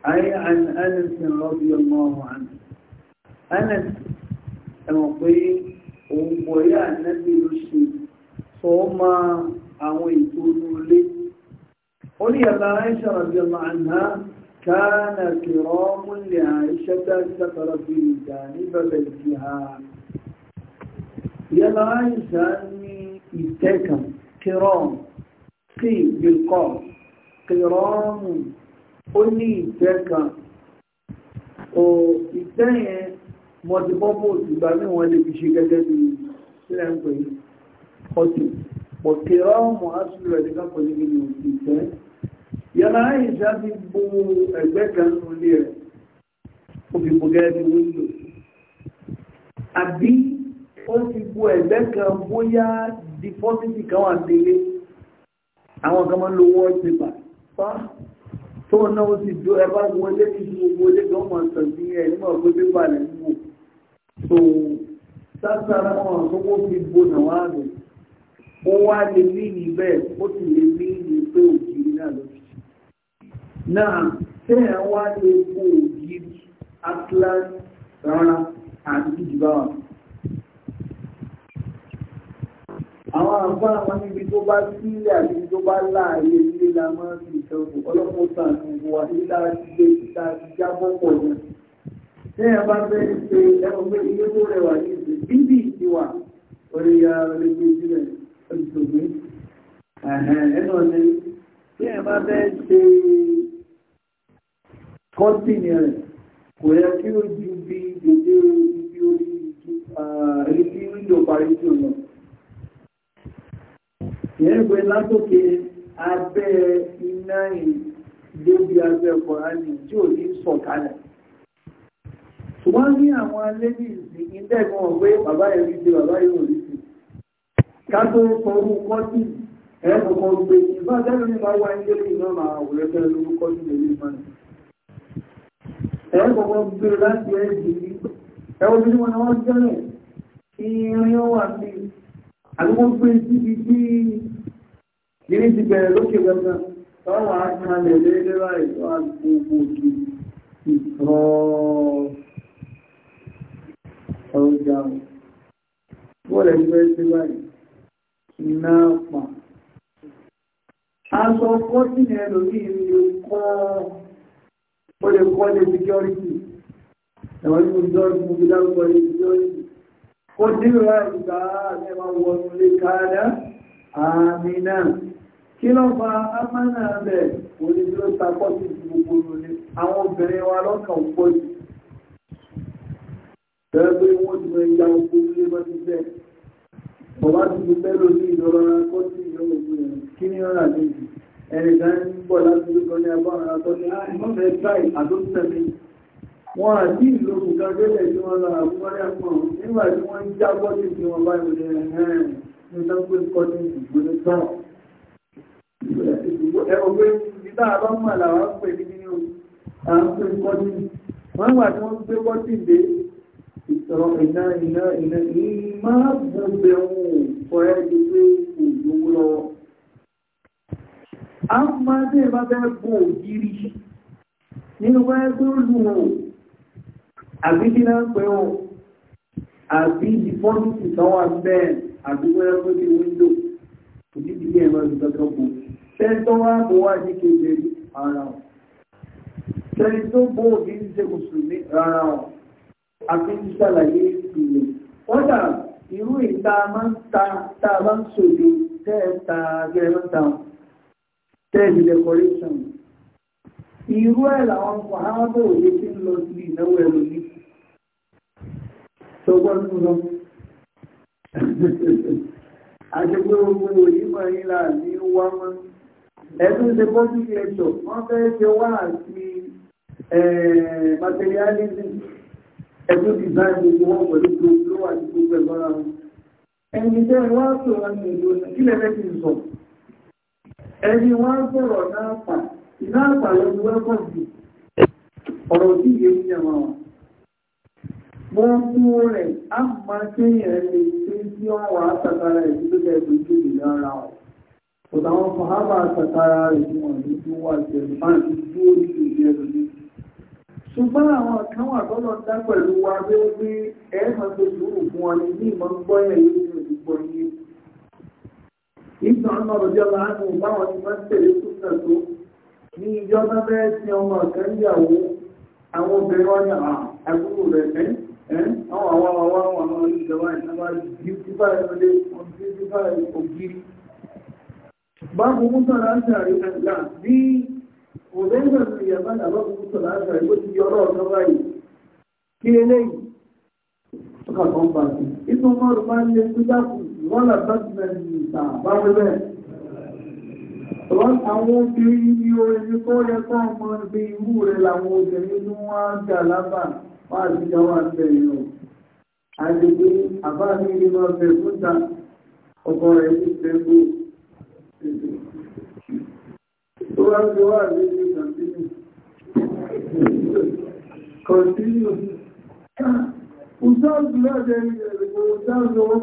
أي عن أنس رضي الله عنه أنس المطيع òun bọ̀yá nẹ́bí ló ṣe sọ ولي عائشة رضي الله عنها كان كرام لعائشة سفر في جانب بيتها يا عائشة أني اتكم كرام قي بالقاف كرام أني اتكم ìtẹ́yẹn mọ̀tíbọ́bù ìgbà ní wọ́n lè fi ṣe gẹ́gẹ́ bí sílẹ̀ ń pè ọtí pọ̀kẹ̀rọ̀ mọ̀ á sílẹ̀ ẹ̀dẹ́gbàpọ̀ nígbìmọ̀ ìtẹ́ yàrá àìsà ti bo ẹ̀gbẹ́ kan lórí ẹ̀ ó fi bo gẹ́gẹ́ bí wíńdò àbí ó ti bo ẹ̀gbẹ́ kan bóyá dìpọ́sìtì kan wà délé àwọn kan máa ń lo wọ́ọ̀d pépà pa tó náà ó ti do ẹbá wọlé ní gbogbo ilé kan máa sàn sí ẹ nígbà pé pépà rẹ̀ ń wò tó sására wọn tó wọ́n fi bo náà wá rẹ̀ ó wá lè ní ìbẹ̀ ó sì lè ní ìpé òjì náà lọ náà tẹ́ ẹ̀ wá ní epo ògiri atlas rárá àti ìjìbáwà àwọn àbá àwọn níbi tó bá sílẹ̀ àti tó bá láàyè ilé la máa ń fi ìtọ́jú ọlọ́pọ̀ sàn gbogbo wa nílá ilé títà ti jábọ́ pọ̀ náà tẹ́ ẹ bá fẹ́ ṣe ẹ̀rọ pé ilé tó rẹwà ní ìsìn bíbí ìtiwà orí ya olóògbé sílẹ̀ olùsògbé ẹ̀hẹ̀n ẹ̀nà ni tẹ́ ẹ bá fẹ́ ṣe kọ́ńtìnì rẹ̀ kò yẹ kí ó ju bí dédé ibi orí rí sí wíńdò parí tí ó lọ. ìyẹn ìwé látòkè abẹ́ iná ìdóbi abẹ́ kọ̀ránì tí ò ní sọ̀kalẹ̀. ṣùgbọ́n ní àwọn ladies ìdẹ́gbọ̀n pé bàbá ìrí sí bàbá ìrò rí sí. ká tó sọrú kọ́ńtìnì ẹ̀ẹ́dọ̀kan gbé ìbá tẹ́lẹ̀ nípa wá ilé ìnáwó àwòrẹ́fẹ́ lórúkọ sílẹ̀ ní ìmọ̀ náà ẹ̀rọ kọ̀kọ́ gbé e láti ẹ̀jì rí ẹwọ́ bí wọ́n wọ́n jẹ́rẹ̀ kí irin ó wà sí àdúgbò gbé síbi tí kìíní ti bẹ̀rẹ̀ lókè gbẹ̀gbẹ̀ tọ́wọ́ àkàlẹ̀ lẹ́lẹ́ báyìí tó wà gbogbo òkè ìtọ́ ọjà bọ́ọ̀lẹ̀ gbẹ́ sí báyìí iná pa aṣọ fọ́tìnì ẹlòmíì ni ó kọ́ ó lè kọ́ lé security ẹ̀wọ̀n ní security mo fi dárúkọ lé security ó dínú láì gbà á ní ẹ̀ma wọnú lé káàdá àmì náà kí ló fa amánà bẹ̀ òní tí ó takọ́ sí gbogbo ní àwọn obìnrin wa lọ́kàn ń pọ̀ jù bẹ́ẹ̀ pé wọ́n ti mọ ìyá oko ilé bá ti fẹ́ bọ̀bá ti fi kí ni ó rà méjì ẹnìkan ń bọ̀ láti lókọ ní abọ́nà tó ní àìmọ́fẹ́ táì àdókùnrin wọn àti ìlú òkùnkàgbélẹ̀ tí wọ́n lára fúnwárí àpọ̀ nígbà tí wọ́n ń jábọ́ sí ti wọn bá ìwòlẹ̀ ẹ̀hẹ́n ní sọ́pẹ́ kọ́tí ìgbóni tán ẹgbẹ́ ìdá àbámọ̀ làwọn pè ní nínú àwọn pè kọ́tí wọ́n wà tí wọ́n gbé kọ́tí dé ìtọ̀rọ̀ iná iná iná a máa dé bá bẹ́ bò gírí nínú bá ẹgbẹ́ olú wọn àbí kí náà pẹ́ wọn àbí dìpọ́sìtì sọ́wọ́ bẹ́ẹ̀ àbí wọ́n ẹgbẹ́ bí wíńdò kò ní ìdílé ẹ̀rọ ìgbàgbọ́ bò tẹ́tọ́ wá bò wá ní kejì ara ọ̀ tẹ́ni tó bó òbí ń ṣe mùsùlùmí rárá ọ̀ àfi ń ṣàlàyé ìpìlẹ̀ kódà irú ìta máa ń ta tá a bá ń ṣòdo tẹ́ gẹ́gẹ́ máa ń ta wọn tẹ́ẹ̀dì decoration irú ẹ̀ làwọn ọkọ̀ ààbò òye tí ń lọ sí ìnáwó ẹ̀rọ ní ṣọgbọ́n tó lọ àṣẹgbé ogun onímọ̀ ìlà ní wá mọ́ ẹ̀dùn ṣe bọ́jú ẹ̀ṣọ́ wọ́n fẹ́ ṣe wá àti materialism ẹ̀dùn design gbogbo wọn pẹ̀lú gbogbo àti gbogbo ẹ̀gbọ́n ẹni tẹ́ wọ́n sọ̀rọ̀ ní ìlú kílẹ̀ fẹ́ ti ẹni wọ́n ń sọ̀rọ̀ náà pà iná àpàlọ́ ni wọ́n pọ̀ jù ọ̀rọ̀ tí ìyẹ́ ní ẹ̀mọ́ wọn wọ́n kú rẹ̀ á máa kéèyàn lè ṣe sí ọwọ́ àtàkárà ẹ̀ tó bẹ̀rẹ̀ tó jù lè lára wọn kò táwọn fàhábà àtàkárà rẹ̀ tí wọ́n ní tó wà jẹ́ báńkì tó ní ìjẹ́ lónìí ṣùgbọ́n àwọn kan wà tọ́lọ̀ dá pẹ̀lú wa bí ó gbé ẹ̀ẹ́mọ̀ tó dùn fún ọ ní ìmọ̀ gbọ́yẹ̀ yóò ní òdúgbọ́ yìí ìgbà ọmọ òjọba ánú báwọn ti máa ń tẹ̀lé súnmọ̀ tó ní ìjọba bẹ́ẹ̀ tí ọmọ ọ̀kan yàwó àwọn obìnrin ọ̀nà àgbúrò rẹ̀ ẹ́ àwọn àwọn àwọn àwọn àwọn ìjọba ìjọba bíútífà ìrọ̀lẹ́ bíútífà ògiri báwo mú sọ̀rọ̀ àṣàrí ẹ̀dá bí òbẹ́gbẹ̀ sí ìyàbá àbá mú sọ̀rọ̀ àṣàrí ó ti yọrọ ọ̀dọ́ báyìí kí eléyìí ó kà kàn bá sí ìtumọ̀ rẹ̀ máa ń lé sí dákú wọ́n lọ tọ́júmẹ̀ ní ìta bá wẹ́lẹ̀ àwọn obìnrin ni orin tó yẹ kọ́ ọmọ ibi irú rẹ̀ làwọn obìnrin ní wọ́n á jà lábà wá àtijọ́ wà bẹ̀rẹ̀ o àgbègbè àbá mi ni wọ́n fẹ́ fúnta ọkọ rẹ̀ ti fẹ́ bó tó wá fi wá àgbègbè kọ̀ntínú kọ̀ntínú ọ̀sán lọ́dẹ̀ ẹ̀rẹ̀ ọ̀sán lọ́wọ́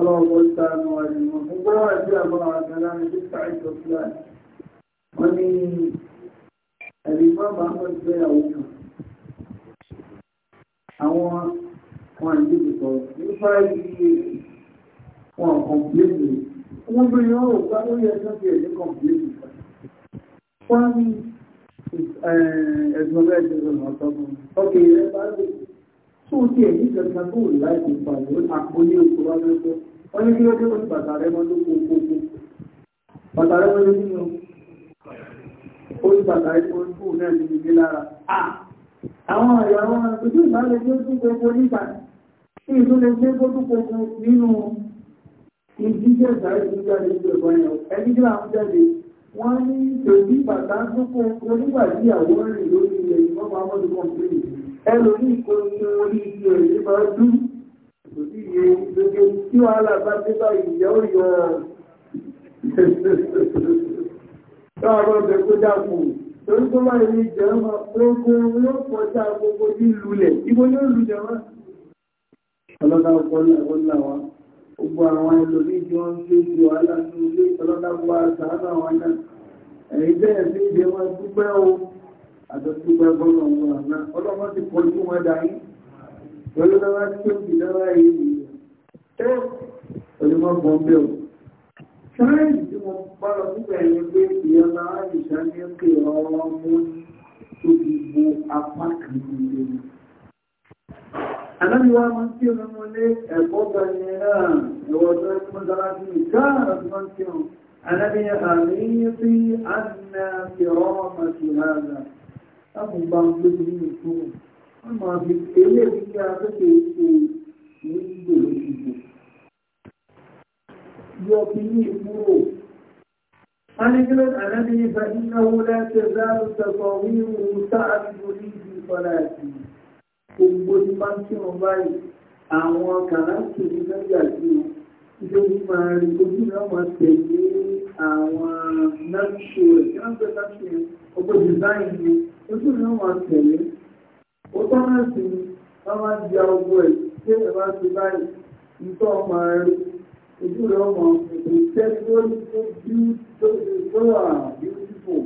اللهم صل على محمد وعلى آل محمد وسلم wọ́n ní ẹ̀rìmọ́ Muhammad jẹ́ àwùjọ àwọn kan àìdíje sọ̀rọ̀ nípa iye wọn kọ̀m̀pléèdì wọ́n bí wọ́n rò pé ó yẹ kí wọ́n fi ẹ̀jẹ̀ kọ̀m̀pléèdì wọ́n ní ẹ̀sùn ọ̀gá ìjọba ọ̀tọ̀ ọkẹ̀ ìrẹ́bàá lè tó ti ẹ̀ ní kankan tó wù láì kó pa ìwé àpòlé òkú wá lọ́sọ́ wọ́n ní kí ló dé wọ́n ti bàtà rẹ mọ́ tó kó kó kó bàtà rẹ mọ́ tó kí ni ó ti bàtà rẹ mọ́ tó náà ní ilé lára àwọn ọ̀yà wọn àtúntò ìbálẹ̀ tí ó tún gbogbo nígbà tí ìtúlẹ̀ gbé gbogbo gbogbo nínú ìdíjẹ́ ìdáyé tó jáde ní ẹ̀kọ́ yẹn ẹni tí wọ́n jáde wọ́n ní tòbí bàtà tó kó kó nígbà tí àwọn rìn lórí ilẹ̀ ìfọ́pamọ́ ti kọ́ńtírì ẹlòmí ìkòrò orí ìṣẹ́ èyí máa dú òbí yẹ gbogbo tí wọ́n alábá tí bá ìyá ó yọ láàárọ̀ ọ̀bẹ̀ tó dákù torí tó máa ní jẹ́ máa gbogbo yóò pọ̀já gbogbo ní lulẹ̀ ibo yóò lulẹ̀ wá ọlọ́dà ọpọlọ ọlọ́wà gbogbo àwọn ẹlòmí tí wọ́n ń gbé ju aláàánú ilé ọlọ́dà gbogbo àṣà àwọn náà ẹ̀yìn bẹ́ẹ̀ sí ìdẹ́wọ̀n dúpẹ́ o àtọ́sígbà gbọ́nà ọmọ àná ọlọ́wọ́ ti pọ̀ ní wọn dání pẹ̀lú náà tí ó fi dára yìí nìyí ẹ́ onímọ̀ gbọ́n bẹ́ẹ̀ o sáyẹ̀nsì tí mo bá lọ síbẹ̀ yẹn pé ìyọ́nà àdìsá ní pé ọ̀rọ̀ mú tó fi bo apá kan nílé mi. Àdáni wa máa ń tí ọ̀nà wọn lé ẹ̀kọ́ gba yẹn náà ẹ̀wọ̀ tó ń mọ́ dára sí mi káàrà tó máa ń tí wọn. Àdáni àmì yín fi àdìsá fi ọ̀rọ̀ máa ti hàn náà láti gba ohun lójú nínú ìfún wọn máa fi eré ìdílé afẹ́fẹ́ ṣe ní ìgbò lójú ìbò yọ kí ní ìkúrò Anigilin anabi fa iná wúlá ṣe záàrù sọ̀kọ̀ wíwú sáàbì orí ìdí ìfọ́lá ẹ̀sìn. Gbogbo ní máa ń kí wọn báyìí, àwọn kàláṣì ní lọ́jà sí wọn. Ìjọba máa rí tẹ̀lé àwọn mẹ́ṣọ rẹ̀ kí wọ́n fẹ́ láti ọgbọ́ design ni ojú mi wà tẹ̀lé ó tọ́ náà sí ni wọ́n máa di ọgbọ́ ẹ̀ tí ẹ̀ bá ti báyìí nítorí ọmọ rẹ̀ ojú rẹ̀ ọmọ ètò ìtẹ́lẹ̀ lórí tó bí tó wà beautiful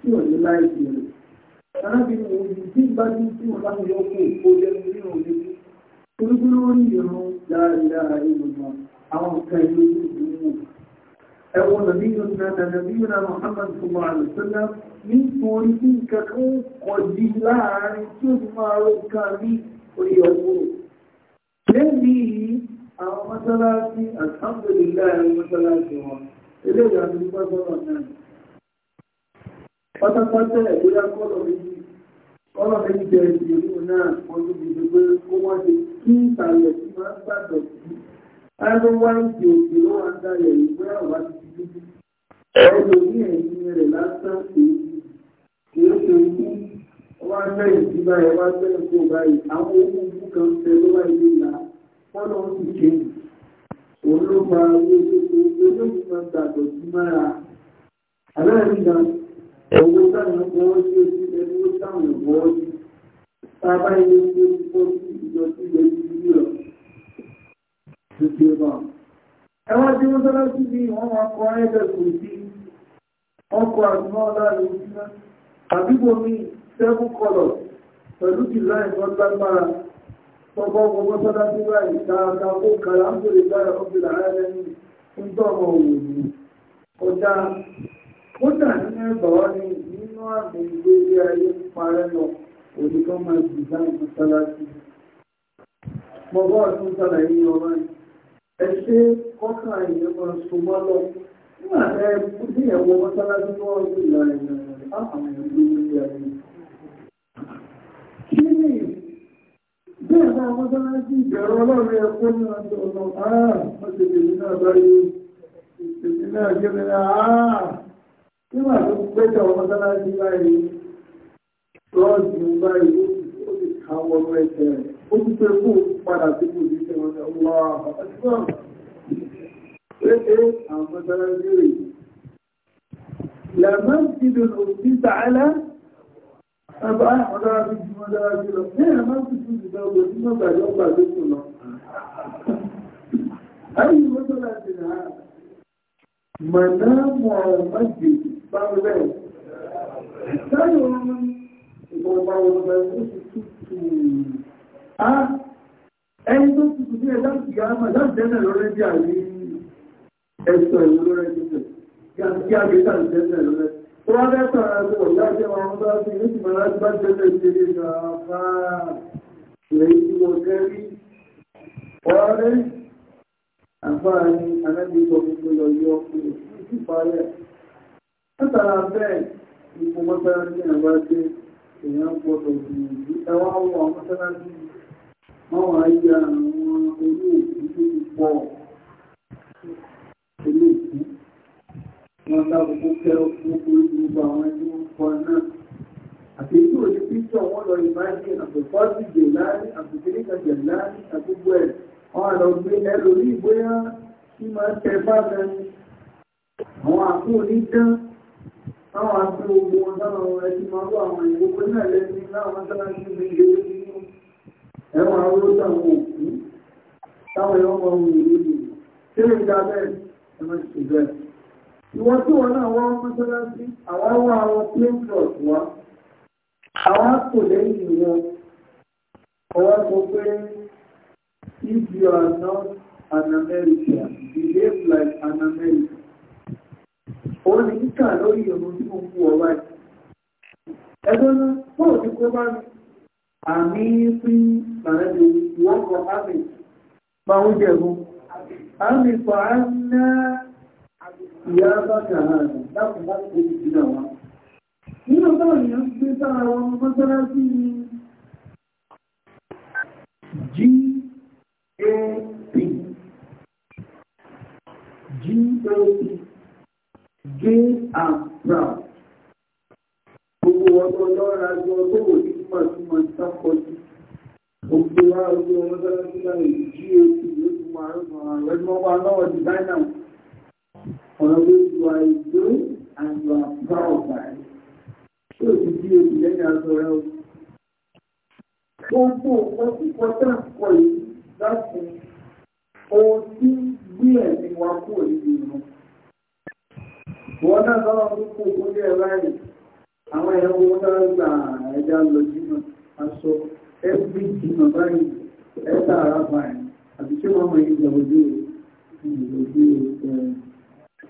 tí ò ní láìsí rẹ̀ arábìnrin òbí tí bá ní tí wọ́n bá yọ kó kó jẹ́ nínú òbí tó ní lórí ìrún dáadáa ìrùnà àwọn nǹkan ìlú ẹwọ nàbíyàn nàdà nàbíyàn Muhammad sọmọ àlùsọ́lá nítorí tí nǹkan kan kọjí láàárín tí ó ti máa rọ nǹkan ní orí ọgbọ́ lẹ́yìn àwọn mọ́sálásí alhamdulillah mọ́sálásí wọn eléyà ní gbọ́gbọ́rọ̀ náà pátápátá ìgbéra kọ́lọ̀ méjì kọ́lọ̀ méjì jẹ́ ìdìbò náà wọ́n ti dìbò pé kó wọ́n ti kí ìtàlẹ̀ tí máa ń gbàdọ̀ sí ẹnu wá ń di òkè ló wá ń dalẹ̀ ìwé àwa ti fi dúdú. ẹnu ní ẹ̀yìn rẹ̀ lásán kò kìí ṣe ikú wá bẹ́ẹ̀ sí báyìí wá bẹ́ẹ̀ kó báyìí àwọn owó ikú kan fẹ́ ló wá ilé ìlà fọ́nà ó sì ṣe. òun ló fa olóògbé olóògbé máa ń gbàgbọ́ sí mára. àbẹ́rẹ́ nígbà owó táwọn ọkọ̀ sí ojú ẹni ó táwọn ọkọ̀ sí. tá a bá yẹ kí ó ti pọ̀ sí ìjọ sí ìjọ sí ìjọ lókè ọba. Ẹwọ́n tí wọ́n sọ́lá sí bí wọ́n wọ́n kọ́ ẹgbẹ̀ kò sí ọkọ̀ àgbọ̀n láàrin ojúmọ́. Àbíbò mi seven colors pẹ̀lú jùlọ ìbọn lágbára. Tọ́gbọ́ gbogbo sọ́lá sí báyìí dáadáa kó kàrà ń bèrè lára ọ̀gbìn ààrẹ ní ń tọ́mọ òwòrán. Ọjà ó dà nínú ẹgbà wá ní nínú àmì ìwé ilé ayé parẹ́ lọ òní kan máa jù láì mọ́sálásí. Mọ̀gọ́ ọ̀tún sàlàyé ọ̀rọ̀ yìí ẹṣẹ́ kọ́kà ìyẹn máa so má lọ nígbà tẹ ní ẹ̀wọ̀ mọ́sálásí tó wọ́n gbé ìlànà ìrìnàjò àwọn èèyàn ló ń gbé ayé. kí ni bẹ́ẹ̀ náà mọ́sálásí ìbẹ̀rù ọlọ́run ẹ̀kọ́ ní ọjọ́ ọ̀nà àá mọ́sẹ̀lẹ̀ náà báyé ìṣèlú náà gẹ́gẹ́ náà àá nígbà tó gbẹ́jọ mọ́sálásí báyìí lọ́ọ̀dù báyìí ó ti káwọ́ ẹ̀jẹ̀ ó ti pẹ́ fún padà sí الله أكبر إيه المساجد مسجد أسس على أبعاد مدارس مدارس إيه مسجد دولة مسجد الله بسم أي مسألة هذا منام المسجد بغداد ثاني يوم يقول بعض المسجد ẹni tó ti kùdí ẹ̀ láti gàámà láti tẹ́lẹ̀ lọ́rẹ́ bí àrí ẹ̀sọ̀ ìlú lọ́rẹ́ títẹ̀ kí a gbé tàbí tẹ́lẹ̀ lọ́rẹ́ tó wá lẹ́sọ̀ ẹ̀rọ ìyá jẹ́ wọn bá ti ní ti mọ̀lá bá tẹ́lẹ̀ tẹ́lẹ̀ gàáfà lèyí tí wọ́n kẹ́rí ọ̀rẹ́ àfáàní anábì sọ gbogbo lọ yọ ọkùnrin sí ìparẹ́ látara bẹ́ẹ̀ ipò mọ́tàlá ní àbájẹ́ èèyàn gbọ́dọ̀ gbìyànjú ẹwà wọ àwọn mọ́tàlá wọ́n wá yí àwọn olóòkú tó ti pọ̀ olóòkú wọn lábùkú kẹ́rọ fún gbogbo àwọn ẹni wọn kọ náà àti tí ò ní píṣọ wọn lọ ìmáàjì àbùkọ́sì jẹ̀láàrí àbùkíríkà jẹ̀láàrí àdúgbò ẹ̀ wọn lọ gbé ẹlòmí ìgbóyà tí máa ń tẹ fáfẹ́ àwọn àpò onídán táwọn àti ogun ọ̀daràn ẹni máa wọ àwọn ìwé náà lẹ́ni láwọn sáláṣí mi lè rí ẹwà owó táwọn òkú táwọn ọmọ ohun ìlú ìlú tí ó dá bẹ́ẹ̀ ẹ má bẹ́ẹ̀. ìwọ tí wọn náà wá mọ́ṣáláṣí àwọn wá àwọn plainplot wá àwọn kò lẹ́yìn wọn ọwọ́ sọ pé if you are not an American behave like an American ó ní kíkà lórí ìrònú tí mo ń fún ọ báyìí. ẹgbẹ́ náà bọ́ọ̀ ni bá mi àmì fún màrẹ́bí wọ́n kọ ámì pa oúnjẹ mú ámì pa á ná ìyá bá kàrà rẹ̀ láti bá kò sí ìdá wa nínú bá èèyàn gbé sára wọn mọ́sálásí ni GAP GAP Gay and Proud gbogbo ọdọ lọ́ra jọ tó wò ní túmọ̀ túmọ̀ sáfọ́jú gbogbo wa ojú ọmọ sára sí láì jí èsì ló tún máa ń sọ àwọn ẹgbẹ́ wa lọ́wọ́ o ti jí èsì lẹ́yìn aṣọ rẹ o. gbogbo nǹkan tí kọjá kọ yìí láti ohun tí gbé ẹ̀mí wa kúrò níbi ìran. wọ́n náà sọ́wọ́n tó kó ojú ẹ̀ láì àwọn ẹ̀rọ wọn gbà ẹja lọ sí aṣọ every jìnnà báyìí ẹ̀ẹ́ta ara báyìí àti ṣé wọ́n mọ̀ ìgbà ojú ojú eh,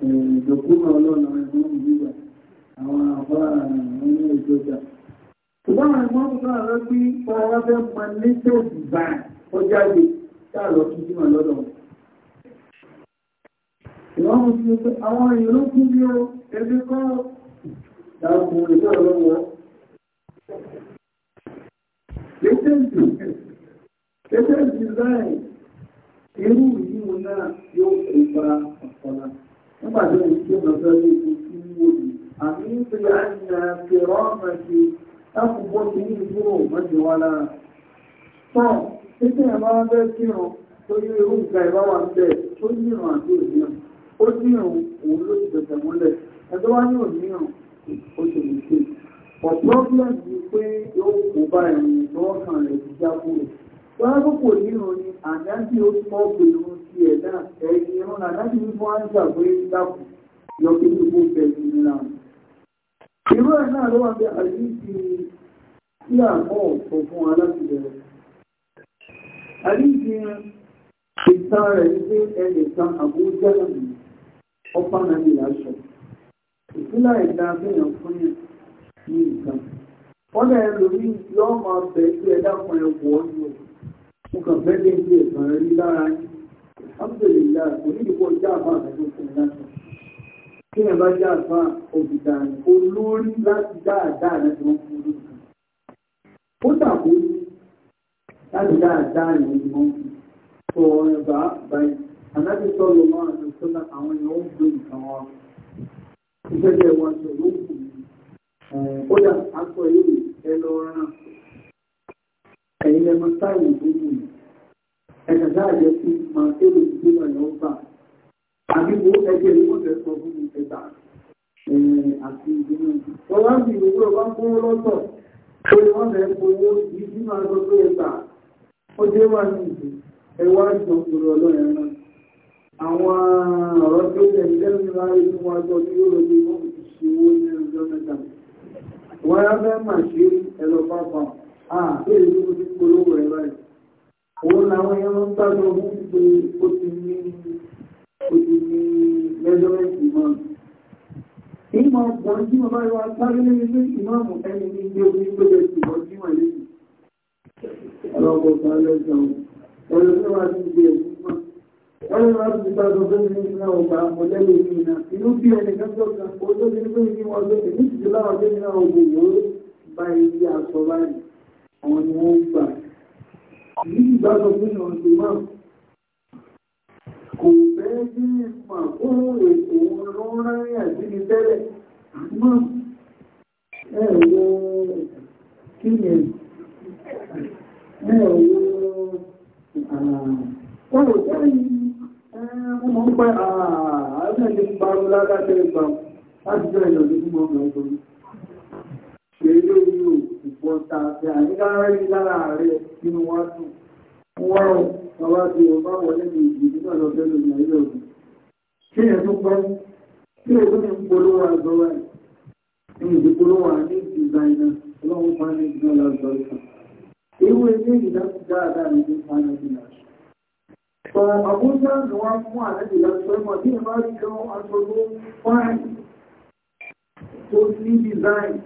eh, ìdòkúnà ọlọ́nà ẹ̀mọ́ ìgbà àwọn àbá àwọn ìjọba. ṣùgbọ́n àwọn ẹ̀mọ́ ìgbà rẹ̀ pé ọwọ́ fẹ́ mọ níṣẹ́ ìgbà ọjáde káàlọ́ kí jìnnà lọ́dọ̀ wọn ìwọ́n mú sí pé àwọn ìlú kú bí ó ẹgbẹ́ kọ́ dákùn ìjọ́ ọlọ́wọ́ kéjèèjì kéjèèjì láì irú yíò náà yóò kó bá ọ̀pọ̀lá nígbàtí ó ti lọ sọ ní ikú tí wò ní àmì ń fi àyà fèrọ ọ̀nà sí lákòókò tí ní ìgbòho mọ́jọ wá lára tán títí ẹ̀ máa bẹ́ kírun òun ló ti bẹ̀tẹ̀ mọ́lẹ̀ ẹ̀dọ́ wá ní òmíràn ó ṣe lè ṣe ọ̀pọ̀lọ́pọ̀ ni pé yóò kó báyìí lọ́ọ̀kan rẹ̀ ti já kúrò wọ́n á kókò ni àdájú ti ẹ̀yìn ìran àdájú ní wọ́n á ń pé dákù lọ pé gbogbo bẹ̀rẹ̀ ní ra irú ẹ̀ náà ló fún wa láti bẹ̀rẹ̀ ìta rẹ̀ ní pé àbújá ọ̀pá náà ìdá fún yẹn ní nǹkan wọ́n lẹ́ lórí yọ́ máa bẹ̀ sí ẹ̀dá kan ẹ̀wọ̀ ọ̀nà mo kàn fẹ́ dé ibi ẹ̀sán rẹ̀ rí lára yín ábùdèrè ìlà kò ní ìdíkọ̀ já àbá àtàkùn fún láti kí ẹ̀ bá já àbá òbìdà olórí láti dáadáa láti wọ́n fún lórí kan ó dàbò láti dáadáa rẹ̀ ni wọ́n fi sọ ọ̀rẹ́ bá báyìí ànábì sọ̀rọ̀ máa lọ sọ́nà àwọn èèyàn ó ń gbé nǹkan wọn ìfẹ́ wọn sọ̀rọ̀ ó kù kódà aṣọ yìí ẹ lọ rán ẹ̀yin lẹ́mọ táìmù tó wù yìí ẹ̀ka dáa jẹ́ máa tẹ́lẹ̀ ìdílé náà yọ̀ gbà àbí wo ẹgbẹ́ ìwé ọ̀dẹ sọ fún mi ẹgbà àti ìdílé náà. wọ́n wá ń bì ń lọ́tọ̀ pé wọ́n fowó yìí máa sọ pé ẹgbà ó dé wà ní ẹ wá jọ náà. àwọn ọ̀rọ̀ tó wọ́n yá fẹ́ mà ṣe ẹ̀rọ pápá àti èyí tó ti polówó rẹ̀ báyìí òun làwọn èèyàn máa ń gbàgbọ́ fún pé ó ti ní ó ti ní mẹ́jọ́mẹ́ntì náà ìmọ̀ ọ̀gbọ̀n tí wọ́n bá yọ sáré lórí pé ìmáàmù ẹni ní ilé orí tó lè ti wọ́n tí wọ́n lè ọlọ́pọ̀ sáré jẹun ẹ̀rọ tó wà ní ilé ẹ̀kú mọ́ ẹ̀rọ wá ti gbàgbọ́ fún mi ní ọgbà mọ̀lẹ́lẹ́ mi náà inú bí ẹnì kan tó kan ó tó ìdí láwọn tó ní àwọn ògbò yóò bá ibi àṣọ báyìí àwọn ni wọ́n gbà ní ìgbàgbọ́ pé ọ̀nà tó wà kò fẹ́ ní ìmọ̀ fún ètò òun rárá àti ní tẹ́lẹ̀ àmọ́ ẹ̀rọ kí ni ẹ̀rọ ọ̀rọ̀ tẹ́lẹ̀ ọmọ ń pẹ́ ààrẹ ní ìgbàmù lágbàtẹ́ ìgbàmù láti bẹ́ẹ̀ lọ sí gbogbo ọmọ ìgbòmí ṣeré yóò ìbọta àti àníkárẹ́rí lára rẹ̀ nínú wá dùn wọ́n rọ̀ bàbá tí o bá wọlé ní ìdí nígbà lọ fẹ́ lòdì ayé ọ̀gbìn kí ẹ̀ tó pẹ́ kí ẹ̀ tó ní polówó àgbọ̀wá ẹ̀ ní ìdí polówó àní ìdìzáìnà ọlọ́run máa ní ìdí náà lọ́jọ́ ìkan ewu ilé ìdájú dáadáa ní ìdí máa ní ìdí náà Ọ̀rọ̀ àbújá ni wọ́n mú àlejò lọ́sọ̀rọ̀ mọ̀ bí ìbá rí kan aṣojú fáìlì tó ní design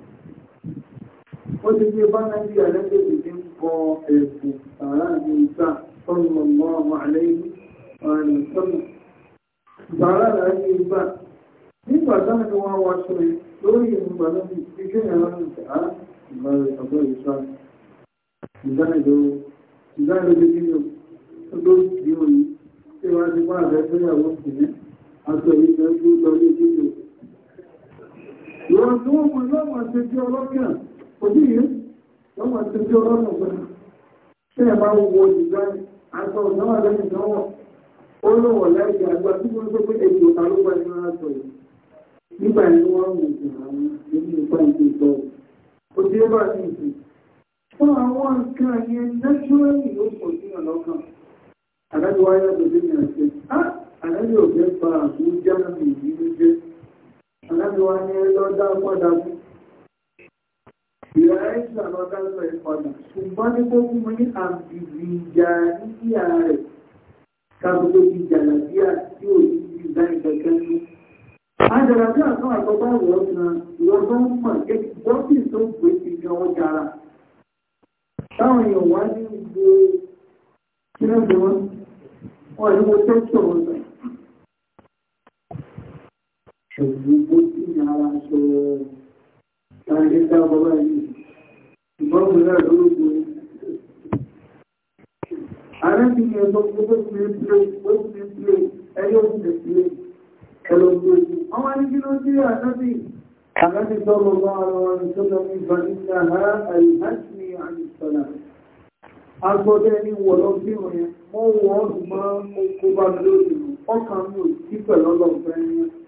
ó ti gbé bá nàìjíríà lẹ́gbẹ̀ẹ́ ti ń kọ ẹ̀bùn àárín ìgbà sọ́nà ọmọ àlẹ́yìn àárín sọ́nà bàárà láàrin ìgbà nígbà táwọn ni wọ́n wá sọ lórí ìmúgbà náà bí iṣẹ́ ìrànlọ́wọ́ ìgbà ah, ìgbà ìgbà ìgbà ìgbà ìgbà ìdájọ́ bí o tó bí o yìí tí wọ́n ti bá àbẹ́ fẹ́yàwó sí ní aṣọ ìgbẹ́ tó lọ ní bí o Ìwọ̀n tó wọ́n mọ̀ lọ́wọ́ àti ẹjọ́ ọlọ́kàn, òjú yìí, lọ́wọ́ àti ẹjọ́ ọlọ́kàn pẹ̀lú. Ṣé ẹ bá wo ìgbàni, aṣọ ìnáwà lẹ́yìn ìdánwò, ó lọ́wọ́ láìsí àgbà tí wọ́n tó pé èdè ọ̀tà ló gbà nínú aṣọ yìí. Nígbà yìí wọ́n mú ìgbà àwọn nínú ìgbà ìgbà ìgbà ó ti bá ní ìsìn. Fún àwọn nǹkan yẹn nẹ́ṣọ́rẹ́lì ló pọ̀ sí ọlọ́kàn. Àdájọ́ wáyé àdòdó ni àṣẹ. Á àdájọ́ òjẹ́ pa àbújá mi ìlú jẹ́. Alájọwà ní lọ́dá padà fún. Ìrẹ́ ìṣà lọ́dá lọ ìpadà. Ṣùgbọ́n ní kó fún mi ní àbìbì ìjà nígbìyà rẹ̀. Káàkiri ti jàlá bí à tí ò ní ti dá ìgbẹ̀kẹ́ ní. Àjàlá bí àtọ́ àtọ́gbà ìwọ̀n kan, ìwọ̀n tó ń mọ̀ ẹ́ bọ́sì tó gbé èèyàn wá ní ìgbé kí lọ́dọ̀ wọ́n ní mo tẹ́tọ̀ wọn sọ̀rọ̀ pẹ̀lú bó tí ní ara aṣọ ṣàgbéká bọ́bá yìí ṣùgbọ́n mi náà ló gbé arábìnrin ẹ̀gbọ́n gbogbo ti ní pílé ó ti ní pílé ẹni ó ti ní pílé ẹlọ́gbọ́n ọmọ ní kí ló dé àtọ́bì àgbàtí sọ́lọ́ bá ara lórí ọkàn mi ò pẹ̀lọ́lọ́ fẹ́ yẹn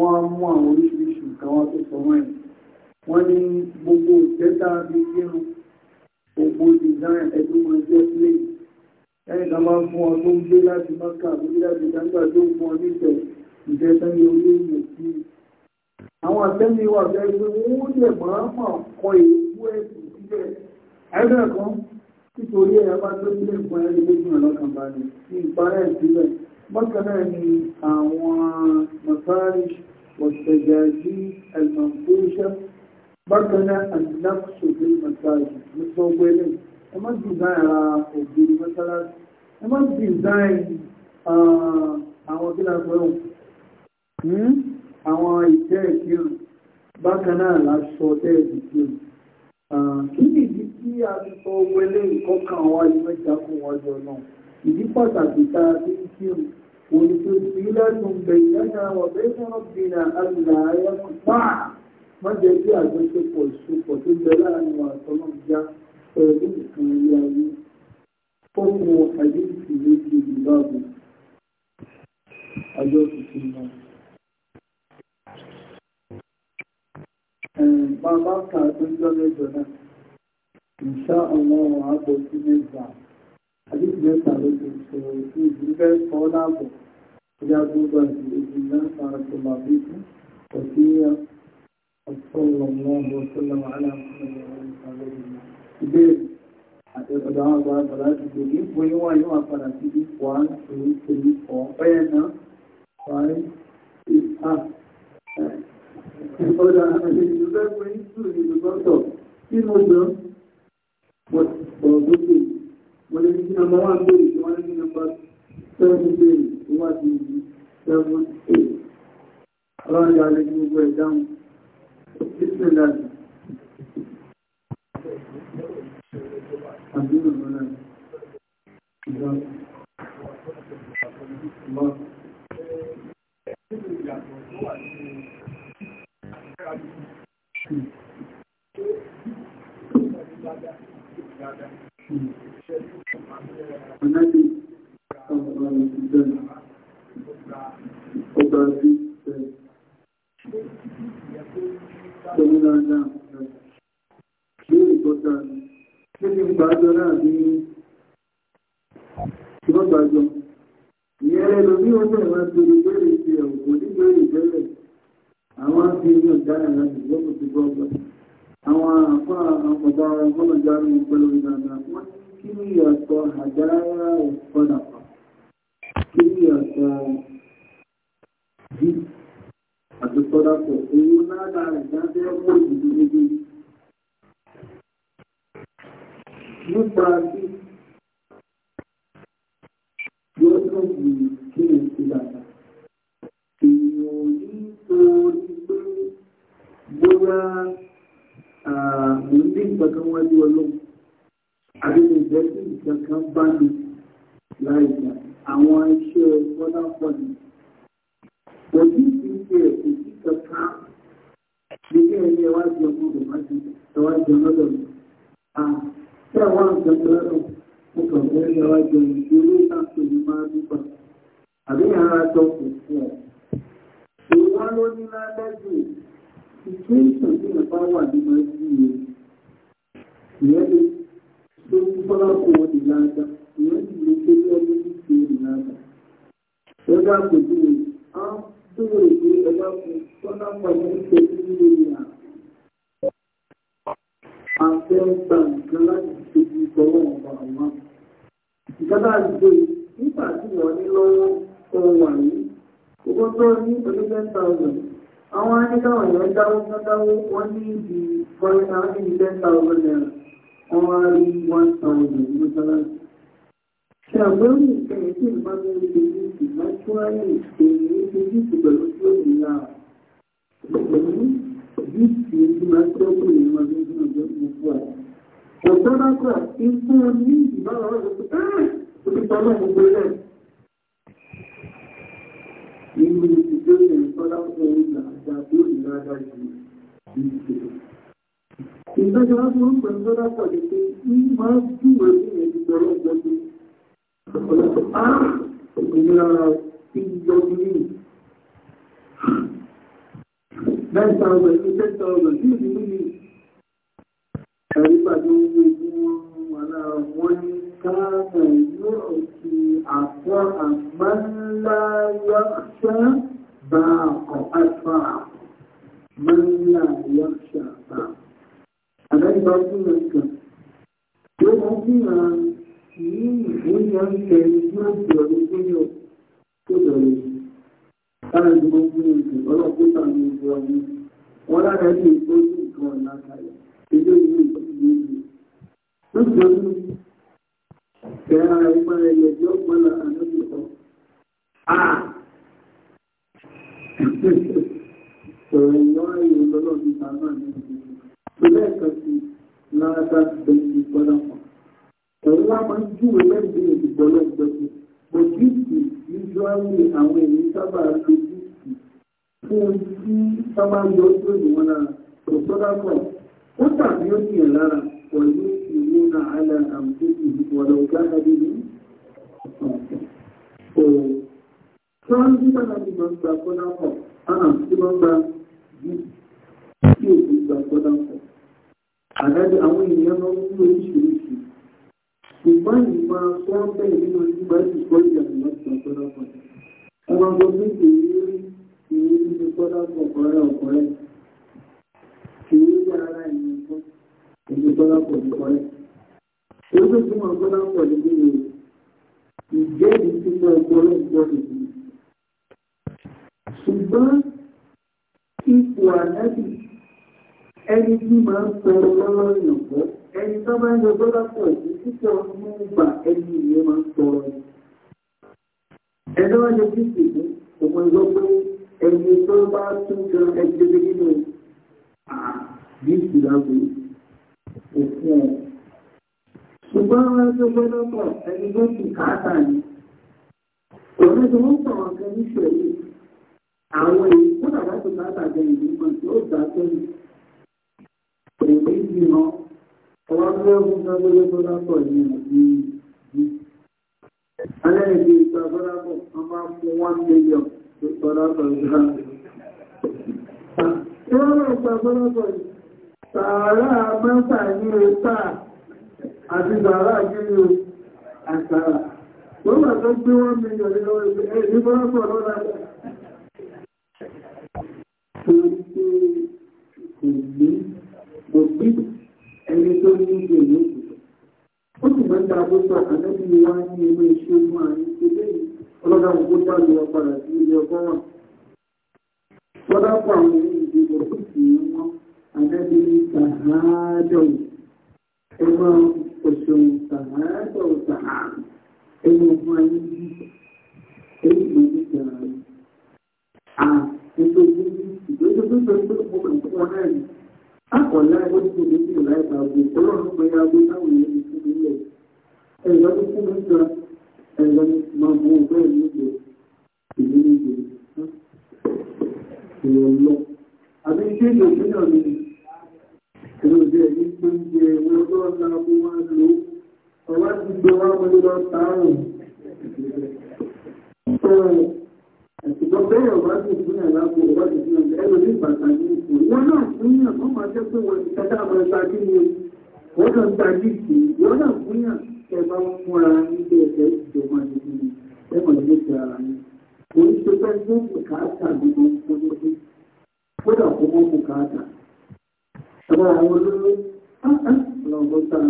wọ́n á mú àwọn oríṣiríṣi nǹkan wọn tó sọ wọ́n ẹ̀ wọ́n ní gbogbo ìtẹ́ta bí kírun gbogbo design ẹ̀dúnmọ̀ jẹ́ play ẹni kan máa fún ọ tó ń gbé láti mọ́kà tó gbé láti dáńgbà tó ń fún ọ nífẹ̀ẹ́ ìjẹta ní orí èèyàn sí i àwọn àtẹ́mi wà fẹ́ pé wọ́n lè máa mọ̀ kọ èkú ẹ̀sùn sílẹ̀ ẹgbẹ́ kan nítorí ẹ̀yà bá tó sílẹ̀ fún ẹni gbogbo ọ̀lọ́kàn balẹ̀ sí ìparẹ́ ìsílẹ̀ bákanáà ni àwọn mafari wọ̀tẹ̀jájí almanfúṣẹ́ bákanáà anáfṣòfin masáàjì mọ́sọ́gbọ́ ilé ẹ má dìzáì ara ògiri mọ́sálásí ẹ má dìzáì àwọn kí lágbọ́rọ̀ hmm? àwọn ìtẹ́ ìkírùn bákanáà láṣọ tẹ́ẹ̀dì kírùn kí nìdí tí a ti sọ wọlé ìkọ́kàn wáyé mẹ́ta kún wájú ọlọ́run ìdí pàtàkì ta bí kírù òní tó sí lẹ́tùn bẹ̀yẹ́nà ọ̀bẹ́sẹ̀ ọ̀bìnà àgbà ayẹ́kù páà wọ́n jẹ́ kí àjọṣepọ̀ ìṣòpọ̀ tó bẹ láàrin àtọ́nà já pẹ̀lú nǹkan ilé ayé ó mú àdéhùn méjì ìbáàbò àjọ Bàbá kan jọ́ mẹ́jọ náà, ìṣá àwọn àbọ̀ sí mẹ́jọ àdìsí mẹ́ta ló ti sọ̀rọ̀ sí ìdílé sọ láàbọ̀ ìyá gbogbo àti ìdí náà sára tó máa bí fún ọ̀sí ọ̀sọ̀rọ̀ mọ́ ọ̀bọ̀ tó lọ wà láàrín ìbéèrè àti ọ̀dọ̀ àwọn ọ̀gá àgbà láti gbé ipò yíwá yíwá padà sí ipò à ń pè é pé ipò ọ̀pẹ́yẹ náà wà ní ìta ìkọjá àti ìdúgbẹ́gbẹ́ ìtù ìdúgbọ́tọ̀ kí mo jọ pọ̀ gbogbo wọ́n ní kí nàmbà wọ́n bèèrè tí wọ́n ní kí nàmbà sẹ́wọ́n bèèrè tó wà sí ìlú sẹ́wọ́n èyí ọlọ́run yà lè gbogbo ẹ̀ dáhùn ìsìnlẹ̀ Thank you. Àwọn akéwì ọ̀daràn láti gbọ́kùn sí gbọ́gbọ́n àwọn àfáà àpọ̀bá ọgbọ́nà járí ìpẹ́lú ìdàdà wọ́n kí ní ìyàtọ̀ àjáyà ìpọ̀dà kí ní ìyàtọ̀ bí àtìpọ̀dàpọ̀ owó lára ìdájẹ́ ọgbọ́n ìdíjú méjì nípa bí yóò tó bí kí ní ìdàdà èèyàn nítorí pé bóyá kò ní nǹkan wá ní ọlọ́run àdéhùn ìjẹ́ sí nǹkan kan bá ní láì gbà àwọn iṣẹ́ fọ́nà pọ̀ ní. Òbí ti ń ṣe ẹ̀sìn sí kankan nílé ẹni ẹwájú ọmọ ọmọdé ẹwájú ọlọ́dọ̀ mi. Àti àwọn nǹkan tó lọ́dọ̀ mo kàn fẹ́ ẹwájú ọmọ ìṣòro náà tó ní máa dúpọ̀. Àbí ara tó kù fún ọ. Ìwọ́n ló ní lálẹ́ jù. Ìṣe ìṣòdì ẹ̀fọ́ wà nínú ẹbí rẹ̀ ìyẹn lè tó ń fọ́lá kó wọn lè láàdá ìyẹn sì lè ṣe ní ọdún tí ṣe lè láàdá. ẹ bá pèjú rẹ̀ á dúró ìwé ẹ bá fún fọ́lá pàdé ìṣe nínú ìyá. àfẹ́ ń ta nǹkan láti ṣojú ìfọwọ́ ọ̀pá àwọn. ìjọba àdúgbò yìí nígbà tí wọ́n ní lọ́wọ́ ohun wàyí owó tó ní pẹ̀lú ten thousand àwọn aníkàwọn èèyàn dáwó dáwó wọ́n ní ibi ten thousand naira wọ́n rí one thousand mọ́sálásí. ṣe àgbẹ̀rù nǹkan ẹ̀sìn ìbámu ń ṣe ní ìmáṣúárẹ̀ ìṣẹ̀lẹ̀ ní ojúṣe pẹ̀lú tí ó ní láà. pẹ̀lú ojúṣe tí máa tọ́kù ní máa ń gbé ọjọ́ gbogbo à. ọ̀sán bá gbà tí fún ọ ní ìbára ọ̀rọ̀ tó ó ti pa náà gbogbo rẹ̀. nínú ìdílé ìfọdá fún orí àti àbí òmìnira dájú ìṣẹ̀lẹ̀ ìdájọ́ agbóhùn pẹ̀lú lọ́dá pàdé pé ní máa júwẹ̀ ní ẹ̀dùgbọ́ lọ́gbọ́n ní ọ̀pọ̀lọpọ̀ á òmìnira ìjọ ìlú mẹ́ta ọgbẹ̀ ní tẹ́ta ọgbẹ̀ ní ìlú ní ẹ̀rígbàjọ ogun wàlá wọn ní káàmù yóò ti àpọ̀ àmàláyọ̀ ṣẹ́ bá ọ̀pá ìfà àmàláyọ̀ ṣẹ́ bá ọ̀pá àdájọ́ tí wọ́n kàn tí ó máa fi hàn ní ìwúyà ń tẹ̀lé tí ó tó yọ tó bẹ̀rẹ̀ lára ìdúró fún ìgbì ọlọ́pọ̀ tàbí ìgbì ọmọ wọn lára ní ìgbó sí nǹkan ọ̀nà kalẹ̀ ilé ìlú ìgbìyànjú nítorí ẹ̀rọ ẹgbẹ́ ẹ̀yẹ tí ó gbọ́nà àdébìkọ́ a ọ̀rọ̀ ìyọ́ ayò lọ́lọ́ lẹ́ẹ̀kan sí lára bá ti bẹ ti gbọ́dọ̀ pọ̀ ẹ̀rọ wa máa ń júwe lẹ́gbẹ̀ẹ́ ìdìbò lọ́gbọ̀n sí but gíìsì usually àwọn èyí sábà lo gíìsì fún tí sábà yọ ojú ìwọ̀n náà kò sọ́dá pọ̀ ó tàbí ó ní ẹ̀ lára pẹ̀lú ìwúna àlà àmúkúkú ìwọ̀lọ̀ ọ̀gá àdínú Tọ́lú bára ní máa ń gba kọ́dá pọ̀, àà tí wọ́n gba bí kí òkú gba àdájọ́ àwọn ènìyàn máa ń kú oríṣiríṣi ṣùgbọ́n ìmọ̀ sọ bẹ́ẹ̀ nínú ìgbà ìsọ ìyàwó láti ọ̀pọ̀lọpọ̀ ọmọ ọgbọ́n méjì rí ìwé nínú pọ́lápọ̀ ọ̀rẹ́ ọ̀kọ̀rẹ́ ìwé yára ìyẹn fún ìlú pọ́lápọ̀ ọ̀kọ̀rẹ́ ojú tí wọ́n pọ́lápọ̀ lè gbé ìjẹ́ ìdíkọ́ ọ̀pọ̀lọpọ̀ ṣùgbọ́n ipò àdájì ẹni tí máa ń tọrọ lọ́wọ́ ìyànbọ́ ẹni tó máa ń lọ bọ́lá pọ̀ sí títí ọmọ ìgbà ẹni ìyẹn máa ń tọrọ ni ẹni wọ́n lè fi ṣèlú ọmọ ìlọ pé ẹni tó bá tún gan ẹgbẹ́ nínú àbí ìṣìlágbé òfin ẹ̀ ṣùgbọ́n wọ́n tó bọ́lá pọ̀ ẹni tó ti káàtà ni òun ni wọ́n pọ̀ ọ̀kan níṣẹ̀lẹ̀ àwọn èyí tó bàbá tó káàtà jẹ́ ìlú kan tí dá sẹ́yìn pèpè ìdìnà ọwọ́ mẹ́rin sábẹ́lẹ́ tó lápọ̀ ní àti ìdí alẹ́nìkì ìgbàgbọ́lápọ̀ wọ́n máa fún million tó tọ́lápọ̀ ìgbà ìwọ́n ìgbàgbọ́lápọ̀ sàárà mẹ́fà ní ẹ̀ta àti sàárà gírí àsàrà wọ́n máa tó million lọ́wọ́ ìgbàgbọ́lápọ̀ lọ́la Thank you kò sí ẹni tó ní ìdí èyí òkùnkùn. ó sì máa ń ta àkóso àtàlẹ́bí wa ní ilé iṣẹ́ mú àárín ilé ọlọ́dà òkú jáde wọn padà sí ilé ọkọ wọn. lọ́dà fún àwọn ìdìbò tó sì ń wọ́n àtàlẹ́bí sàhádọ̀ ẹ máa òṣèlú sàhádọ̀ sàhádọ̀ ẹ máa fún ayé bí ẹ máa ní sàhádọ̀. à ètò ìgbésí ìgbésí tó ń sọ Àkọ̀lá ẹgbẹ́ tó lè fi ìlà ẹ̀ta ọ̀gbìn tó lọ́nà pé agbó táwọn èèyàn ti fi lẹ̀. Ẹ̀yọ́ tó fún mi gba ẹ̀yọ́ máa mú ọgbẹ́ ìlú ìgbè ìlú ìgbè ìlú lọ ṣùgbọ́n bẹ́ẹ̀ ọ̀rọ̀ ti ìpínlẹ̀ lápò ọ̀rọ̀ ti ìpínlẹ̀ ẹ̀rọ ní ìbàtà ní ipò wọn náà fún yàn wọ́n máa jẹ́ pé wọ́n ti kẹta àwọn ẹgbẹ́ ajé ni wọ́n kàn ń tají sí i wọ́n náà fún yàn ẹ bá ń fúnra níbi ẹ̀fẹ́ ìjọba nínú ẹ̀mọ̀ ìlú ti ara yín kò ní ṣe fẹ́ ló ń bùkátà gbogbo ọmọdé kódà kó mọ́ bùkátà ẹ̀rọ àwọn olóró ọ̀gbọ́n sáà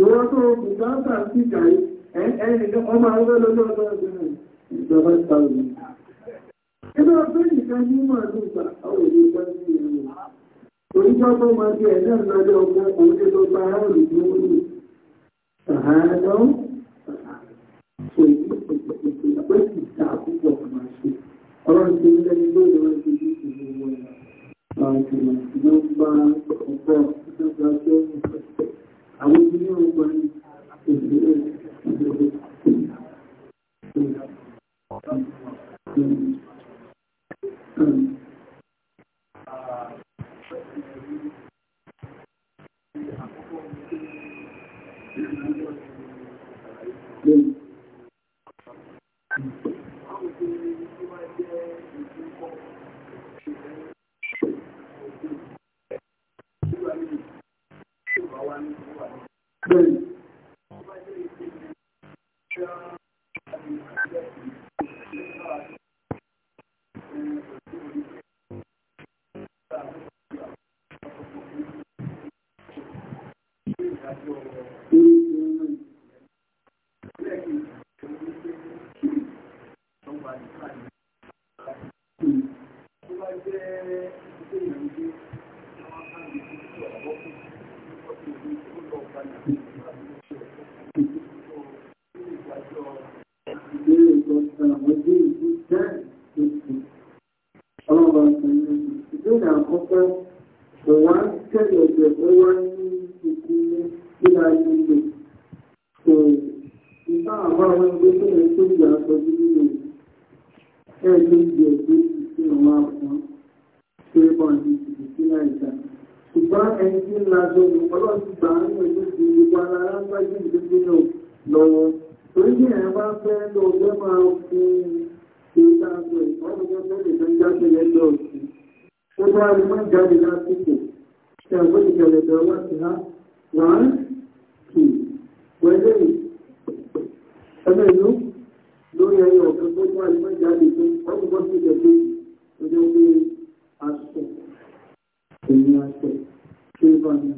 ìwọ́n tó kù káàkà sí ìjàrí ẹnìkan ọmọ arúgbó lọ́jọ́ ọjọ́ ìjọba ìjọba ìtàwé ẹgbẹ́ ọ̀fẹ́ nìkan ní màlúùgbà àwọn èdè ìjọba sí ìlú oníjọ́ tó máa di ẹ̀dá ìlọ́jọ́ ọgbọ́n oúnjẹ tó gba ara rẹ̀ tó wúlò ṣàhánà ṣe ìpè ìta púpọ̀ máa ṣe ọlọ́run ti ń lẹ́ni lóòrè wọn ti ní ìlú wọn àwọn ìṣẹ̀lẹ̀ ìjọba ọgbọ́n ìjọba tó ń àwọn obìnrin wọn kọ ní ìgbìmọ̀ ìgbìmọ̀ Thank you. Bẹ́ẹ̀ni. Thank you. àwọn àwọn ẹgbẹ́ tó yẹ tó gbà sọjú nínú ẹgbẹ́ ìgbẹ́ ìgbẹ́ ìgbẹ́ àwọn àfọn tó yẹ bọ̀ ní ìdìbò sí láìka ṣùgbọ́n ẹni tí ń lajọ ní ọlọ́run ti gbà ní ẹgbẹ́ ti wà lára ń gbájú ìdíje náà lọ́wọ́ torí bí ẹ̀ bá fẹ́ lọ ọgbẹ́ máa fi ìta àgbẹ̀ ọ̀rọ̀ fẹ́ lè fẹ́ jáde lẹ́jọ́ òsì ṣe àgbẹ̀ ìjọba ìjọba ti há wàá kì ẹgbẹ́ ìlú lórí ẹyọ ọ̀kan tó wà ní mọ́jà lè tó wọ́n ti bọ́ sí ìjẹ́pẹ́ tó jẹ́ pé aṣọ èmi aṣọ tó bá mi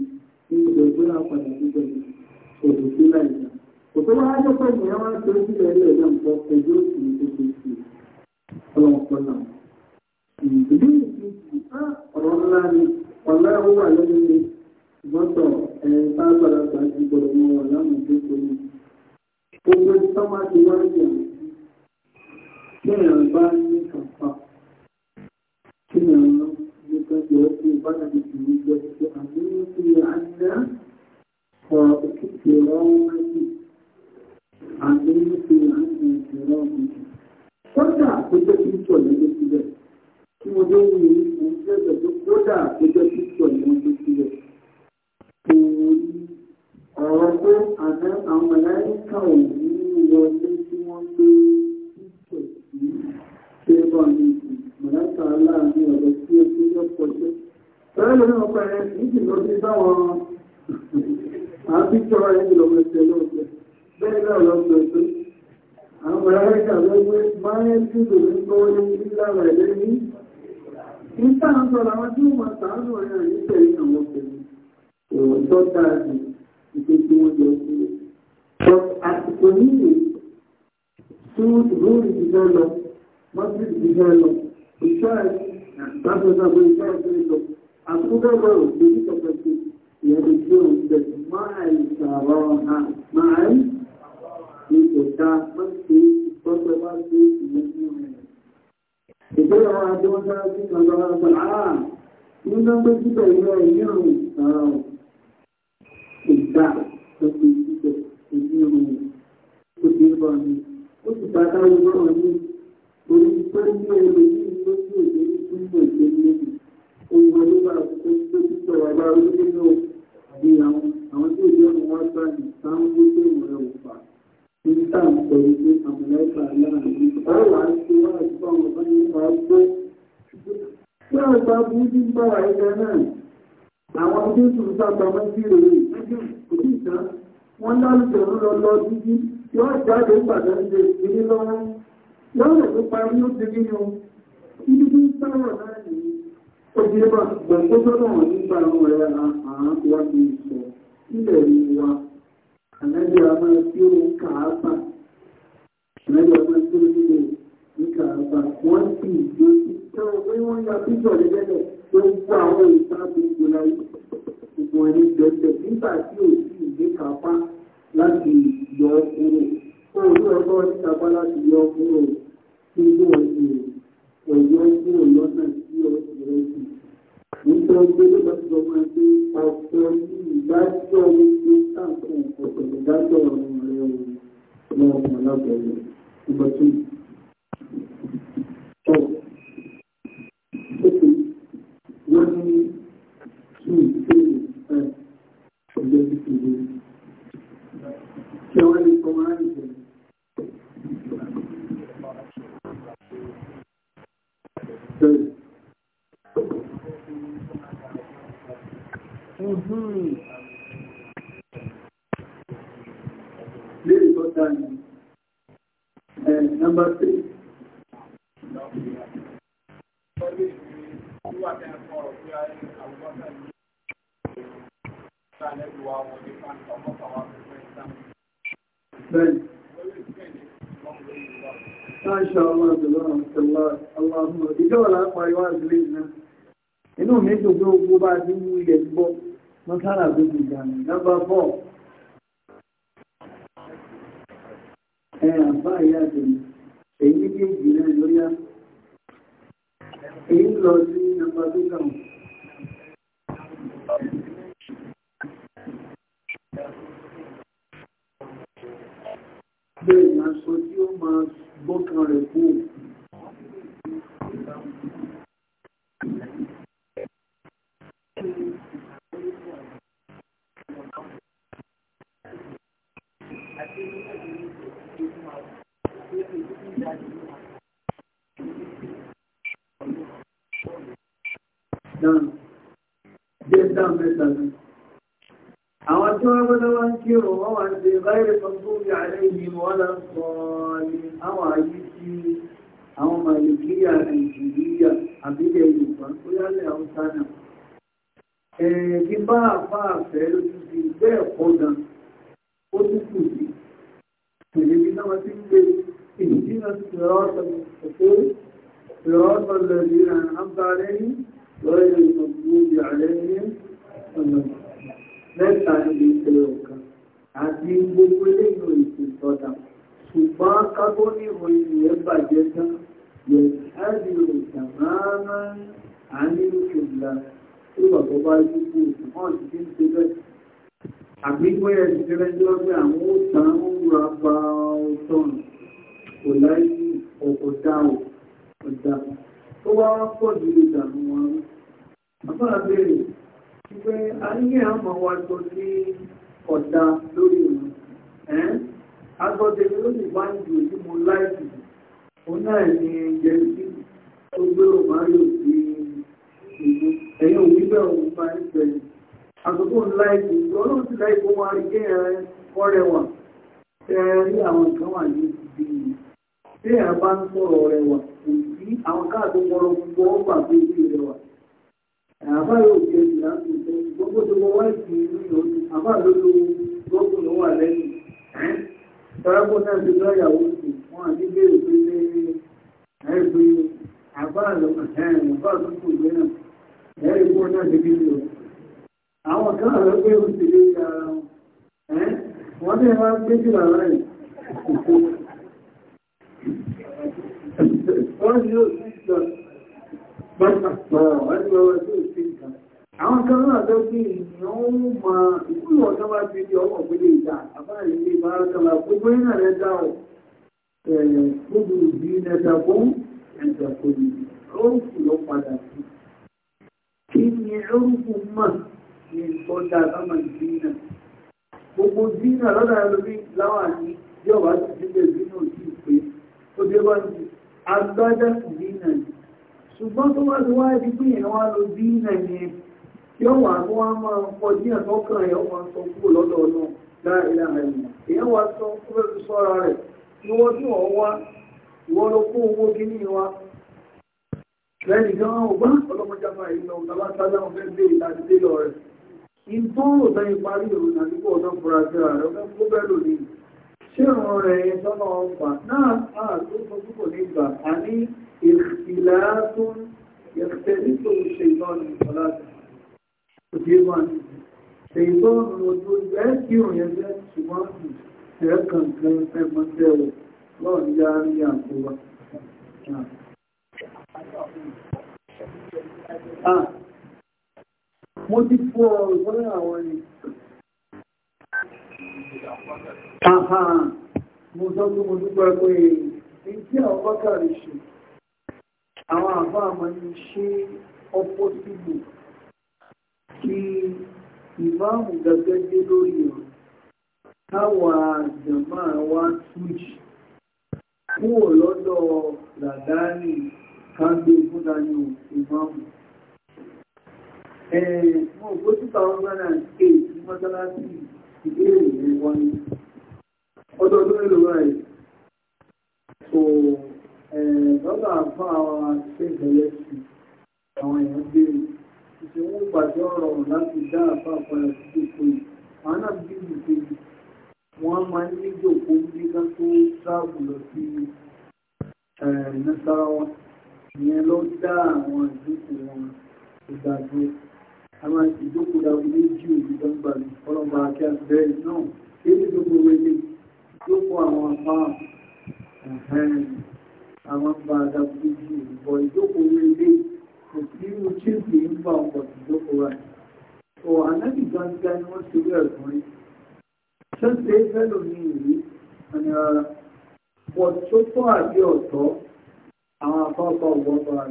ní ìjọba àpàdé níbẹ̀ òdò sí láìka òtò wá ájọ pé ìyá wá ṣe ojú rẹ̀ lẹ̀ náà pọ̀ pẹ̀lú òsì oṣù sí ọlọ́run pọ̀ náà ìdílé ìdílé ọ̀rọ̀ ńlá ni ọ̀la ó wà lẹ́nu ni ṣùgbọ́n tọ̀ ẹ̀ bá gbàdàgbà ti gbọ́dọ̀ mọ́ wà láwọn ìjókòó yìí gbogbo sọ́mà ti wá ní ìyàwó bẹ́ẹ̀ bá ní kàfà kí ni ní kájọ ọkùn ìbánàbí ti ní jẹ́ ti àmì ní àná ọ̀ òkìkì ọ̀rọ̀ mẹ́jì àmì ní àná ìrọ̀ mẹ́jì kódà àpéjọ tí ń tọ̀ lẹ́jọ́ síbẹ̀ tí mo dé wù ní mo ń jẹ́ ìgbẹ̀jọ́ kódà àpéjọ tí ń tọ̀ lẹ́jọ́ síbẹ̀ ọ̀rọ̀ pé àjẹ́ àwọn mẹ̀lẹ́ríkà òní wọlé tí wọ́n gbé títẹ̀ sí ṣébọ̀ ní mẹ̀lẹ́ríkà láàrin ọ̀rọ̀ tí ó ti yọ pọ̀jẹ́ pẹ̀lú ní ọ̀pọ̀ ẹ̀ níbi ló ti báwọn àbíjọ ẹ̀ lọ́mọ̀tẹ̀ lọ́gbẹ̀ bẹ́ẹ̀ náà lọ́gbẹ̀ tó àwọn mẹ̀lẹ́ríkà ló gbé máa ń dúró ní lórí nílára ẹ̀lẹ́ ní dáadìí ìgbé tí wọ́n jọ sí i. but àsìkò nílé tún lórí ìdíjọ́ lọ mọ́tì ìdíjọ́ lọ ìṣọ́ ẹ̀ lábẹ́sàbọ̀ ìṣọ́ ẹ̀ fẹ́ lọ àkókò bọ̀rọ̀ tó ní kọ̀kọ́ sí ìyẹn lè ṣe òun bẹ̀ máa ìṣàrọ̀ hàn máa ń ní kò dá mọ́tì ìtọ́jú bá ṣe ìyẹn ní ọ̀rẹ́. ìgbéyàwó àjọ wọn sára sí ìkànnì ọ̀rọ̀ àgbà pensar no sentido de poder dormir. Hoje, para o dormir, hoje, para o dormir, hoje, hoje, hoje, hoje, hoje, hoje, hoje, hoje, hoje, hoje, hoje, hoje, hoje, de àwọn tí ìjọ àwọn wá bá ní sáwọn gbogbo ìwọ̀n rẹ̀ òfà nígbà pẹ̀lú pé àwọn ẹ̀ka láàrin ọ̀rọ̀ àti wá àtúbọ̀ àwọn ọ̀bá nípa ọgbẹ́. Bí àwọn ìgbà burúkú ń bá wa ẹja náà, àwọn tí ó tún sábà máa ń bí rèé jù kò tí ì tán wọ́n lálùjọ ń lọ lọ dídí yóò jáde gbàgbọ́ ilé ìdílé lọ́wọ́ lọ́rọ̀ tó parí ó ti nínú ibi tí ń sọ̀rọ̀ náà nìyí ó ti lè máa gbọ̀n tó sọ́nà wọn nípa àwọn ọ̀rẹ́ àhán wa ní ìsọ̀ ilẹ̀ yìí wa ànájẹ́ àmọ́ tí ó ń kà á bà ànájẹ́ àmọ́ tí ó nílò ní kà á bà wọ́n sì ìjó sí tẹ́wọ́ pé wọ́n ya píjọ́ lẹ́lẹ́lẹ̀ tó ń gbọ́ àwọn ìta gbogbo láyé gbogbo ẹni gbẹ̀gbẹ̀ nígbà tí ò sí ìgbé kápá láti yọ kúrò fún orí ọgbọ́n ní kápá láti yọ kúrò tí inú ọ̀sìn ẹ̀yọ kúrò lọ́nà tí ọ̀sìn rẹ̀ sì. nígbà tí ó bá sọ máa pé ọ̀pọ̀ ní ìdájọ́ ojú sáǹkù ọ̀pọ̀ ìdájọ́ ọ̀run rẹ̀ ọ̀run ọ̀pọ̀ lábẹ́rẹ̀ ìgbà tó sára tó ti dànù lábá ẹ̀ àbá ìyá ولا ní ìtọ́jà sámà dínà gbogbo dínà lọ́dà ẹlòmí láwà ní bí ọ̀bá ti sílẹ̀ dínà sí ìpé ó dé bá ti agbádá dínà ṣùgbọ́n tó wá ti wá di pé èèyàn wá lo dínà yẹn yọ wà tó wá máa ń kọ dínà tọ́kàn ẹ̀ wọ́n sọ kúrò lọ́dọ̀ náà láìlà àìmọ̀ èèyàn wá sọ ó fẹ́ fi sọ́ra rẹ̀ ni wọ́n tún ọ̀ wá ìwọ́n ló ìtọ́rọ̀ tẹ́ ìparí ìròyìn àdúgbò ọ̀dọ́ fúra sí ààrẹ ọgbẹ́ bẹ́lò ní ṣírùn rẹ̀ sọ́nà ọgbà náà máa tó sọ púpọ̀ nígbà a ní ìlàátún ìfẹ̀lítò ṣètọ́nù ọ̀láta òdíwáni ṣètọ́nù ojú ẹ̀ kírùn yẹn mo ti fún ọ ìfọ́nà àwọn ni mo sọ pé mo dúpẹ́ pé èyí tí àwọn bákàrí ṣe àwọn àbá àmọ́ ní ṣe ọpọ́ síbò kí ìmáàmù gẹ́gẹ́ dé lórí ọ̀rọ̀ táwọn àjàmá wa tújì kúrò lọ́dọ̀ làdáni ká gbé fúnra ní ìmáàmù Mo gbó 2008 mọ́sálásí ìbéèrè ní wọ́n ní. Ọdọọdún mélòó báyìí? So, lọ́gbà fún àwọn akéèkẹ́lẹ́ sí àwọn èèyàn béèrè. Ìṣòwò pàṣẹ ọ̀rọ̀ láti dá àpá àpàrà sí ìjòkó yìí. Àwọn náà bí ìjòkó wọ́n máa ń ní ìjòkó ní ká tó sáàbù lọ sí Nasarawa àwọn ìjókòó dáwọn méjì òjì gbangba ní ọlọ́mọ akẹ́ àbẹ́rẹ́ náà kéde tó gbogbo ilé ìjókòó àwọn apá àwọn apá àdàbọ̀ méjì ìbọ̀ ìjókòó ilé kò sí irú chíńpì ń fa ọkọ̀ ìjókòó rà ọ̀ ànábì gbangba ni wọ́n ti rí ẹ̀gbọ́n ṣọ́ọ̀ṣì fẹ́lò ní ìlú ọ̀nà ara pọ̀ tó tọ́ àbí ọ̀tọ̀ àwọn apá ọkọ̀ ọ̀gbọ́n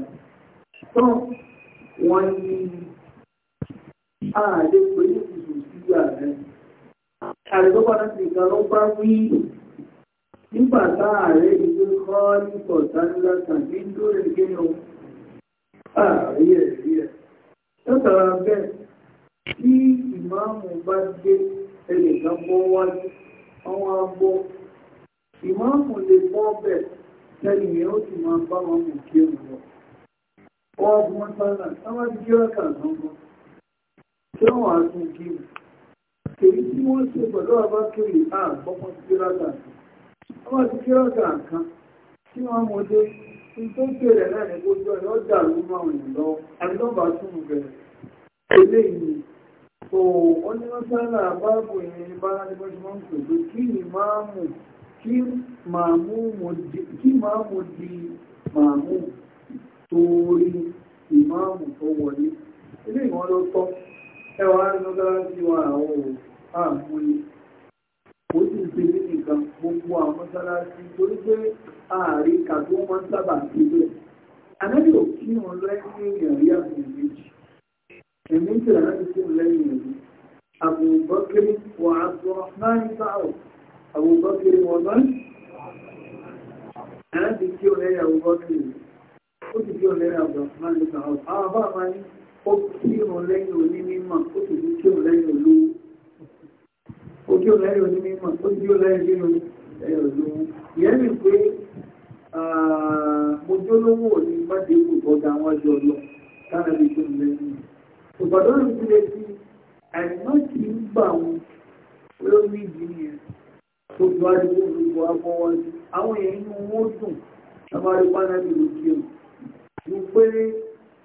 ààrẹ pẹ̀lú ìṣòro sí ààrẹ ààrẹ tó padà sí ìgbà ló bá wí nígbà tá ààrẹ ìlú kọ́ nípò dánilá tàbí lórí gẹ́nà ààrẹ ẹ̀rí ẹ̀ látara bẹ́ẹ̀ tí ìmáàmù bá dé ẹnìkan bọ́ wájú àwọn abọ́ ìmáàmù lè bọ́ bẹ́ẹ̀ lẹ́yìn yẹn ó sì máa bá wọn mú kí ẹ̀ lọ. wọ́n á sálà táwọn ti kí lọ́gbọ́n ṣé wọ́n á tún kí ni èyí tí wọ́n ṣe pẹ̀lú abákiri àgbọ́pọ̀ sí kíráàkà wọ́n ti kíráàkà kan tí wọ́n mọ dé tó bẹ̀rẹ̀ náà ní gbogbo ẹ̀ ọjà ló máa rìn lọ àdínlọ́bà tún bẹ̀rẹ̀ eléyìí tó onímọ̀sálà báàbò yẹn bá ní bọ́ ṣe máa ń pè pé kí ni máa mú kí máa mú di màmú torí ìmáàmù tó wọlé eléyìí wọ́n lọ tọ́ ẹwà mọ́sálásí wa àwọn àmúyí ó sì ń pè ní nìkan gbogbo àwọn mọ́sálásí torí pé ààrí kàtó wọn sábà ti bẹ̀. Ànábì ò kí wọn lẹ́yìn ìrìn àti ìrìnjì. Èmi ń tẹ̀lé láti kí wọn lẹ́yìn ìrìn. Àbùbọ́kiri wà á sọ máa ń sáwọ̀. Àbùbọ́kiri wọ̀ náà. Ànábì kí o lẹ́yìn àbùbọ́kiri. Ó sì kí wọn lẹ́yìn àbùbọ́kiri. Àwọn kan tó bí ó lẹ́yìn nínú ẹ̀yọ̀ lówó ìyẹn ní pé mo jólówó ní mọ́tẹ́kù bọ́dà wọn jọ lọ kára lè tó lẹ́yìn ìbàdó rẹ̀ ti lè fi àìmọ́ kì í gbà wọn lórí ìdíyẹn tó ju àdúgbò gbogbo afọwọ́jú àwọn èèyàn inú wọn dùn àwọn arúgbó náà lè kí o mo pé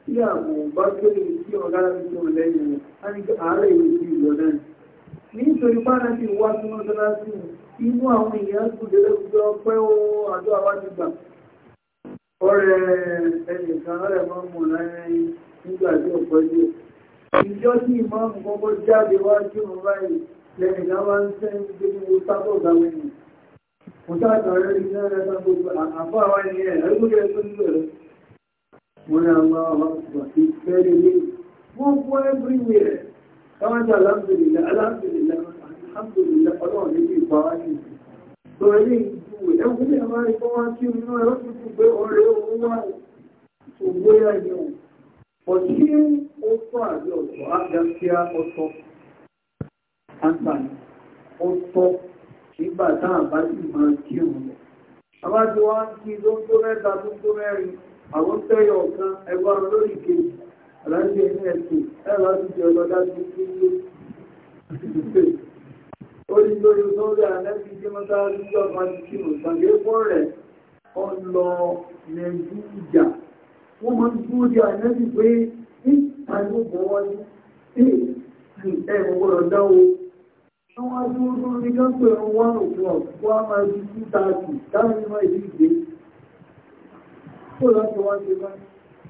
tí àwọn bá kéré sí ọ̀gá láti tó lẹ́yìn rẹ̀ á ní àárẹ̀ ìwé sí ìlọ náà nítorí pàdà sí wá tí wọ́n tọ́lá sí inú àwọn èèyàn gùdẹ̀lẹ̀ gbọ́ pẹ́ ó àjọ àwájúgbà ọ̀rẹ́ ẹnìkan rẹ̀ máa mọ̀ láyẹn nígbà tí ọ̀pọ̀ jẹ́ ìjọ tí ìmáàmù kọ́kọ́ jáde wá tí òun báyìí lẹ́nìkan wá ń tẹ́ ń gbé ní sábọ̀ gbàmẹ́ni rẹ̀ ní rẹ̀ gbogbo àbá wa ni ẹ̀ ẹgbẹ́ tó ń bẹ̀rẹ̀ mo ní àwọn àwọn àgbà ti fẹ́rẹ̀ lé gbogbo everywhere káwọn jẹ́ alámdùlélá alámdùlélá alámdùlélá ọlọ́run níbi ìpàwá ní ìlú tó ilé ìdúwẹ̀ ẹkùn ní ẹ̀rọ ikọ́ wá kí inú ẹ̀rọ tuntun pé ọ̀rẹ́ owó wà ògbó yá ni ọ̀ ọ̀tí ó tọ́ àbí ọ̀tọ̀ ádáfíà ọ̀tọ̀ àǹtàní ọ̀tọ̀ nígbà táà bá sì máa kí òun lọ abájọ wá ń kí ló ń tó mẹ́ta tó tó mẹ́rin àwọn tẹ́yọ̀ kan ẹgbẹ́ lórí kejì aláǹdí ẹ̀sìn ẹ̀sìn ẹ̀rọ ti di ọlọ́dá ti kí ní ó ní lórí sórí àlẹ́bí tí wọ́n sáré sí ọ̀pá ti kí mọ̀ ìpàdé fún rẹ̀ ọ lọ nàìjíríà wọ́n máa ń dúró di àlẹ́bí pé ní àìmọ́ bọ̀ wọ́n ní ẹ̀rọ gbọ́dọ̀ dá o àwọn adúrúdú ní kápẹ̀ ẹ̀rùn wọ́n òkú ọ̀pọ̀ a máa di 230 dáhùn ní máa kó láti wá ṣe báyìí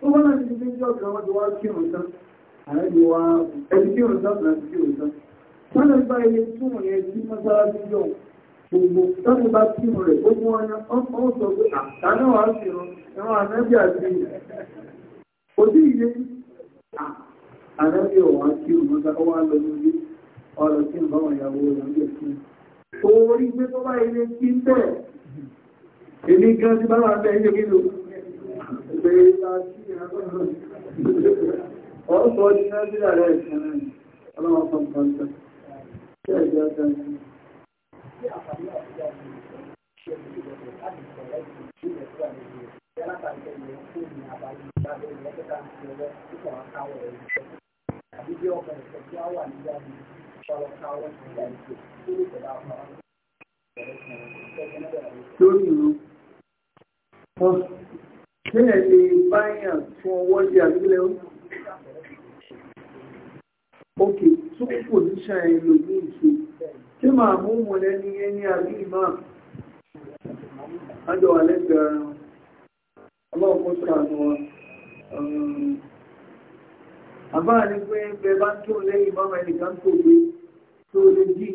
tó wọ́n náà ti fi jẹ́ ọ̀gá wọn ti wá kírun tán àrẹ́bí wa ẹni kírun tán láti kírun tán sọ́nà bá ilé túmọ̀ yẹn tí mọ́sálásí gbogbo sọ́nà bá kírun rẹ̀ gbogbo wọn náà ó sọ pé àtàná wàá kírun ẹ̀wọ̀n ànábì àti òdí ìyé ànábì ọ̀wá kírun lọ lórí ọ̀rọ̀ tí ń bá wọn ìyàwó rẹ̀ ń bẹ̀ fún orí gbé tó bá pé láti ọ̀sọ̀ ní nàìjíríà rẹ̀ ìṣẹ̀lẹ̀ ọlọ́wọ́ pọ̀pọ̀pọ̀ tí ẹ̀jẹ̀ ọjọ́ Lórí ìlú, Kílẹ̀ lè báyàn fún ọwọ́ jẹ́ àbílẹ̀ ó. Ok, tó kò ní ṣàyẹn lò ní ìṣe. Kí máa mú mọ̀ lẹ́ni ẹni àbí ìmá? Ájọ wà lẹ́gbẹ̀ẹ́ ara wọn. Ọlọ́ọ̀kọ́ sàánú wọn. Àbá ní pé bẹ bá tó lẹ́yìn bá máa nìkan tó gbé tó lè jí.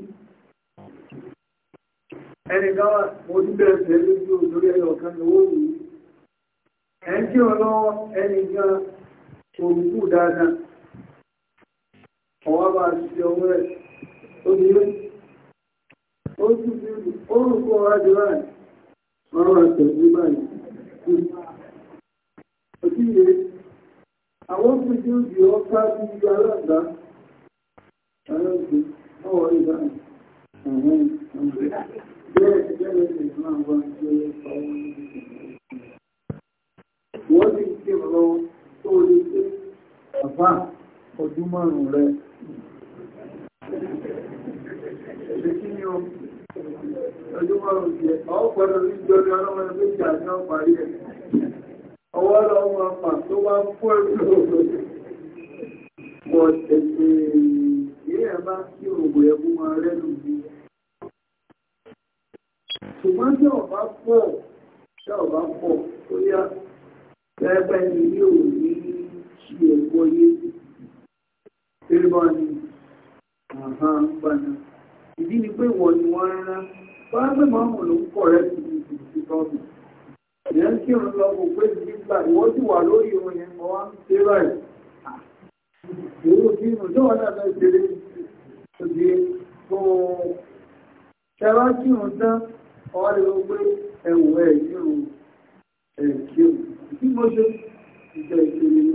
Ẹnìkan wà, mo ti bẹ̀rẹ̀ pẹ̀lú ojú òṣèré ọ̀kan lówó yìí. ẹ̀ ń jẹ́ ọlọ́wọ́ ẹni gan òrùkú dáadáa ọwọ́ bá ṣe ọwọ́ ẹ̀ ó ní ó ó sì fi orúkọ ọ̀rọ̀ báyìí ọ̀rọ̀ àtẹ̀jú báyìí òtíye àwọn òfìdí alága alága ọwọ́ àwọn bẹ́ẹ̀ bẹ́ẹ̀ lè máa wá ọwọ́ wọ́n sì ń kírun lọ́wọ́ tó o lè ṣe bàbá ọdún márùn-ún rẹ̀. Èdè kí ni o? Ọdún márùn-ún jẹ, ọ̀ pẹ̀lú ní ìjọba ọlọ́mọ ẹgbẹ́ ìjà ní ọparí ẹ̀. Ọwọ́ lọ́wọ́ apà tó wá fún ẹ̀rọ pọ̀ tẹ̀sẹ̀ ìyẹ́ ẹ̀ bá kí òwò ẹ̀bú máa rẹ́nu bí. Ṣùgbọ́n tí ọ̀bá pọ̀, tí ọ̀bá pọ̀, ó yá Gẹ́gẹ́ ni yóò ní ṣe ẹ̀kọ́ yé. Tẹ́lẹ̀bọ́ ni, àhán gbaná. Ìdí ni pé wọ̀ ni wọ́n rárá. Bọ́lá pé màmú ló ń kọ̀ rẹ́ sí ìdìbò tọ́bù. Ìyẹn ń kírun lọ kò pé ìdí gbà ìwọ́n sì wà lórí ohun yẹn mọ́ wá ń ṣe báyìí. Èrò kí ìrùn tó wà náà fẹ́ ṣeré ṣòdì fún un. Ṣẹ́wá kírun tán, ọ̀rẹ́ ló pé ẹ̀wọ̀ ẹ̀ kírun ẹ̀kíò tí mo ṣe ìjọ ìṣẹ̀lẹ̀ ni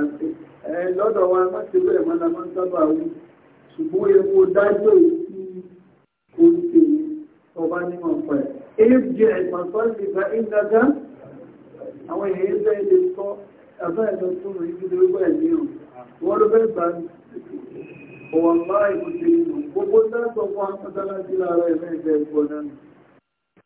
àti ẹ̀ lọ́dọ̀ wa mọ́tẹ́lú ẹ̀ máa máa ń sábà wí ṣùgbọ́n ó yẹ kó dájọ́ ìsí oríṣi ọba nímọ̀ pa ẹ̀. èyí jẹ́ ìpàtọ́ ìgbà ìgbàgá àwọn èèyàn bẹ́ẹ̀ lè sọ ẹ̀fẹ́ ẹ̀dọ́ tó rìn kí ló bẹ́ẹ̀ ní ọ̀ wọ́n ló bẹ́ẹ̀ bá ọ̀wọ̀n bá ìbùdó ìnù gbogbo dájọ́ fún akọ́tàlá sí lára ẹ̀fẹ́ ìgbẹ́ ìgbọ́ náà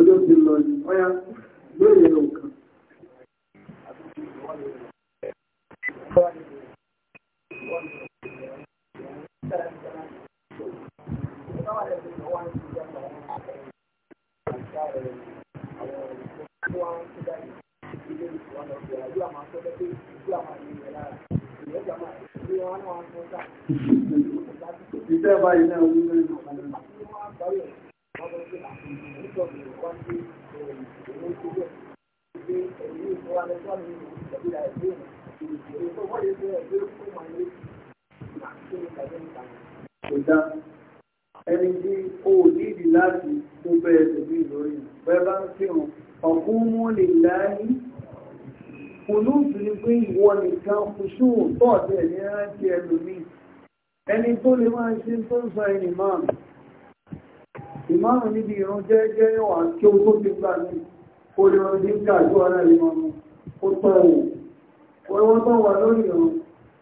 ọjọ́ ti lọ ní ọyá lórí ẹ̀rọ kan. Ìjọba ilé ọdún mẹ́rin ọ̀pọ̀lọpọ̀. Ìdá ẹni tí ó nídi láti tó bẹ́ẹ̀ tòbí lórí bẹ́bá ń fi hàn ọ̀kúnmú lè láyé. Olúùtù ni pé ìwọ nìkan kùsù tọ́ọ̀tẹ̀ ní rántí ẹlòmí. Ẹni tó lè máa ṣe tó ń sọ ẹni máa ìmáàmù níbi ìran jẹ́ẹ́jẹ́ wà kí ó tó ti gbà ní olùrọ̀ dínkà tó ara ìran ó tọ́ ẹ̀wọ̀n wọ́n tọ́ wà lórí ìran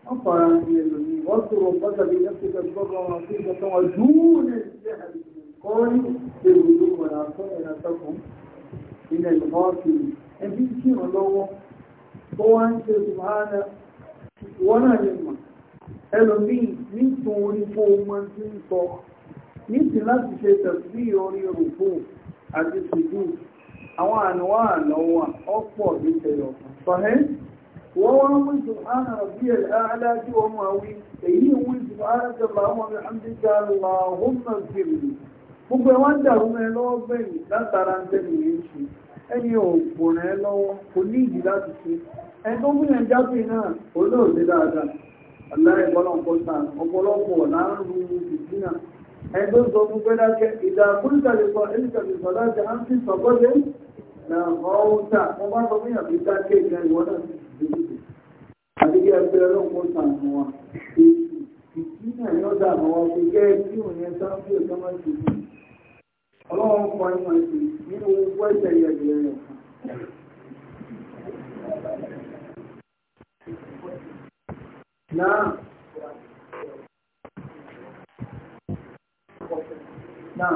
wọ́n fara ní ẹ̀lò ní wọ́n tó rọ̀ pátàkì lẹ́kùnkẹ́ tó bá wọn sí ìjọsán wọn jù ú ní ilé àdìsìnkọ́ ní èrò tó wà látọ́ ẹ̀rọ tọ́kùn ilẹ̀ ìmọ́ọ̀kì ẹbí kí wọ́n lọ́wọ́ ń sọ nísìn láti ṣe tẹ̀sí orí òkú àti ṣùgbù àwọn àníwá àlọ́wà ọ̀pọ̀ ìṣẹ̀lẹ̀ ọ̀kan sọ̀hẹ́ wọ́n wọ́n mú ìṣùgbọ́n àbí aláàjú ọmọ àwí èyí mú ìṣùgbọ́n àjọba ọmọ mi àmìjá lọ́hùnmọ̀ fìrì gbogbo wọn dàrú mẹ́rin lọ́wọ́ ẹgbẹ́ sọ fún pé dákẹ́ ìdàkúrúkà lè sọ ẹnìkà lè sọ á ń fi sọ̀kọ́dé na ọ̀ọ́ta wọ́n bá sọ fún yàtọ̀ dákẹ́ ìgbà ìwọ́n náà sì ti dé àti kí ẹgbẹ́ ọlọ́pọ̀ sànù wa èsì náà yóò dà mọ́ wa pé kẹ́ kí òun yẹn sá náà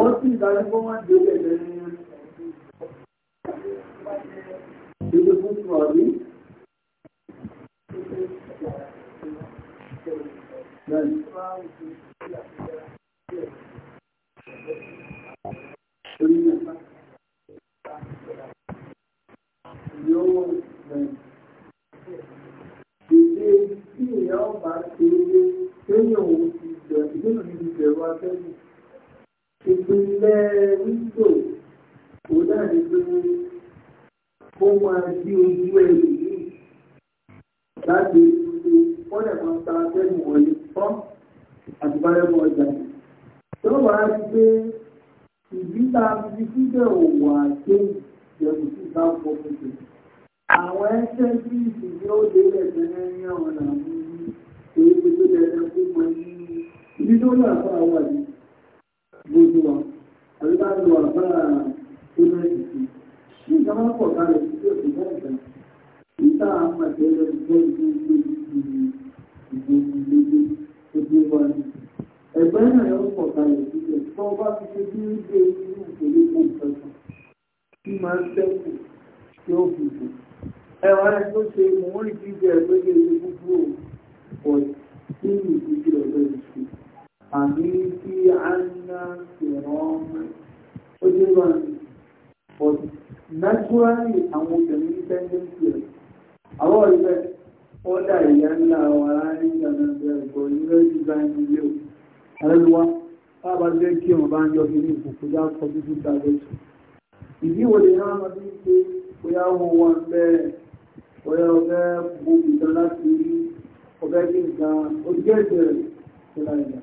ó sì dájú pé wọ́n ti lè lè ní Thank you. ìpìlẹ̀ wíńdò kò dáàbí pé kó máa di ojú ẹ̀yìn yìí láti ṣe wọ́n lè máa ta atẹ́gùn wọlé fọ́ àtibárẹ́mọ́ ọjà. tó wàá rí pé ìbíta fi síbẹ̀ òwò àti ìjẹ̀bù sí ìta ọkọ̀ tuntun. àwọn ẹsẹ̀ tí ìsìnkú ó délẹ̀ tẹ́lẹ̀ ní àwọn làwọn èyí tó dẹ̀ ẹ́ kó mọ ní ibi tó yà fún àwọn àdìgbò tó wà àbí bá lo àbára oná ìsìn ní ìjọba pọ̀ kálẹ̀ tí ó ti bá ìgbà ìta àwọn àti ẹgbẹ́ ìgbọ́ ìgbó ìgbó ìgbó ìgbó ìgbó ìgbó wa ni ẹgbẹ́ náà yóò pọ̀ kálẹ̀ síbẹ̀ tó bá fi ṣe bí ó gbé inú ìpele kó nǹkan kan tí máa ń sẹ́kù tí ó fi bò ẹwà rẹ̀ tó ṣe mò ń rí jíjẹ ẹgbẹ́ ìgbé gbogbo pọ̀ sí ìgbìyànjú ọ̀gbẹ́ ìṣòro àmì tí a ń ná ìrọ̀rùn ó dé wà ní but naturally àwọn obìnrin ní tẹ́ńdẹ́ńsì rẹ̀ àwọn ọ̀rẹ́ wọ́n dà ìyá ńlá wa láàrin ìjànà ẹ̀gbọ́n ilé ìjọba inú ilé o àrẹ́lúwá bábá jẹ́ kí wọ́n bá ń yọ nínú ìkòkò já sọ títí dájọ́ tó ìdí wo lè náà máa bí pé bóyá wọn wà bẹ́ẹ̀ bóyá ọbẹ̀ gbogbo ìtàn láti rí ọbẹ̀ kí nǹkan ó jẹ́ ìbẹ̀rẹ̀ tó láyé náà